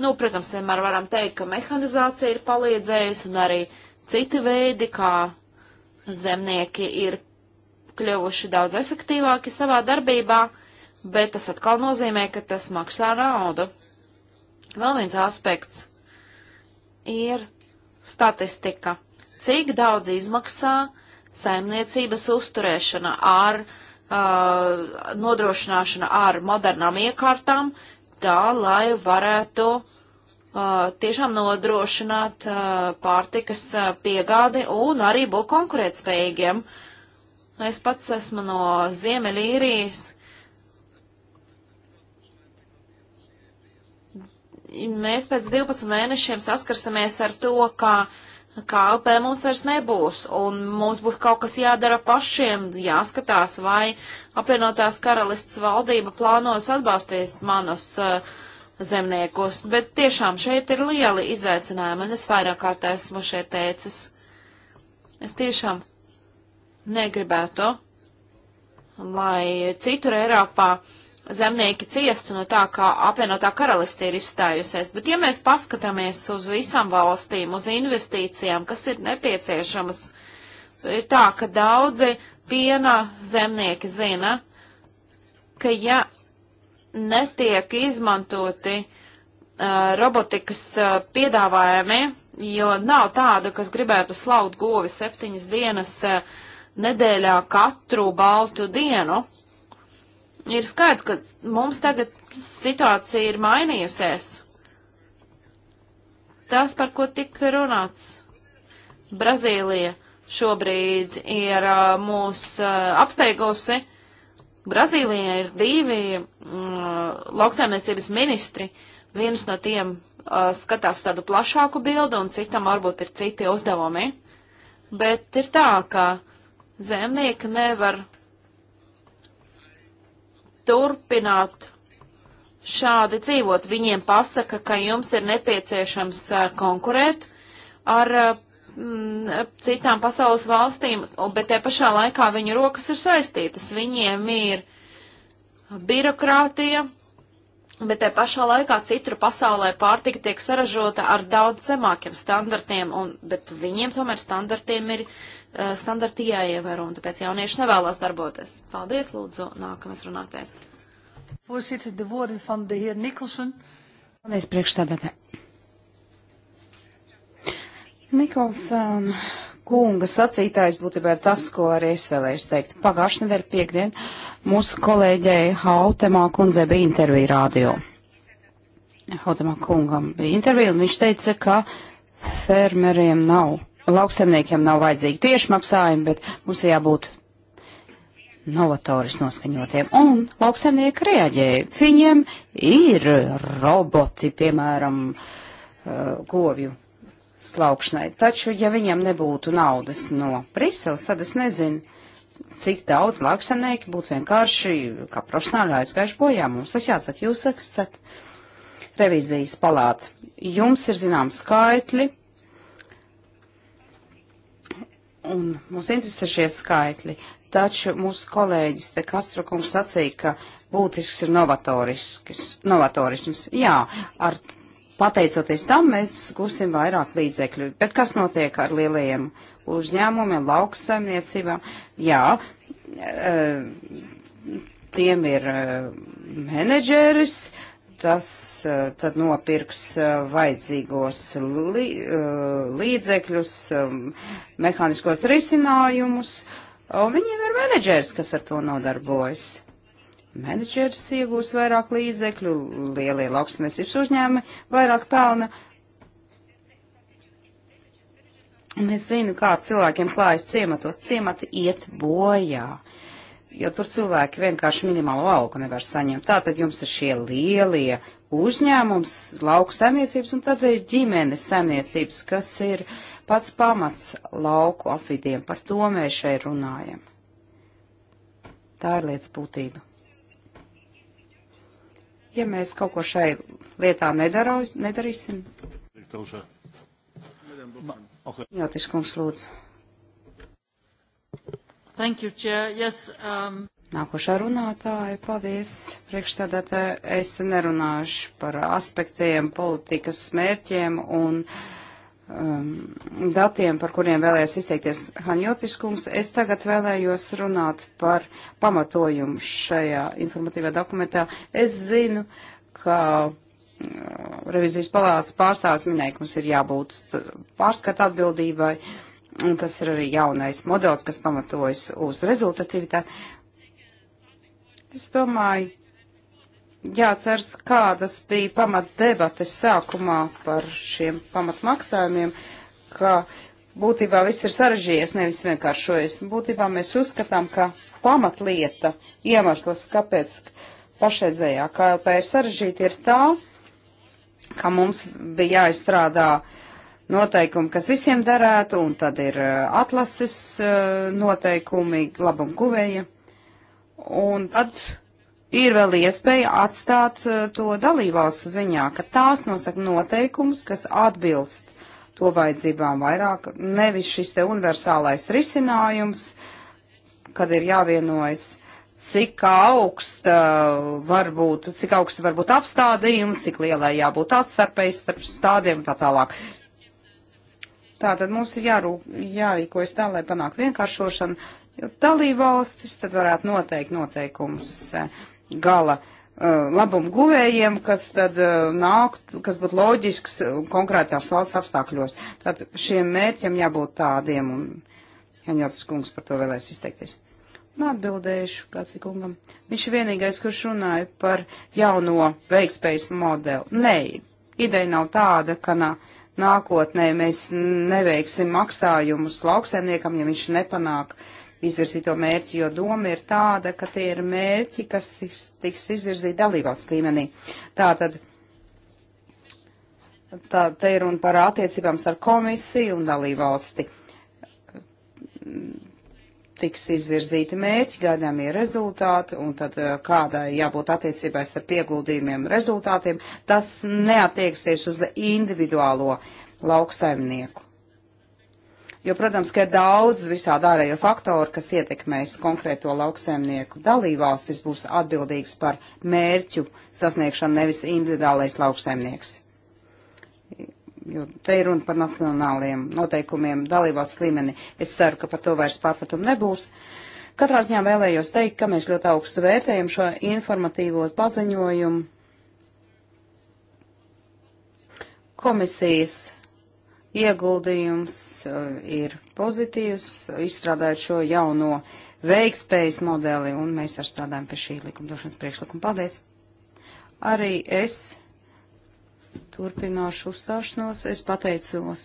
Nu, protams, vienmēr varam teikt, ka mehanizācija ir palīdzējusi un arī citi veidi, kā zemnieki ir kļuvuši daudz efektīvāki savā darbībā, bet tas atkal nozīmē, ka tas maksā naudu. Vēl viens aspekts ir statistika. Cik daudz izmaksā saimniecības uzturēšana ar uh, nodrošināšana ar modernām iekārtām, tā lai varētu uh, tiešām nodrošināt uh, pārtikas uh, piegādi un arī būt konkurētspējīgiem. Es pats esmu no Ziemeļīrijas mēs pēc 12 mēnešiem saskarsimies ar to, ka KLP mums vairs nebūs, un mums būs kaut kas jādara pašiem, jāskatās, vai apvienotās karalists valdība plānos atbalstīt manus uh, eh, zemniekus, bet tiešām šeit ir lieli izaicinājumi, un es vairāk kārt esmu šeit teicis. Es tiešām negribētu, lai citur Eiropā uh, zemnieki ciestu no tā, kā apvienotā karaliste ir izstājusies. Bet, ja mēs paskatāmies uz visām valstīm, uz investīcijām, kas ir nepieciešamas, ir tā, ka daudzi piena zemnieki zina, ka ja netiek izmantoti uh, robotikas uh, piedāvājumi, jo nav tādu, kas gribētu slaukt govi septiņas dienas uh, nedēļā katru baltu dienu, ir skaidrs, ka mums tagad situācija ir mainījusies. Tas, par ko tika runāts. Brazīlija šobrīd ir uh, mūs uh, apsteigusi. Brazīlijā ir divi mm, lauksaimniecības ministri. Viens no tiem uh, skatās tādu plašāku bildu, un citam varbūt ir citi uzdevumi. Bet ir tā, ka zemnieki nevar turpināt šādi dzīvot. Viņiem pasaka, ka jums ir nepieciešams konkurēt ar mm, citām pasaules valstīm, bet te pašā laikā viņu rokas ir saistītas. Viņiem ir birokrātija, bet te pašā laikā citur pasaulē pārtika tiek saražota ar daudz zemākiem standartiem, un, bet viņiem tomēr standartiem ir Uh, standarti jāievēro, un tāpēc jaunieši nevēlas darboties. Paldies, lūdzu, nākamais runātais. Voorzitter, de woorden van de heer Nicholson. Paldies, priekšstādātāji. Nikolson kunga sacītājs būtībā ir tas, ko arī es vēlējos teikt. Pagājušā nedēļa piekdien mūsu kolēģei Hautemā kundzei bija intervija rādio. Hautemā kungam bija intervija, un viņš teica, ka fermeriem nav lauksemniekiem nav vajadzīgi tiešmaksājumi, bet mums jābūt novatoris noskaņotiem. Un lauksemnieki reaģēja. Viņiem ir roboti, piemēram, uh, govju slaukšanai. Taču, ja viņiem nebūtu naudas no Briseles, tad es nezinu, cik daudz lauksemnieki būtu vienkārši, kā profesionāli aizgājuši bojā. Mums tas jāsaka, jūs esat revīzijas palāta. Jums ir zināms skaitļi, un mūs interesē šie skaitļi. Taču mūsu kolēģis te Kastrokungs sacīja, ka būtisks ir novatorisms. Jā, ar pateicoties tam mēs gūsim vairāk līdzekļu. Bet kas notiek ar lielajiem uzņēmumiem, lauksaimniecībām? Jā, eh, tiem ir eh, menedžeris, uh, tas eh, tad nopirks eh, vajadzīgos li, eh, līdzekļus, mehāniskos risinājumus. Viņiem ir menedžers, kas ar to nodarbojas. Menedžers iegūs vairāk līdzekļu, lielie lauksmēsības uzņēmumi vairāk pelna. Un es zinu, kā cilvēkiem klājas ciematos. Ciemati iet bojā jo tur cilvēki vienkārši minimālu algu nevar saņemt. Tātad jums ir šie lielie uzņēmums, lauku saimniecības un tad ir ģimenes saimniecības, kas ir pats pamats lauku apvidiem. Par to mēs šeit runājam. Tā ir lietas būtība. Ja mēs kaut ko šai lietā nedarā, nedarīsim. Jā, tas kungs lūdzu. Thank you, Chair. Yes, um... Nākošā runātāja, paldies. Priekšstādātāja, es te nerunāšu par aspektiem, politikas smērķiem un um, datiem, par kuriem vēlējās izteikties Hanjotis kungs. Es tagad vēlējos runāt par pamatojumu šajā informatīvā dokumentā. Es zinu, ka uh, revizijas palātas pārstāvis minēja, ka mums ir jābūt pārskat atbildībai. Uh, un tas ir arī jaunais modelis, kas pamatojas uz rezultatīvitāti. Es domāju, jāceras, kādas bija pamat debates sākumā par šiem pamatmaksājumiem, ka būtībā viss ir sarežģījies, nevis vienkāršojies. Būtībā mēs uzskatām, ka pamatlieta iemesls, kāpēc pašreizējā KLP ir sarežģīta, ir tā, ka mums bija jāizstrādā uh, noteikumi, kas visiem darētu, un tad ir eh, atlases eh, noteikumi labam guvēja. Un tad ir vēl iespēja atstāt eh, to dalībvalstu ziņā, ka tās nosaka noteikumus, kas atbilst to vajadzībām vairāk, nevis šis te universālais risinājums, kad ir jāvienojas cik augsta var būt, cik augsta var būt apstādījumi, cik lielai jābūt atstarpēji starp stādiem un tā tālāk. Tātad mums ir jārūk, jārīkojas tā, lai panāktu vienkāršošanu, jo dalībvalstis tad varētu noteikt noteikumus eh, gala eh, labumu guvējiem, kas tad eh, nāk, kas būtu loģisks konkrētās valsts apstākļos. Tad šiem mērķiem jābūt tādiem, un Haņelts kungs par to vēlēs izteikties. Un nu, atbildējuši, kāds ir kungam. Viņš ir vienīgais, kurš runāja par jauno veikspējas modeli. Nē, ideja nav tāda, ka nav nākotnē mēs neveiksim maksājumus lauksaimniekam, ja viņš nepanāk izvirzīto mērķi, jo doma ir tāda, ka tie ir mērķi, kas tiks, tiks izvirzīti dalībvalsts līmenī. Tātad, tā te ir un par attiecībām starp komisiju un dalībvalsti tiks izvirzīti mērķi, gaidāmie rezultāti un tad eh, kādai jābūt attiecībai starp ieguldījumiem rezultātiem, tas neatieksies uz individuālo lauksaimnieku. Jo, protams, ka ir daudz visādi ārējo faktoru, kas ietekmēs konkrēto lauksaimnieku. Dalībvalstis būs atbildīgs par mērķu sasniegšanu, nevis individuālais lauksaimnieks jo te ir runa par nacionāliem noteikumiem dalībās līmeni. Es ceru, ka par to vairs pārpratumu nebūs. Katrā ziņā vēlējos teikt, ka mēs ļoti augstu vērtējam šo informatīvo paziņojumu komisijas ieguldījums uh, ir pozitīvs, izstrādājot šo jauno veikspējas modeli, un mēs ar strādājam pie šī likumdošanas priekšlikuma. Paldies! Arī es turpināšu uzstāšanos. Es pateicos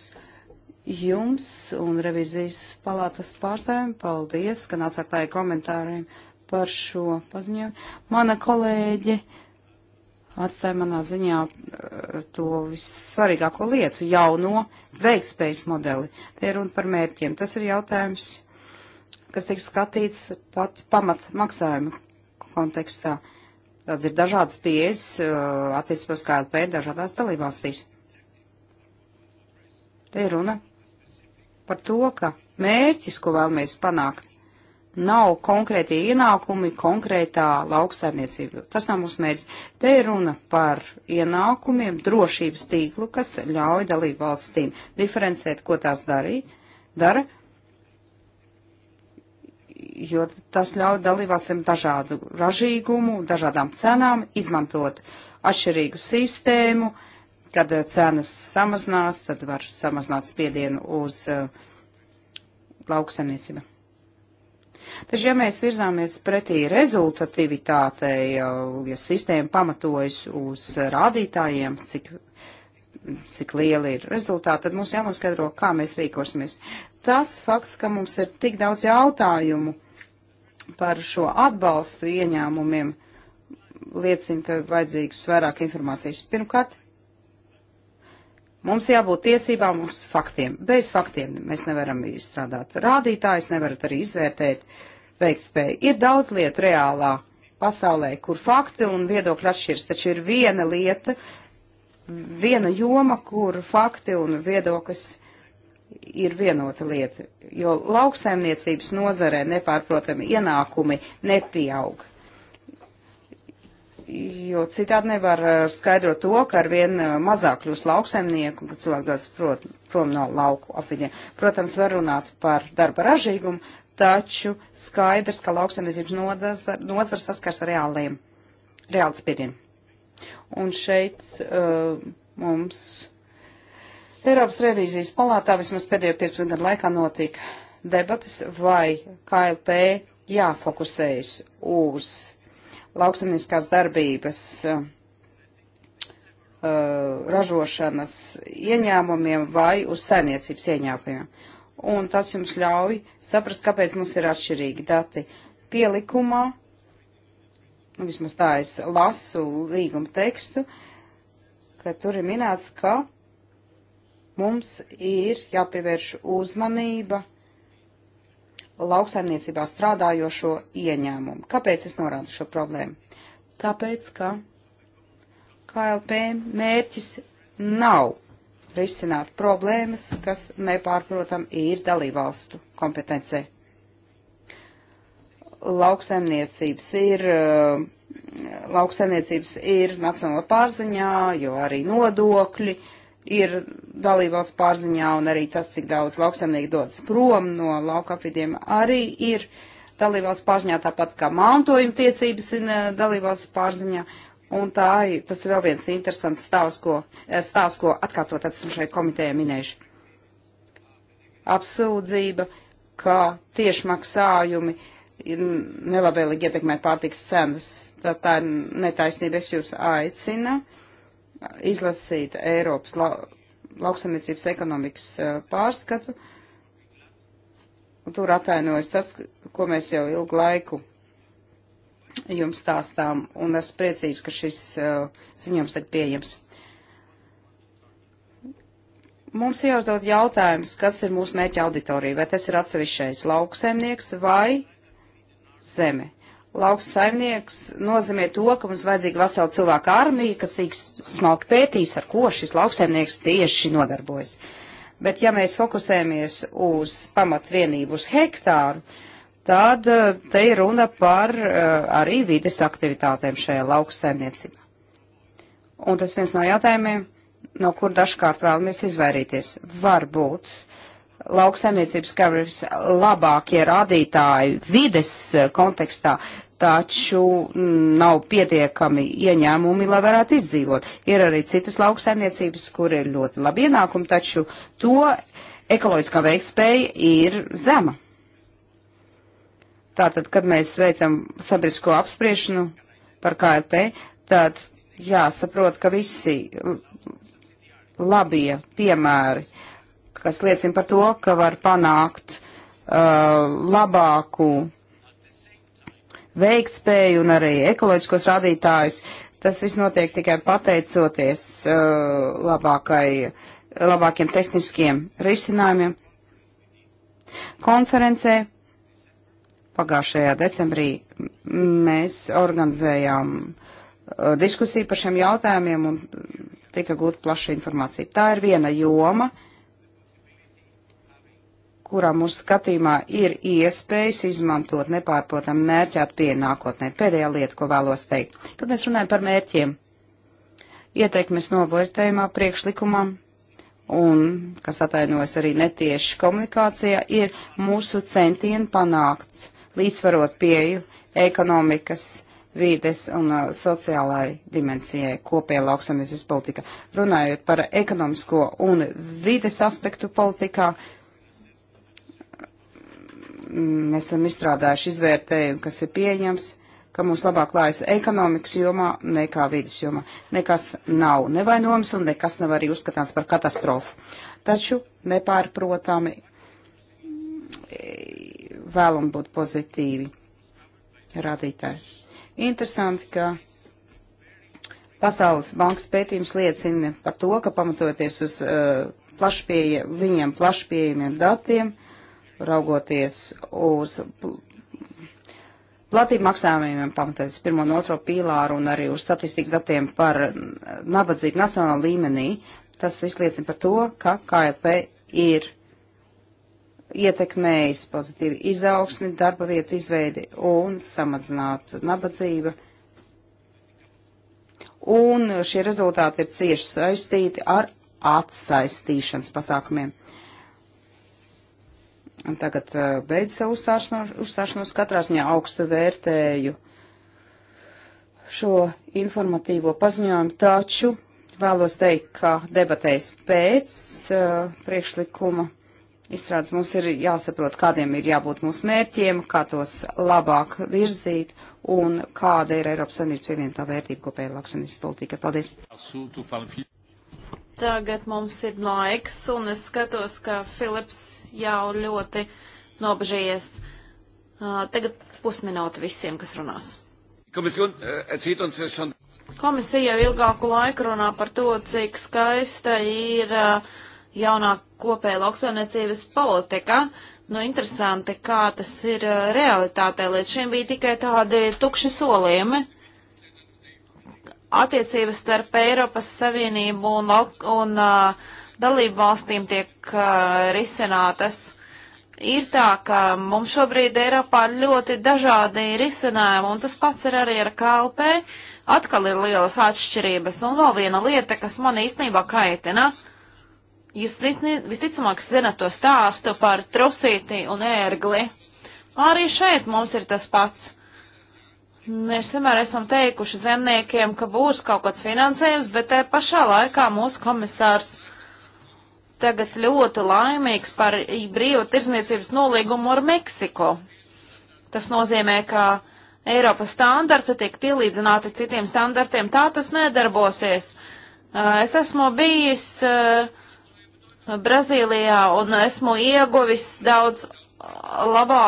jums un revizijas palātas pārstāvjiem. Paldies, ka nācāt klāja komentāriem par šo paziņojumu. Mana kolēģe atstāja manā ziņā eh, to vissvarīgāko lietu - jauno veiktspējas modeli. Te ir runa par mērķiem. Tas ir jautājums, kas tiks skatīts pat pamat maksājuma kontekstā. Uh, Tad ir dažādas pieejas uh, attiecībā uz KLP dažādās dalībvalstīs. Te ir runa par to, ka mērķis, ko vēlamies panākt, nav konkrētie ienākumi konkrētā lauksaimniecība. Tas nav mūsu mērķis. Te ir runa par ienākumiem, drošības tīklu, kas ļauj dalībvalstīm diferencēt, ko tās darīt, dara jo tas ļauj dalībvalstīm dažādu ražīgumu, dažādām cenām, izmantot atšķirīgu sistēmu, kad eh, cenas samazinās, tad var samazināt spiedienu uz uh, lauksaimniecību. Taču, ja mēs virzāmies pretī rezultatīvitātei, eh, ja sistēma pamatojas uz rādītājiem, cik cik liela ir rezultāta, tad mums jānoskaidro, kā mēs rīkosimies. Tas fakts, ka mums ir tik daudz jautājumu par šo atbalstu ieņēmumiem, liecina, ka vajadzīgs vairāk informācijas. Pirmkārt, mums jābūt tiesībām uz faktiem. Bez faktiem mēs nevaram izstrādāt rādītājus, nevarat arī izvērtēt veiktspēju. Ir daudz lietu reālā pasaulē, kur fakti un viedokļi atšķirs, taču ir viena lieta, uh, viena joma, kur fakti un viedoklis ir vienota lieta, jo lauksaimniecības nozarē nepārprotami ienākumi nepieaug. Jo citādi nevar eh, skaidrot to, ka ar vien eh, mazāk kļūst lauksaimnieku, kad cilvēki dodas prom no lauku apvidiem. Protams, var runāt par darba ražīgumu, taču skaidrs, ka lauksaimniecības nozars saskars ar reāliem, reāls spiedienu. Un šeit uh, mums Eiropas revīzijas palātā vismaz pēdējo 15 gadu laikā notika debatas, vai KLP jāfokusējas uz lauksaimniskās darbības uh, ražošanas ieņēmumiem vai uz saimniecības ieņēmumiem. Un tas jums ļauj saprast, kāpēc mums ir atšķirīgi dati. Pielikumā nu, vismaz tā es lasu līguma tekstu, ka tur ir minēts, ka mums ir jāpievērš uzmanība lauksaimniecībā strādājošo ieņēmumu. Kāpēc es norādu šo problēmu? Tāpēc, ka KLP mērķis nav risināt problēmas, kas nepārprotam ir dalībvalstu kompetencē lauksaimniecības ir, eh, lauksaimniecības ir nacionāla pārziņā, jo arī nodokļi ir dalībvalsts pārziņā un arī tas, cik daudz lauksaimnieku dodas prom no lauka apvidiem, arī ir dalībvalsts pārziņā, tāpat kā mantojuma tiesības ir eh, dalībvalsts pārziņā. Un tā ir, tas ir vēl viens interesants stāvs, ko, eh, stāvs, ko atkārtot esmu šai komitejai minējuši. Apsūdzība, ka tiešmaksājumi uh, nelabvēlīgi ietekmē pārtiks cenas. Tā, tā ir netaisnība. Es jūs aicinu izlasīt Eiropas la, lauksamniecības ekonomikas eh, pārskatu. Un tur atainojas tas, ko mēs jau ilgu laiku jums stāstām, un esmu priecīgs, ka šis uh, ziņojums ir pieejams. Mums ir jāuzdod jautājums, kas ir mūsu mērķa auditorija, vai tas ir atsevišķais lauksaimnieks vai zeme. Lauks saimnieks nozīmē to, ka mums vajadzīga vesela cilvēka armija, kas smalki pētīs, ar ko šis lauksaimnieks tieši nodarbojas. Bet ja mēs fokusēmies uz pamatvienību, uz hektāru, tad eh, te ir runa par eh, arī vides aktivitātēm šajā lauksaimniecībā. Un tas viens no jautājumiem, no kur dažkārt vēlamies izvairīties. Varbūt lauksaimniecības coverage labākie rādītāji vides eh, kontekstā, taču mm, nav pietiekami ieņēmumi, lai varētu izdzīvot. Ir arī citas lauksaimniecības, kur ir ļoti labi ienākumi, taču to ekoloģiskā veikspēja ir zema. Tātad, kad mēs veicam sabiedrisko apspriešanu par KLP, tad jāsaprot, ka visi labie piemēri kas liecina par to, ka var panākt uh, labāku veiktspēju un arī ekoloģiskos rādītājus. Tas viss notiek tikai pateicoties uh, labākai, labākiem tehniskiem risinājumiem. Konferencē pagājušajā decembrī mēs organizējām uh, diskusiju par šiem jautājumiem un tika gūta plaša informācija. Tā ir viena joma, uh, kurā mūsu skatījumā ir iespējas izmantot nepārprotam mērķēt pie nākotnē. Pēdējā lieta, ko vēlos teikt. Kad mēs runājam par mērķiem, ieteikmes novērtējumā priekšlikumā un, kas atainojas arī netieši komunikācijā, ir mūsu centieni panākt līdzsvarot pieju ekonomikas, vīdes un uh, sociālai dimensijai kopējā lauksaimniecības politikā. Runājot par ekonomisko un vīdes aspektu politikā, uh, mēs esam izstrādājuši izvērtējumu, kas ir pieejams, ka mums labāk klājas ekonomikas jomā nekā vidas jomā. Nekas nav nevainojams un nekas nav arī uzskatāms par katastrofu. Taču nepārprotami e, vēlam būt pozitīvi rādītājs. Interesanti, ka Pasaules bankas pētījums liecina par to, ka pamatoties uz uh, e, plašpieja, viņiem plašpieejamiem datiem, uh, raugoties uz platību maksājumiem pamatoties pirmo un otro pīlāru un arī uz statistikas datiem par nabadzību nacionālā līmenī, tas viss liecina par to, ka KLP ir ietekmējis pozitīvi izaugsmi, darba vietu izveidi un samazinātu nabadzību. Un šie rezultāti ir cieši saistīti ar atsaistīšanas pasākumiem tagad uh, beidz savu uzstāšanos, uzstāšanos katrā ziņā augstu vērtēju šo informatīvo paziņojumu, taču vēlos teikt, ka debatēs pēc uh, priekšlikuma izstrādes mums ir jāsaprot, kādiem ir jābūt mūsu mērķiem, kā tos labāk virzīt un kāda ir Eiropas Savienības pievienotā vērtība kopējai lauksanības politikai. Paldies! Tagad mums ir laiks, un es skatos, ka Filips jau ļoti nobežījies. Uh, tagad pusminūte visiem, kas runās. Komisjon, uh, Komisija jau ilgāku laiku runā par to, cik skaista ir uh, jaunā kopēja lauksaimniecības politika. Nu, interesanti, kā tas ir realitātē. Līdz šim bija tikai tādi tukši solījumi attiecības starp Eiropas Savienību un, un uh, dalību valstīm tiek uh, risinātas. Ir tā, ka mums šobrīd Eiropā ir ļoti dažādi risinājumi, un tas pats ir arī ar KLP. Atkal ir lielas atšķirības, un vēl viena lieta, kas man īstenībā kaitina. Jūs visticamāk zinat to stāstu par trusīti un ērgli. Arī šeit mums ir tas pats. Mēs vienmēr esam teikuši zemniekiem, ka būs kaut kāds finansējums, bet te pašā laikā mūsu komisārs tagad ļoti laimīgs par brīvu tirzniecības nolīgumu ar Meksiku. Tas nozīmē, ka Eiropas standarti tiek pielīdzināti citiem standartiem. Tā tas nedarbosies. Es esmu bijis Brazīlijā un esmu ieguvis daudz labā,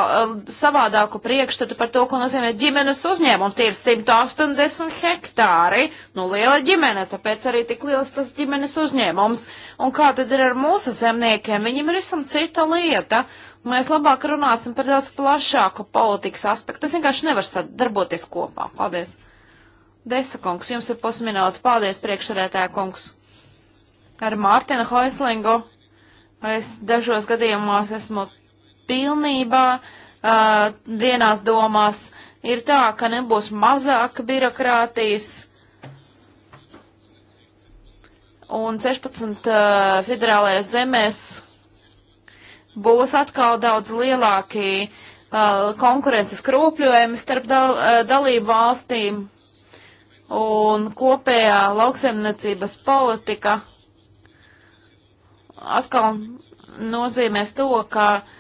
savādāku priekšstatu par to, ko nozīmē ģimenes uzņēmums. Tie ir 180 hektāri, nu liela ģimene, tāpēc arī tik liels tas ģimenes uzņēmums. Un kā tad ir ar mūsu zemniekiem? Viņiem ir visam cita lieta. Mēs labāk runāsim par daudz plašāku politikas aspektu. Tas vienkārši nevar sadarboties kopā. Paldies. Desa kungs, jums ir pusminūte. Paldies, priekšsarētāja kungs. Ar Mārtiņu Hoislingu es dažos gadījumos esmu pilnībā uh, vienās domās. Ir tā, ka nebūs mazāk birokrātijas. Un 16 uh, federālajās zemēs būs atkal daudz lielāki uh, konkurences kropļojumi starp dal, uh, dalību valstīm un kopējā lauksaimniecības politika atkal nozīmēs to, ka uh,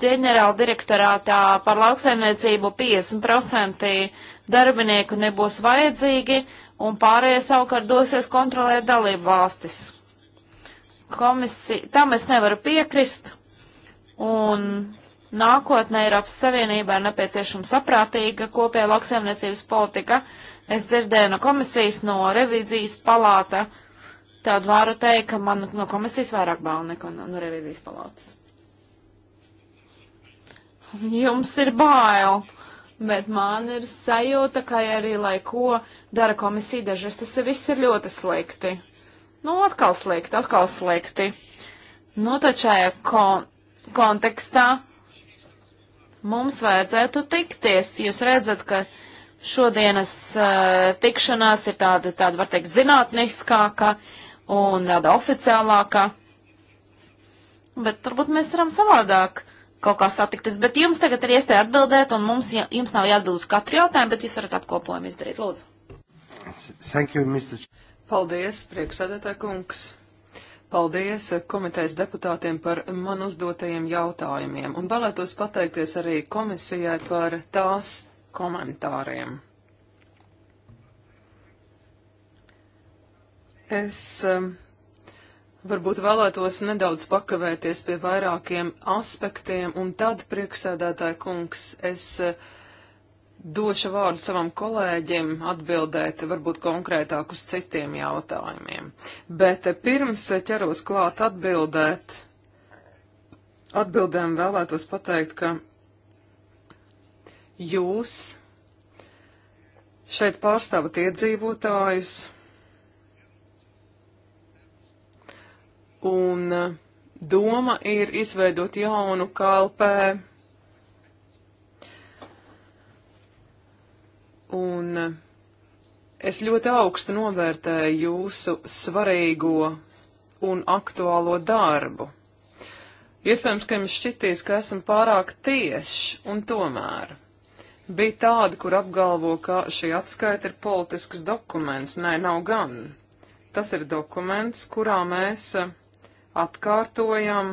ģenerāla direktorātā par lauksaimniecību 50% darbinieku nebūs vajadzīgi, un pārējie savukārt dosies kontrolēt dalību valstis. Komisija, tam es nevaru piekrist, un nākotnē Eiropas Savienībā ir nepieciešama saprātīga kopēja lauksaimniecības politika. Es dzirdēju no komisijas, no revizijas palāta, tad varu teikt, ka man no komisijas vairāk bail nekā no, no revizijas palātas jums ir bail, bet man ir sajūta, ka arī, lai ko dara komisija dažreiz, tas viss ir ļoti slikti. Nu, atkal slikti, atkal slikti. Nu, taču šajā kon kontekstā mums vajadzētu tikties. Jūs redzat, ka šodienas uh, tikšanās ir tāda, tāda, var teikt, zinātniskāka un tāda oficiālāka. Bet varbūt mēs varam savādāk kaut kā satikties. Bet jums tagad ir iespēja atbildēt, un mums, jums nav jāatbild uz katru jautājumu, bet jūs varat apkopojumu izdarīt. Lūdzu. Thank you, Mr. Paldies, priekšsēdētāj kungs. Paldies komitejas deputātiem par man uzdotajiem jautājumiem, un vēlētos pateikties arī komisijai par tās komentāriem. Es um, Varbūt vēlētos nedaudz pakavēties pie vairākiem aspektiem, un tad, priekšsēdētāja kungs, es eh, došu vārdu savam kolēģim atbildēt varbūt konkrētāk uz citiem jautājumiem. Bet eh, pirms eh, ķeros klāt atbildēt, atbildēm vēlētos pateikt, ka jūs šeit pārstāvat iedzīvotājus Un uh, doma ir izveidot jaunu kalpē. Un uh, es ļoti augstu novērtēju jūsu svarīgo un aktuālo darbu. Iespējams, ka jums šķitīs, ka esam pārāk tieši, un tomēr bija tāda, kur apgalvo, ka šī atskaita ir politisks dokuments. Nē, nav gan. Tas ir dokuments, kurā mēs uh, atkārtojam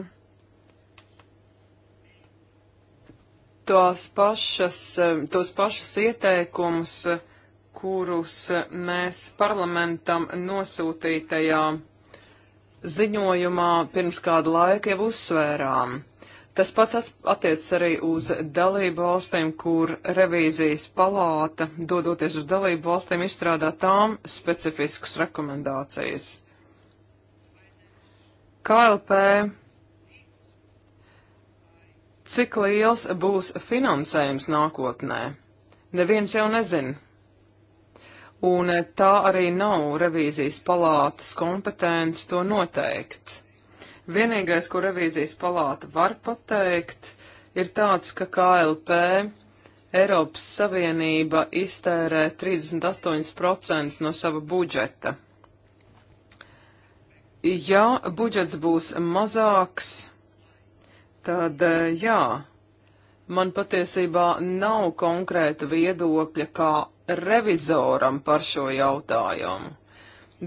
tās pašas, eh, tos pašus ieteikumus, kurus mēs parlamentam nosūtītajā ziņojumā pirms kādu laiku jau uzsvērām. Tas pats attiecas arī uz dalību valstīm, kur revīzijas palāta, dodoties uz dalību valstīm, izstrādā tām specifiskas rekomendācijas. KLP, cik liels būs finansējums nākotnē? Neviens jau nezina. Un tā arī nav revīzijas palātas kompetence to noteikt. Vienīgais, ko revīzijas palāta var pateikt, ir tāds, ka KLP Eiropas Savienība iztērē 38% no sava budžeta. Ja budžets būs mazāks, tad eh, jā, man patiesībā nav konkrēta viedokļa kā revizoram par šo jautājumu.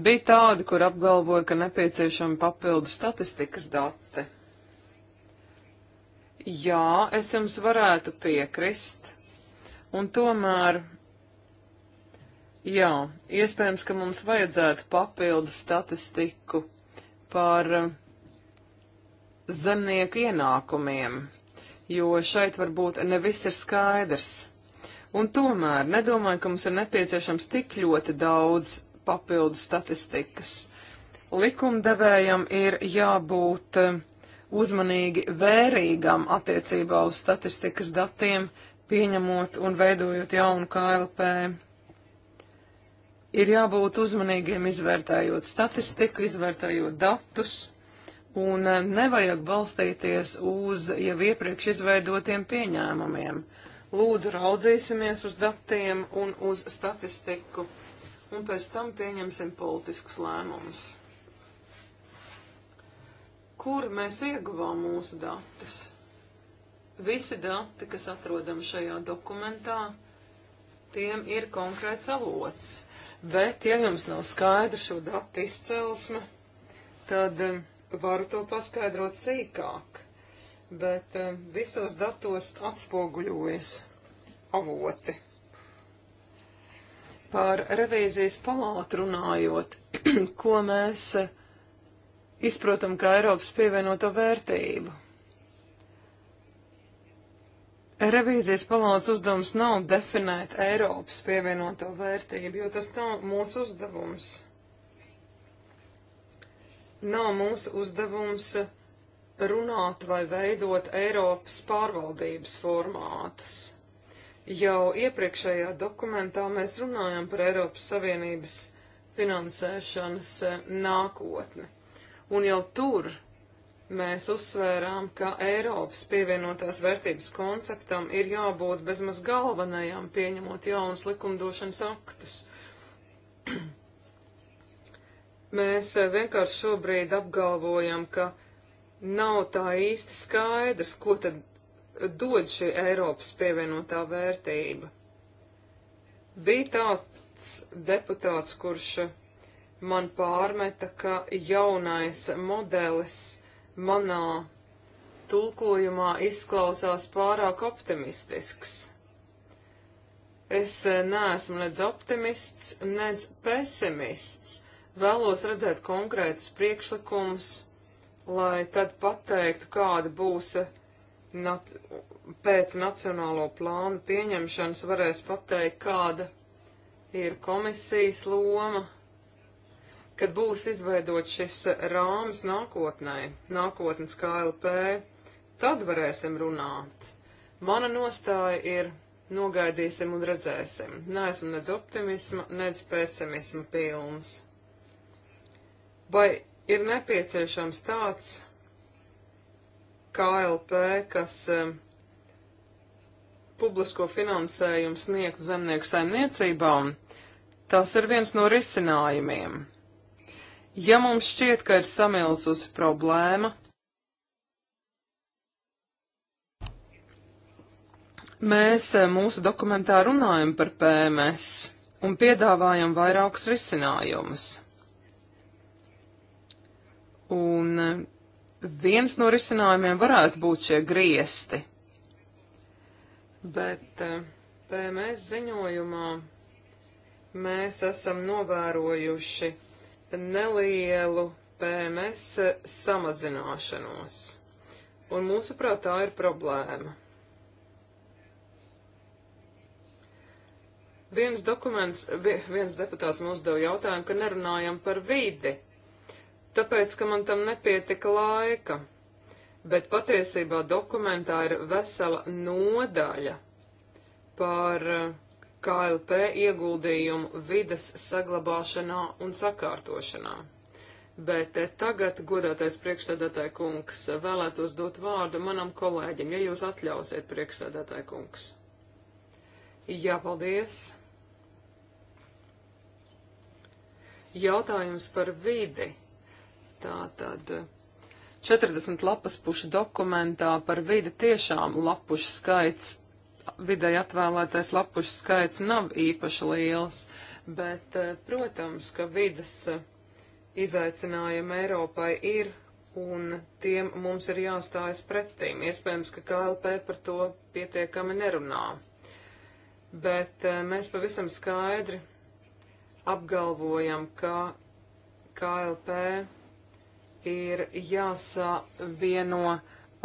Bija tādi, kur apgalvoja, ka nepieciešama papildu statistikas dati. Jā, es jums varētu piekrist, un tomēr, jā, iespējams, ka mums vajadzētu papildu statistiku par eh, zemnieku ienākumiem, jo šeit varbūt ne viss ir skaidrs. Un tomēr nedomāju, ka mums ir nepieciešams tik ļoti daudz papildu statistikas. Likumdevējam ir jābūt eh, uzmanīgi vērīgam attiecībā uz statistikas datiem, pieņemot un veidojot jaunu KLP ir jābūt uzmanīgiem izvērtējot statistiku, izvērtējot datus, un eh, nevajag balstīties uz jau iepriekš izveidotiem pieņēmumiem. Lūdzu, raudzīsimies uz datiem un uz statistiku, un pēc tam pieņemsim politiskus lēmumus. Kur mēs ieguvām mūsu datus? Visi dati, kas atrodam šajā dokumentā, tiem ir konkrēts avots Bet, ja jums nav skaidra šo datu izcelsme, tad um, varu to paskaidrot sīkāk. Bet um, visos datos atspoguļojas avoti. Par revīzijas palātu runājot, ko mēs uh, izprotam kā Eiropas pievienoto vērtību. Revīzijas palāca uzdevums nav definēt Eiropas pievienoto vērtību, jo tas nav mūsu uzdevums. Nav mūsu uzdevums runāt vai veidot Eiropas pārvaldības formātus. Jau iepriekšējā dokumentā mēs runājam par Eiropas Savienības finansēšanas eh, nākotni. Un jau tur mēs uzsvērām, ka Eiropas pievienotās vērtības konceptam ir jābūt bezmaz galvenajam, pieņemot jaunas likumdošanas aktus. mēs vienkārši šobrīd apgalvojam, ka nav tā īsti skaidrs, ko tad dod šī Eiropas pievienotā vērtība. Bija tāds deputāts, kurš man pārmeta, ka jaunais modelis manā tulkojumā izklausās pārāk optimistisks. Es eh, neesmu nedz optimists, nedz pesimists. Vēlos redzēt konkrētus priekšlikumus, lai tad pateiktu, kāda būs eh, nat pēc nacionālo plānu pieņemšanas, varēs pateikt, kāda ir komisijas loma, kad būs izveidot šis rāmis nākotnē, nākotnes KLP, tad varēsim runāt. Mana nostāja ir nogaidīsim un redzēsim. Neesmu nec optimisma, nec pesimisma pilns. Vai ir nepieciešams tāds KLP, kas um, publisko finansējumu sniegtu zemnieku saimniecībām? Tas ir viens no risinājumiem. Ja mums šķiet, ka ir samilzusi problēma, mēs eh, mūsu dokumentā runājam par PMS un piedāvājam vairākus risinājumus. Un eh, viens no risinājumiem varētu būt šie griesti. Bet eh, PMS ziņojumā mēs esam novērojuši nelielu PMS samazināšanos. Un mūsuprāt, tā ir problēma. Viens dokuments, viens deputāts mums deva jautājumu, ka nerunājam par vidi, tāpēc, ka man tam nepietika laika. Bet patiesībā dokumentā ir vesela nodaļa par uh, KLP ieguldījumu vides saglabāšanā un sakārtošanā. Bet eh, tagad, godātais priekšsēdētāja kungs, vēlētos dot vārdu manam kolēģim, ja jūs atļausiet, priekšsēdētāja kungs. Jā, paldies. Jautājums par vidi. Tā tad 40 eh, lapas pušu dokumentā par vidi tiešām lapušu skaits vidēji atvēlētais lapušu skaits nav īpaši liels, bet, eh, protams, ka vidas eh, izaicinājumi Eiropai ir un tiem mums ir jāstājas pretīm. Iespējams, ka KLP par to pietiekami nerunā. Bet eh, mēs pavisam skaidri apgalvojam, ka KLP ir jāsavieno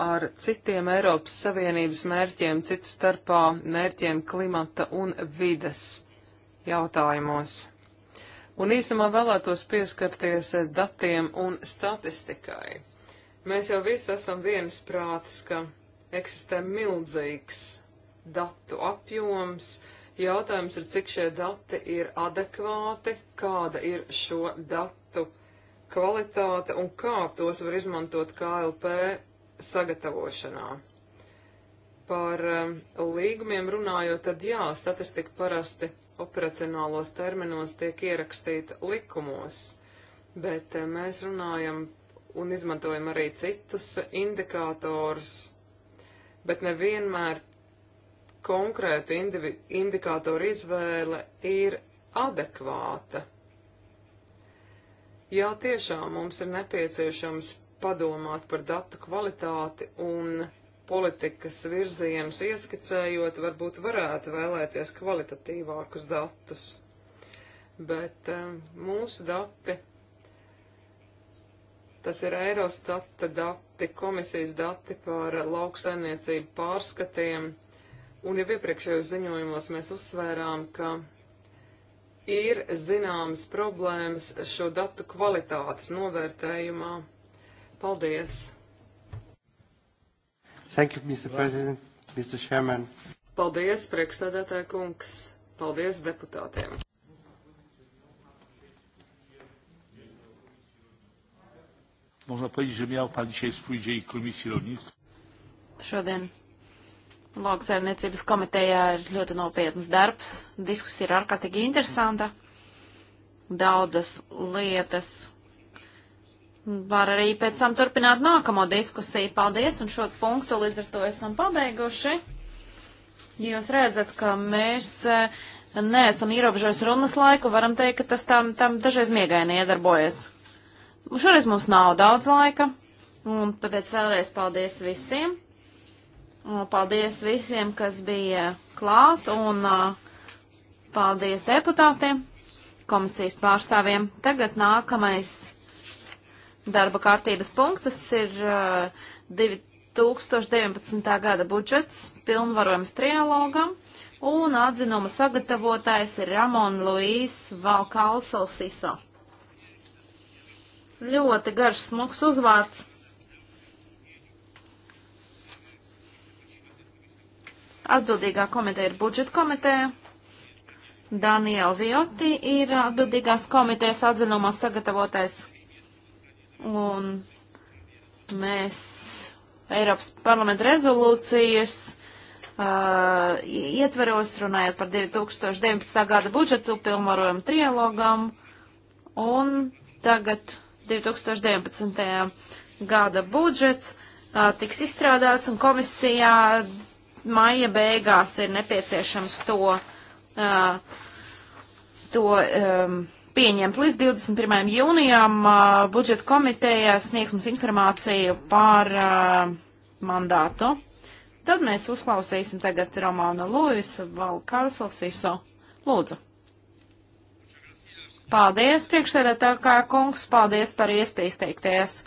ar citiem Eiropas Savienības mērķiem, citu starpā mērķiem klimata un vides jautājumos. Un īsumā vēlētos pieskarties datiem un statistikai. Mēs jau visi esam vienas prātas, ka eksistē milzīgs datu apjoms. Jautājums ir, cik šie dati ir adekvāti, kāda ir šo datu kvalitāte un kā tos var izmantot KLP sagatavošanā. Par um, līgumiem runājot, tad jā, statistika parasti operacionālos terminos tiek ierakstīta likumos, bet eh, mēs runājam un izmantojam arī citus indikātors, bet nevienmēr konkrētu indikātoru izvēle ir adekvāta. Jā, tiešām mums ir nepieciešams padomāt par datu kvalitāti un politikas virzienus ieskicējot, varbūt varētu vēlēties kvalitatīvākus datus. Bet um, mūsu dati, tas ir Eirostata dati, komisijas dati par lauksaimniecību pārskatiem, un jau iepriekšējos ziņojumos mēs uzsvērām, ka ir zināmas problēmas šo datu kvalitātes novērtējumā. Paldies! Thank you, Mr. President, Mr. Chairman. Paldies, priekšsēdētāja kungs. Paldies deputātiem. Można powiedzieć, że miał Pan dzisiaj współdzień Komisji Rolnictwa. Šodien lauksaimniecības komitejā ir ļoti nopietnas darbs. Diskusija ir ārkārtīgi interesanta. Daudzas lietas, Var arī pēc tam turpināt nākamo diskusiju. Paldies, un šo punktu līdz ar to esam pabeiguši. Jūs redzat, ka mēs eh, neesam ierobežojuši runas laiku, varam teikt, ka tas tam, tam dažreiz miegaini iedarbojas. Šoreiz mums nav daudz laika, un tāpēc vēlreiz paldies visiem. Paldies visiem, kas bija klāt, un eh, paldies deputātiem, komisijas pārstāvjiem. Tagad nākamais darba kārtības punkts. Tas ir uh, 2019. gada budžets, pilnvarojums trialogam, un atzinuma sagatavotājs ir Ramon Luīs Valkalsalsiso. Ļoti garš, smags uzvārds. Atbildīgā komiteja ir budžeta komiteja. Daniela Vioti ir atbildīgās komitejas atzinumā sagatavotais. Un mēs Eiropas parlamenta rezolūcijas uh, ietveros, runājot par 2019. gada budžetu, pilnvarojumu trialogam, un tagad 2019. gada budžets uh, tiks izstrādāts, un komisijā maija beigās ir nepieciešams to, uh, to um, pieņemt. Līdz 21. jūnijam uh, budžeta komiteja sniegs mums informāciju par uh, mandātu. Tad mēs uzklausīsim tagad Romānu Lūisu, Valu Karselsiso. Lūdzu. Paldies, priekšsēdētākā kungs, paldies par iespēju izteikties.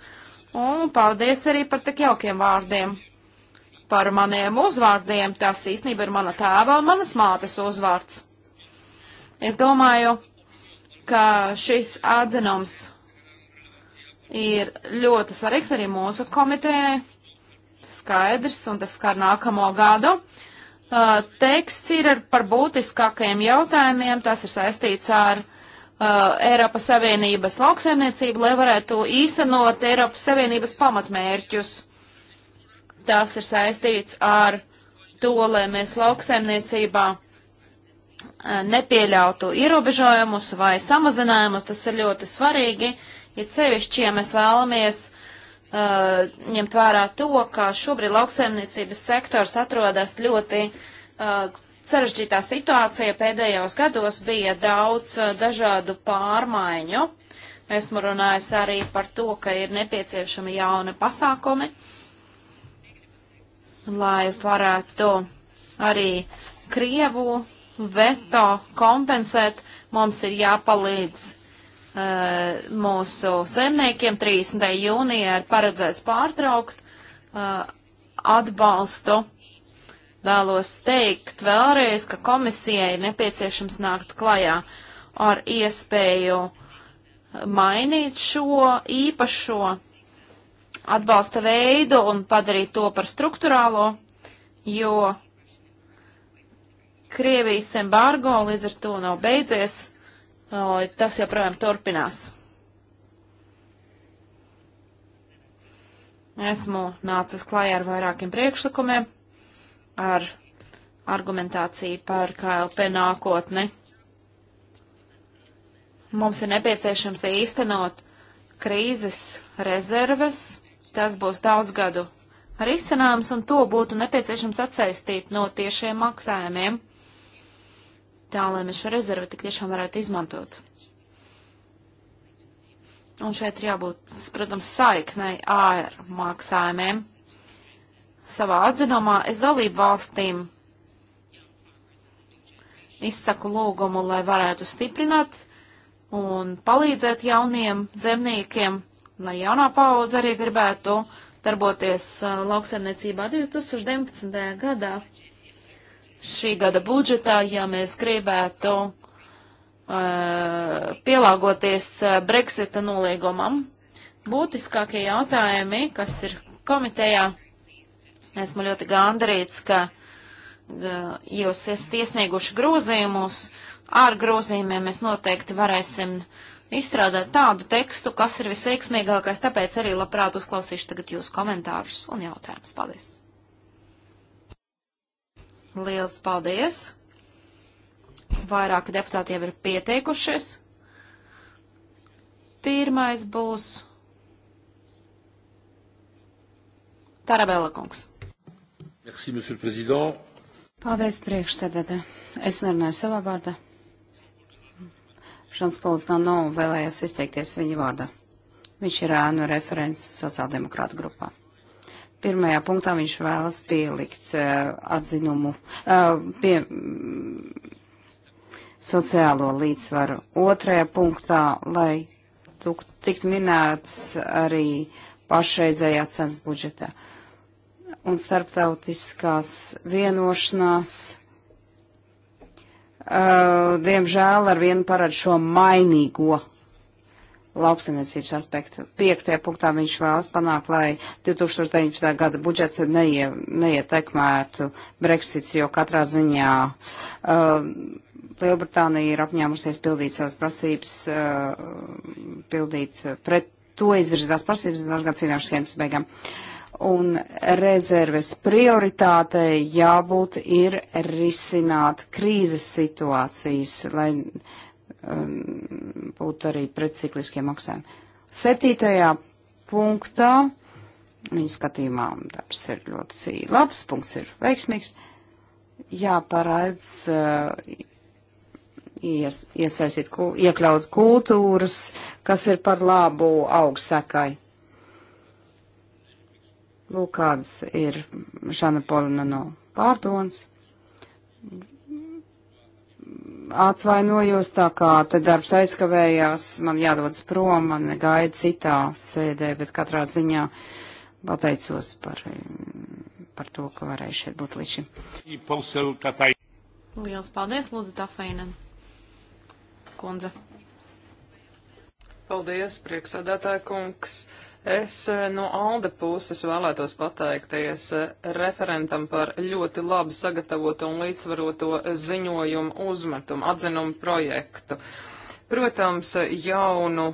Un paldies arī par tik jaukiem vārdiem. Par maniem uzvārdiem, tas īstenībā ir mana tēva un manas mātes uzvārds. Es domāju, ka šis atzinums ir ļoti svarīgs arī mūsu komitejai. Skaidrs, un tas skar nākamo gadu. Uh, teksts ir par būtiskākajiem jautājumiem, tas ir saistīts ar uh, Eiropas Savienības lauksaimniecību, lai varētu īstenot Eiropas Savienības pamatmērķus. Tas ir saistīts ar to, lai mēs lauksaimniecībā nepieļautu ierobežojumus vai samazinājumus, tas ir ļoti svarīgi, ja cevišķi, ja mēs vēlamies uh, ņemt vērā to, ka šobrīd lauksaimniecības sektors atrodas ļoti uh, sarežģītā situācija. Pēdējos gados bija daudz uh, dažādu pārmaiņu. Esmu runājis arī par to, ka ir nepieciešami jauni pasākumi, lai varētu arī Krievu veto kompensēt, mums ir jāpalīdz uh, mūsu zemniekiem. 30. jūnijā ir paredzēts pārtraukt uh, atbalstu. Vēlos teikt vēlreiz, ka komisijai ir nepieciešams nākt klajā ar iespēju mainīt šo īpašo atbalsta veidu un padarīt to par struktūrālo, jo Krievijas embargo līdz ar to nav beidzies, tas joprojām turpinās. Esmu nācis klājā ar vairākiem priekšlikumiem, ar argumentāciju par KLP nākotni. Mums ir nepieciešams īstenot krīzes rezerves, tas būs daudz gadu risinājums, un to būtu nepieciešams atsaistīt no tiešiem maksājumiem tā, lai mēs šo rezervu tik tiešām varētu izmantot. Un šeit ir jābūt, protams, saiknei ar maksājumiem. Savā atzinumā es dalību valstīm izsaku lūgumu, lai varētu stiprināt un palīdzēt jauniem zemniekiem, lai jaunā paudze arī gribētu darboties uh, lauksaimniecībā 2019. gadā šī gada budžetā, ja mēs gribētu uh, pielāgoties Brexita nolīgumam. Būtiskākie jautājumi, kas ir komitejā, esmu ļoti gandarīts, ka uh, jūs esat iesnieguši grozījumus. Ar grozījumiem mēs noteikti varēsim izstrādāt tādu tekstu, kas ir visveiksmīgākais, tāpēc arī labprāt uzklausīšu tagad jūsu komentārus un jautājumus. Paldies! Liels paldies! Vairāki deputāti jau ir pieteikušies. Pirmais būs Tarabela kungs. Merci, monsieur le président. Paldies, priekšstādātā. Es nerunāju savā vārdā. Šāds Pols nav nav vēlējies izteikties viņa vārdā. Viņš ir ēnu referents sociāldemokrāta grupā. Pirmajā punktā viņš vēlas pielikt uh, atzinumu uh, pie mm, sociālo līdzsvaru. Otrajā punktā, lai tiktu minētas arī pašreizējā cenas budžetā un starptautiskās vienošanās. Uh, diemžēl ar vienu parādu šo mainīgo lauksainiecības aspektu. Piektajā punktā viņš vēlas panākt, lai 2019. gada budžetu neie, neietekmētu Brexits, jo katrā ziņā uh, Lielbritānija ir apņēmusies pildīt savas prasības, uh, pildīt pret to izvirzītās prasības dažgad finanšu schēmas beigām. Un rezerves prioritātei jābūt ir risināt krīzes situācijas, lai um, būtu arī pretcikliskie maksājumi. Septītajā punktā, viņa skatījumā, darbs ir ļoti labs, punkts ir veiksmīgs, jāparādz uh, ies, iesaistīt, iekļaut kultūras, kas ir par labu augstsakai. Lūk, kāds ir Žana Polina no pārdons. Atvainojos, tā kā te darbs aizkavējās, man jādodas prom, man gaida citā sēdē, bet katrā ziņā pateicos par, par to, ka varēju šeit būt līdz šim. Liels paldies, Lūdzu, Tafainen. Kundze. Paldies, priekšsādātāja kungs. Es eh, no Alde puses vēlētos pateikties eh, referentam par ļoti labi sagatavoto un līdzsvaroto ziņojumu uzmetumu, atzinumu projektu. Protams, jaunu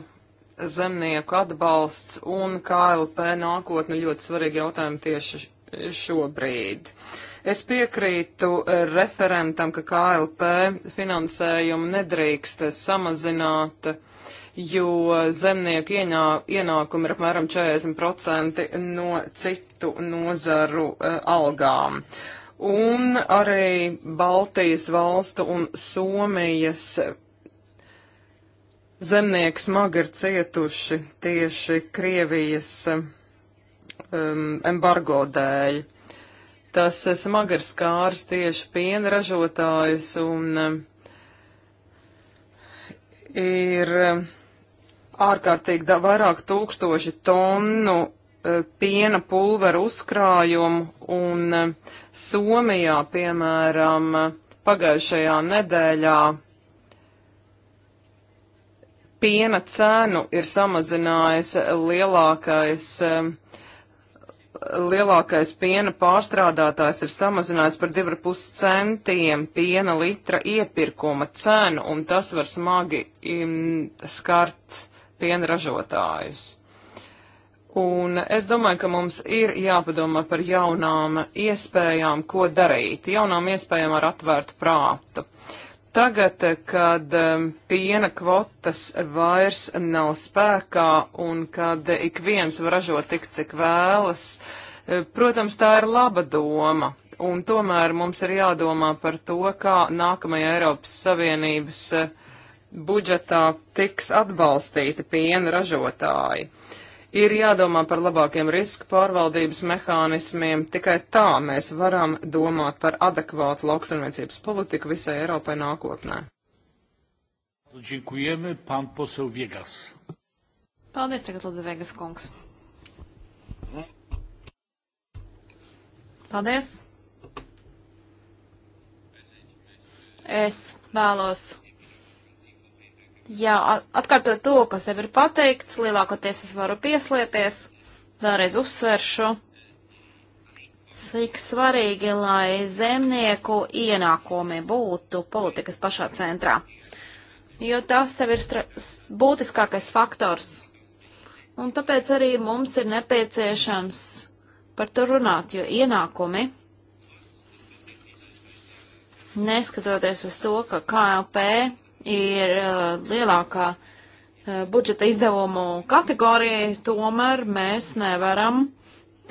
zemnieku atbalsts un KLP nākotne ļoti svarīgi jautājumi tieši šobrīd. Es piekrītu eh, referentam, ka KLP finansējumu nedrīkst samazināt jo zemnieku ienākumi ir apmēram 40% no citu nozaru uh, algām. Un arī Baltijas valstu un Somijas zemnieki smagi ir cietuši tieši Krievijas um, embargo dēļ. Tas e, smagi ir skārs tieši piena ražotājus un ir ārkārtīgi da, vairāk tūkstoši tonu e, piena pulveru uzkrājumu, un e, Somijā, piemēram, pagājušajā nedēļā piena cenu ir samazinājis lielākais, e, lielākais piena pārstrādātājs ir samazinājis par 2,5 centiem piena litra iepirkuma cenu, un tas var smagi im, skart pienražotājus. Un es domāju, ka mums ir jāpadomā par jaunām iespējām, ko darīt, jaunām iespējām ar atvērtu prātu. Tagad, kad um, piena kvotas vairs nav spēkā un kad ik viens var ražot tik, cik vēlas, eh, protams, tā ir laba doma. Un tomēr mums ir jādomā par to, kā nākamajai Eiropas Savienības uh, budžetā tiks atbalstīti piena ražotāji. Ir jādomā par labākiem riska pārvaldības mehānismiem, tikai tā mēs varam domāt par adekvātu lauksaimniecības politiku visai Eiropai nākotnē. Dziękujemy, pan poseł Viegas. Paldies, tagad lūdzu Viegas kungs. Paldies. Es vēlos Jā, atkārtot to, kas jau ir pateikts, lielākoties es varu pieslieties, vēlreiz uzsveršu, cik svarīgi, lai zemnieku ienākumi būtu politikas pašā centrā, jo tas sev ir būtiskākais faktors. Un tāpēc arī mums ir nepieciešams par to runāt, jo ienākumi neskatoties uz to, ka KLP ir uh, lielākā uh, budžeta izdevumu kategorija, tomēr mēs nevaram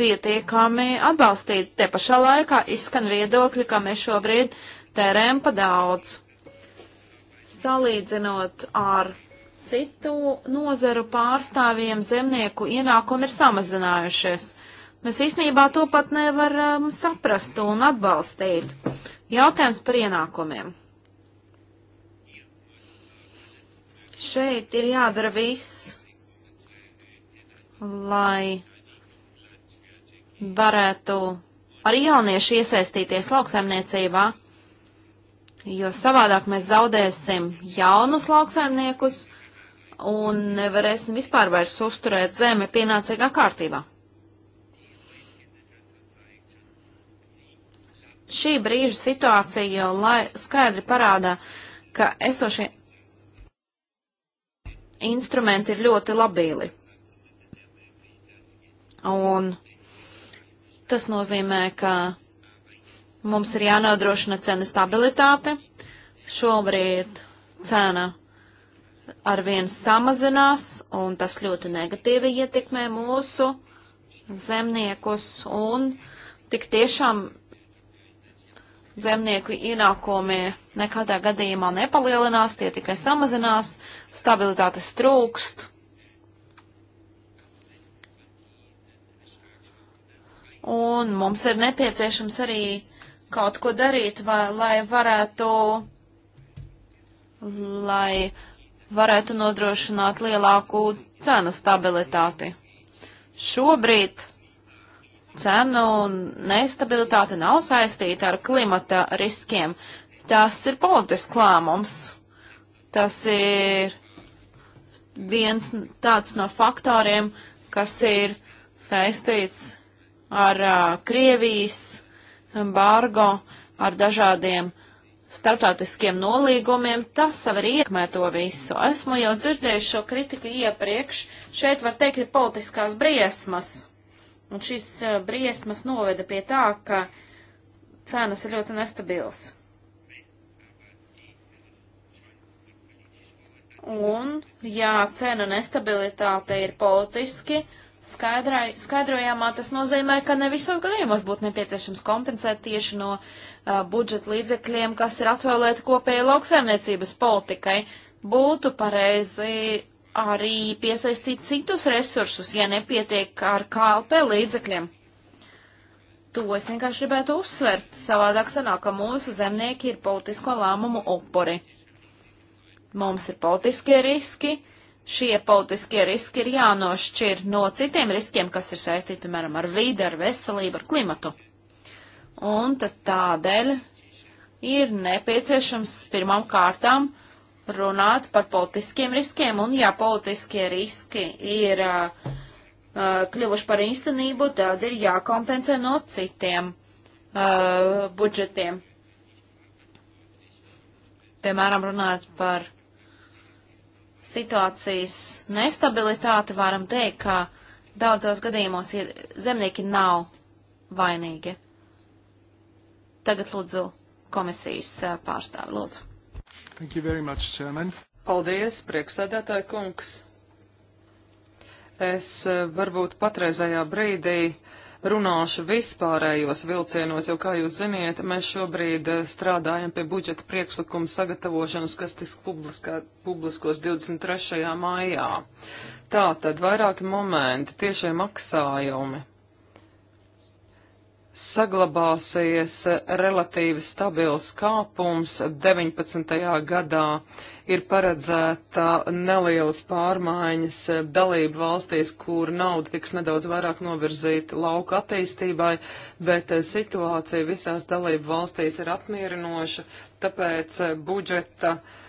pietiekami atbalstīt. Te pašā laikā izskan viedokļi, ka mēs šobrīd tērējam pa daudz. Salīdzinot ar citu nozaru pārstāvjiem, zemnieku ienākumi ir samazinājušies. Mēs īstenībā to pat nevaram saprast un atbalstīt. Jautājums par ienākumiem. Šeit ir jādara viss, lai varētu arī jaunieši iesaistīties lauksaimniecībā, jo savādāk mēs zaudēsim jaunus lauksaimniekus un nevarēsim vispār vairs uzturēt zemi pienācīgā kārtībā. Šī brīža situācija jau lai, skaidri parādā, ka esošie instrumenti ir ļoti labīli. Un tas nozīmē, ka mums ir jānodrošina cenu stabilitāte. Šobrīd cena ar vien samazinās, un tas ļoti negatīvi ietekmē mūsu zemniekus, un tik tiešām zemnieku ienākumie nekādā gadījumā nepalielinās, tie tikai samazinās, stabilitātes trūkst. Un mums ir nepieciešams arī kaut ko darīt, vai, lai varētu, lai varētu nodrošināt lielāku cenu stabilitāti. Šobrīd cenu nestabilitāte nav saistīta ar klimata riskiem, Tas ir politisks lēmums. Tas ir viens tāds no faktoriem, kas ir saistīts ar uh, Krievijas embargo, ar dažādiem starptautiskiem nolīgumiem. Tas jau ir iekmē to visu. Esmu jau dzirdējis šo kritiku iepriekš. Šeit var teikt ir politiskās briesmas. Un šis briesmas noveda pie tā, ka cenas ir ļoti nestabils. Un, ja cenu nestabilitāte ir politiski skaidrai, skaidrojamā, tas nozīmē, ka ne visos gadījumos būtu nepieciešams kompensēt tieši no uh, budžeta līdzekļiem, kas ir atvēlēti kopēji lauksaimniecības politikai. Būtu pareizi arī piesaistīt citus resursus, ja nepietiek ar KLP līdzekļiem. To es vienkārši gribētu uzsvert. Savādāk sanāk, ka mūsu zemnieki ir politisko lēmumu upuri. Mums ir politiskie riski. Šie politiskie riski ir jānošķir no citiem riskiem, kas ir saistīti, piemēram, ar vidi, ar veselību, ar klimatu. Un tad tādēļ ir nepieciešams pirmām kārtām runāt par politiskiem riskiem, un ja politiskie riski ir uh, kļuvuši par īstenību, tad ir jākompensē no citiem uh, budžetiem. Piemēram, runāt par situācijas nestabilitāti, varam teikt, ka daudzos gadījumos zemnieki nav vainīgi. Tagad lūdzu komisijas pārstāvi. Lūdzu. Thank you very much, Chairman. Paldies, priekšsēdētāja kungs. Es varbūt patreizajā brīdī uh, runāšu vispārējos vilcienos, jo, kā jūs ziniet, mēs šobrīd eh, strādājam pie budžeta priekšlikuma sagatavošanas, kas tiks publiskā, publiskos 23. maijā. Tātad vairāki momenti, tiešie maksājumi saglabāsies relatīvi stabils kāpums. 19. gadā ir paredzēta nelielas pārmaiņas dalību valstīs, kur nauda tiks nedaudz vairāk novirzīta lauka attīstībai, bet situācija visās dalību valstīs ir apmierinoša, tāpēc budžeta uh,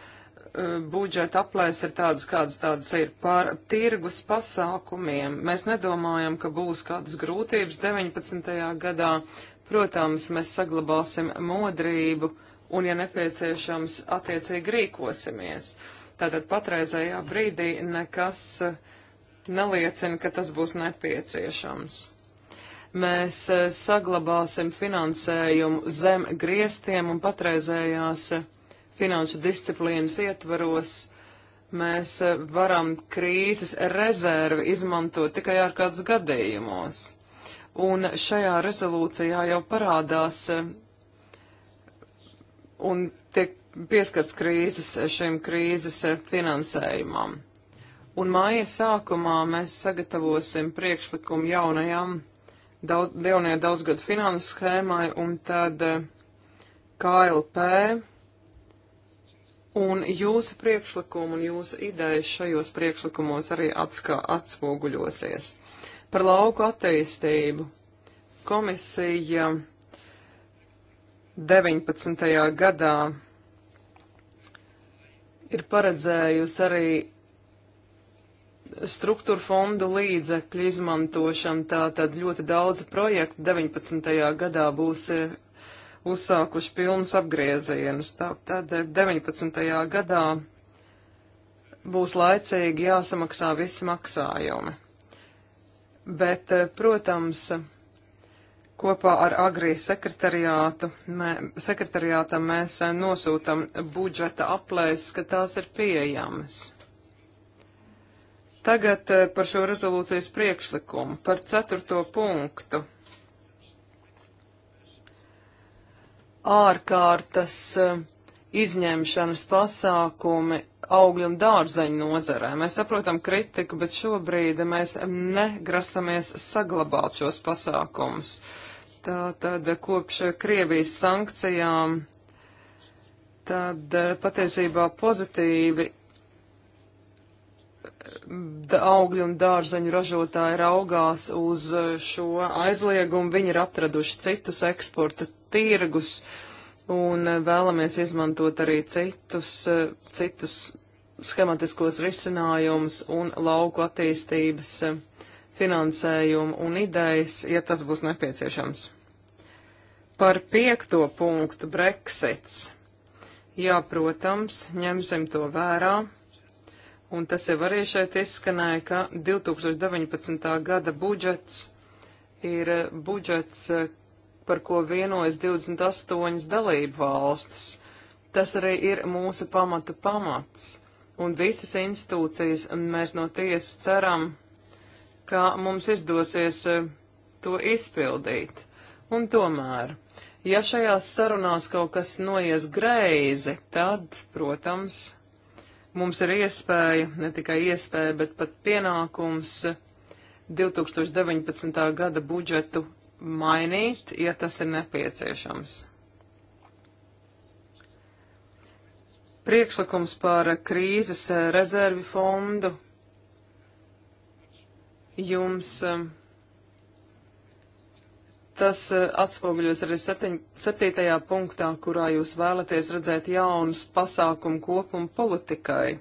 budžeta aplēs ir tādas, kādas tādas ir par tirgus pasākumiem. Mēs nedomājam, ka būs kādas grūtības 19. gadā. Protams, mēs saglabāsim modrību un, ja nepieciešams, attiecīgi rīkosimies. Tātad patreizējā brīdī nekas eh, neliecina, ka tas būs nepieciešams. Mēs eh, saglabāsim finansējumu zem griestiem un patreizējās eh, finanšu disciplīnas ietvaros mēs e, varam krīzes rezervi izmantot tikai ārkārtas gadījumos. Un šajā rezolūcijā jau parādās e, un tiek pieskats krīzes e, šim krīzes finansējumam. Un māja sākumā mēs sagatavosim priekšlikumu jaunajam daudz, jaunajai daudzgadu finanses schēmai un tad KLP Un jūsu priekšlikumu un jūsu idejas šajos priekšlikumos arī atskā, atspoguļosies. Par lauku attīstību komisija 19. gadā ir paredzējusi arī struktūra fondu līdzekļu izmantošanu, tātad ļoti daudz projektu 19. gadā būs uzsākuši pilnus apgriezienus. Tātad 19. gadā būs laicīgi jāsamaksā visi maksājumi. Bet, eh, protams, kopā ar Agrijas sekretariātu, mē, sekretariātam mēs eh, nosūtam budžeta aplēses, ka tās ir pieejamas. Tagad eh, par šo rezolūcijas priekšlikumu, par ceturto punktu. ārkārtas eh, izņemšanas pasākumi augļu un dārzeņu nozarē. Mēs saprotam kritiku, bet šobrīd mēs negrasamies saglabāt šos pasākumus. Tātad eh, kopš Krievijas sankcijām, tad eh, patiesībā pozitīvi augļu un dārzeņu ražotāji raugās uz šo aizliegumu, viņi ir atraduši citus eksporta tirgus un vēlamies izmantot arī citus, citus schematiskos risinājumus un lauku attīstības finansējumu un idejas, ja tas būs nepieciešams. Par piekto punktu Brexits. Jā, protams, ņemsim to vērā. Un tas jau arī šeit izskanēja, ka 2019. gada budžets ir budžets, par ko vienojas 28 dalību valstis. Tas arī ir mūsu pamatu pamats, un visas institūcijas, un mēs no tiesas ceram, ka mums izdosies eh, to izpildīt. Un tomēr, ja šajās sarunās kaut kas noies greizi, tad, protams, mums ir iespēja, ne tikai iespēja, bet pat pienākums 2019. Eh, gada budžetu mainīt, ja tas ir nepieciešams. Priekšlikums par krīzes rezervi fondu jums eh, tas eh, atspoguļos arī 7. punktā, kurā jūs vēlaties redzēt jaunus pasākumu kopumu politikai.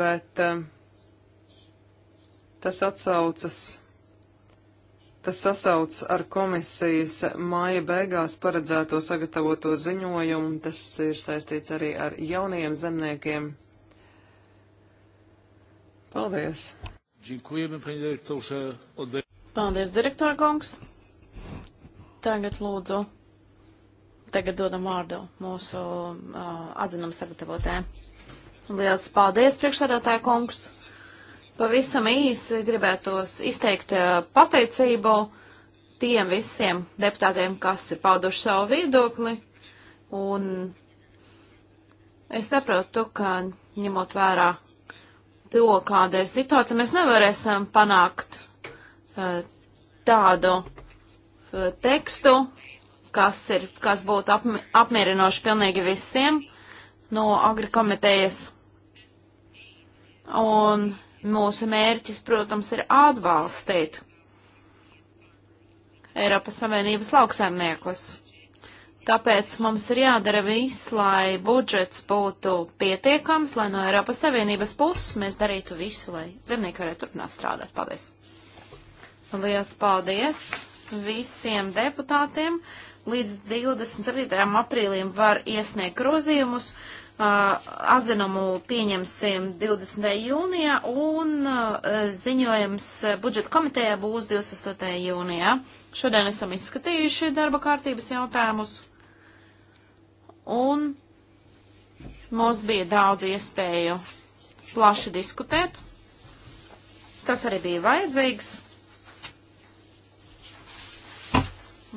Bet eh, tas atsaucas tas sasauc ar komisijas māja beigās paredzēto sagatavoto ziņojumu, tas ir saistīts arī ar jaunajiem zemniekiem. Paldies! Paldies, direktor Gongs! Tagad lūdzu, tagad dodam vārdu mūsu uh, atzinumu sagatavotē. Liels paldies, priekšsēdētāja Kongs! Pavisam īsi gribētos izteikt eh, pateicību tiem visiem deputātiem, kas ir pauduši savu viedokli. Un es saprotu, ka ņemot vērā to, kāda ir situācija, mēs nevarēsim panākt eh, tādu eh, tekstu, kas, ir, kas būtu ap, apmierinoši pilnīgi visiem no agri komitejas. Un Mūsu mērķis, protams, ir atbalstīt Eiropas Savienības lauksaimniekus. Tāpēc mums ir jādara viss, lai budžets būtu pietiekams, lai no Eiropas Savienības puses mēs darītu visu, lai zemnieki varētu turpināt strādāt. Paldies! Lielas paldies visiem deputātiem! Līdz 27. aprīlim var iesniegt grozījumus atzinumu pieņemsim 20. jūnijā un ziņojums budžeta komitejā būs 28. jūnijā. Šodien esam izskatījuši darba kārtības jautājumus un mums bija daudz iespēju plaši diskutēt. Tas arī bija vajadzīgs.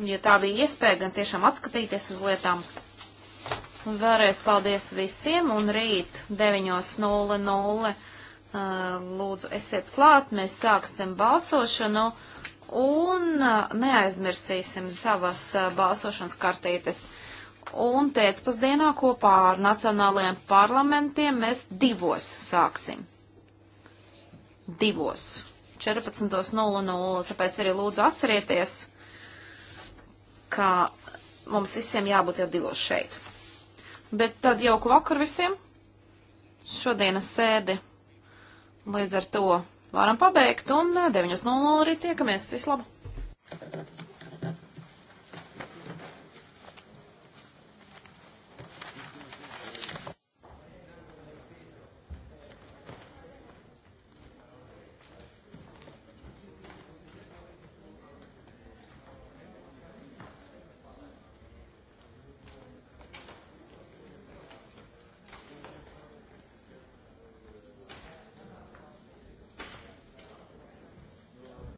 Ja tā bija iespēja gan tiešām atskatīties uz lietām Un vēlreiz paldies visiem, un rīt 9.00 uh, lūdzu esiet klāt, mēs sāksim balsošanu, un uh, neaizmirsīsim savas uh, balsošanas kartītes. Un pēcpusdienā kopā ar nacionālajiem parlamentiem mēs divos sāksim. Divos. 14.00, tāpēc arī lūdzu atcerieties, ka mums visiem jābūt jau divos šeit. Bet tad jauku vakaru visiem. Šodienas sēdi līdz ar to varam pabeigt un 9.00 arī tiekamies. Vislabāk!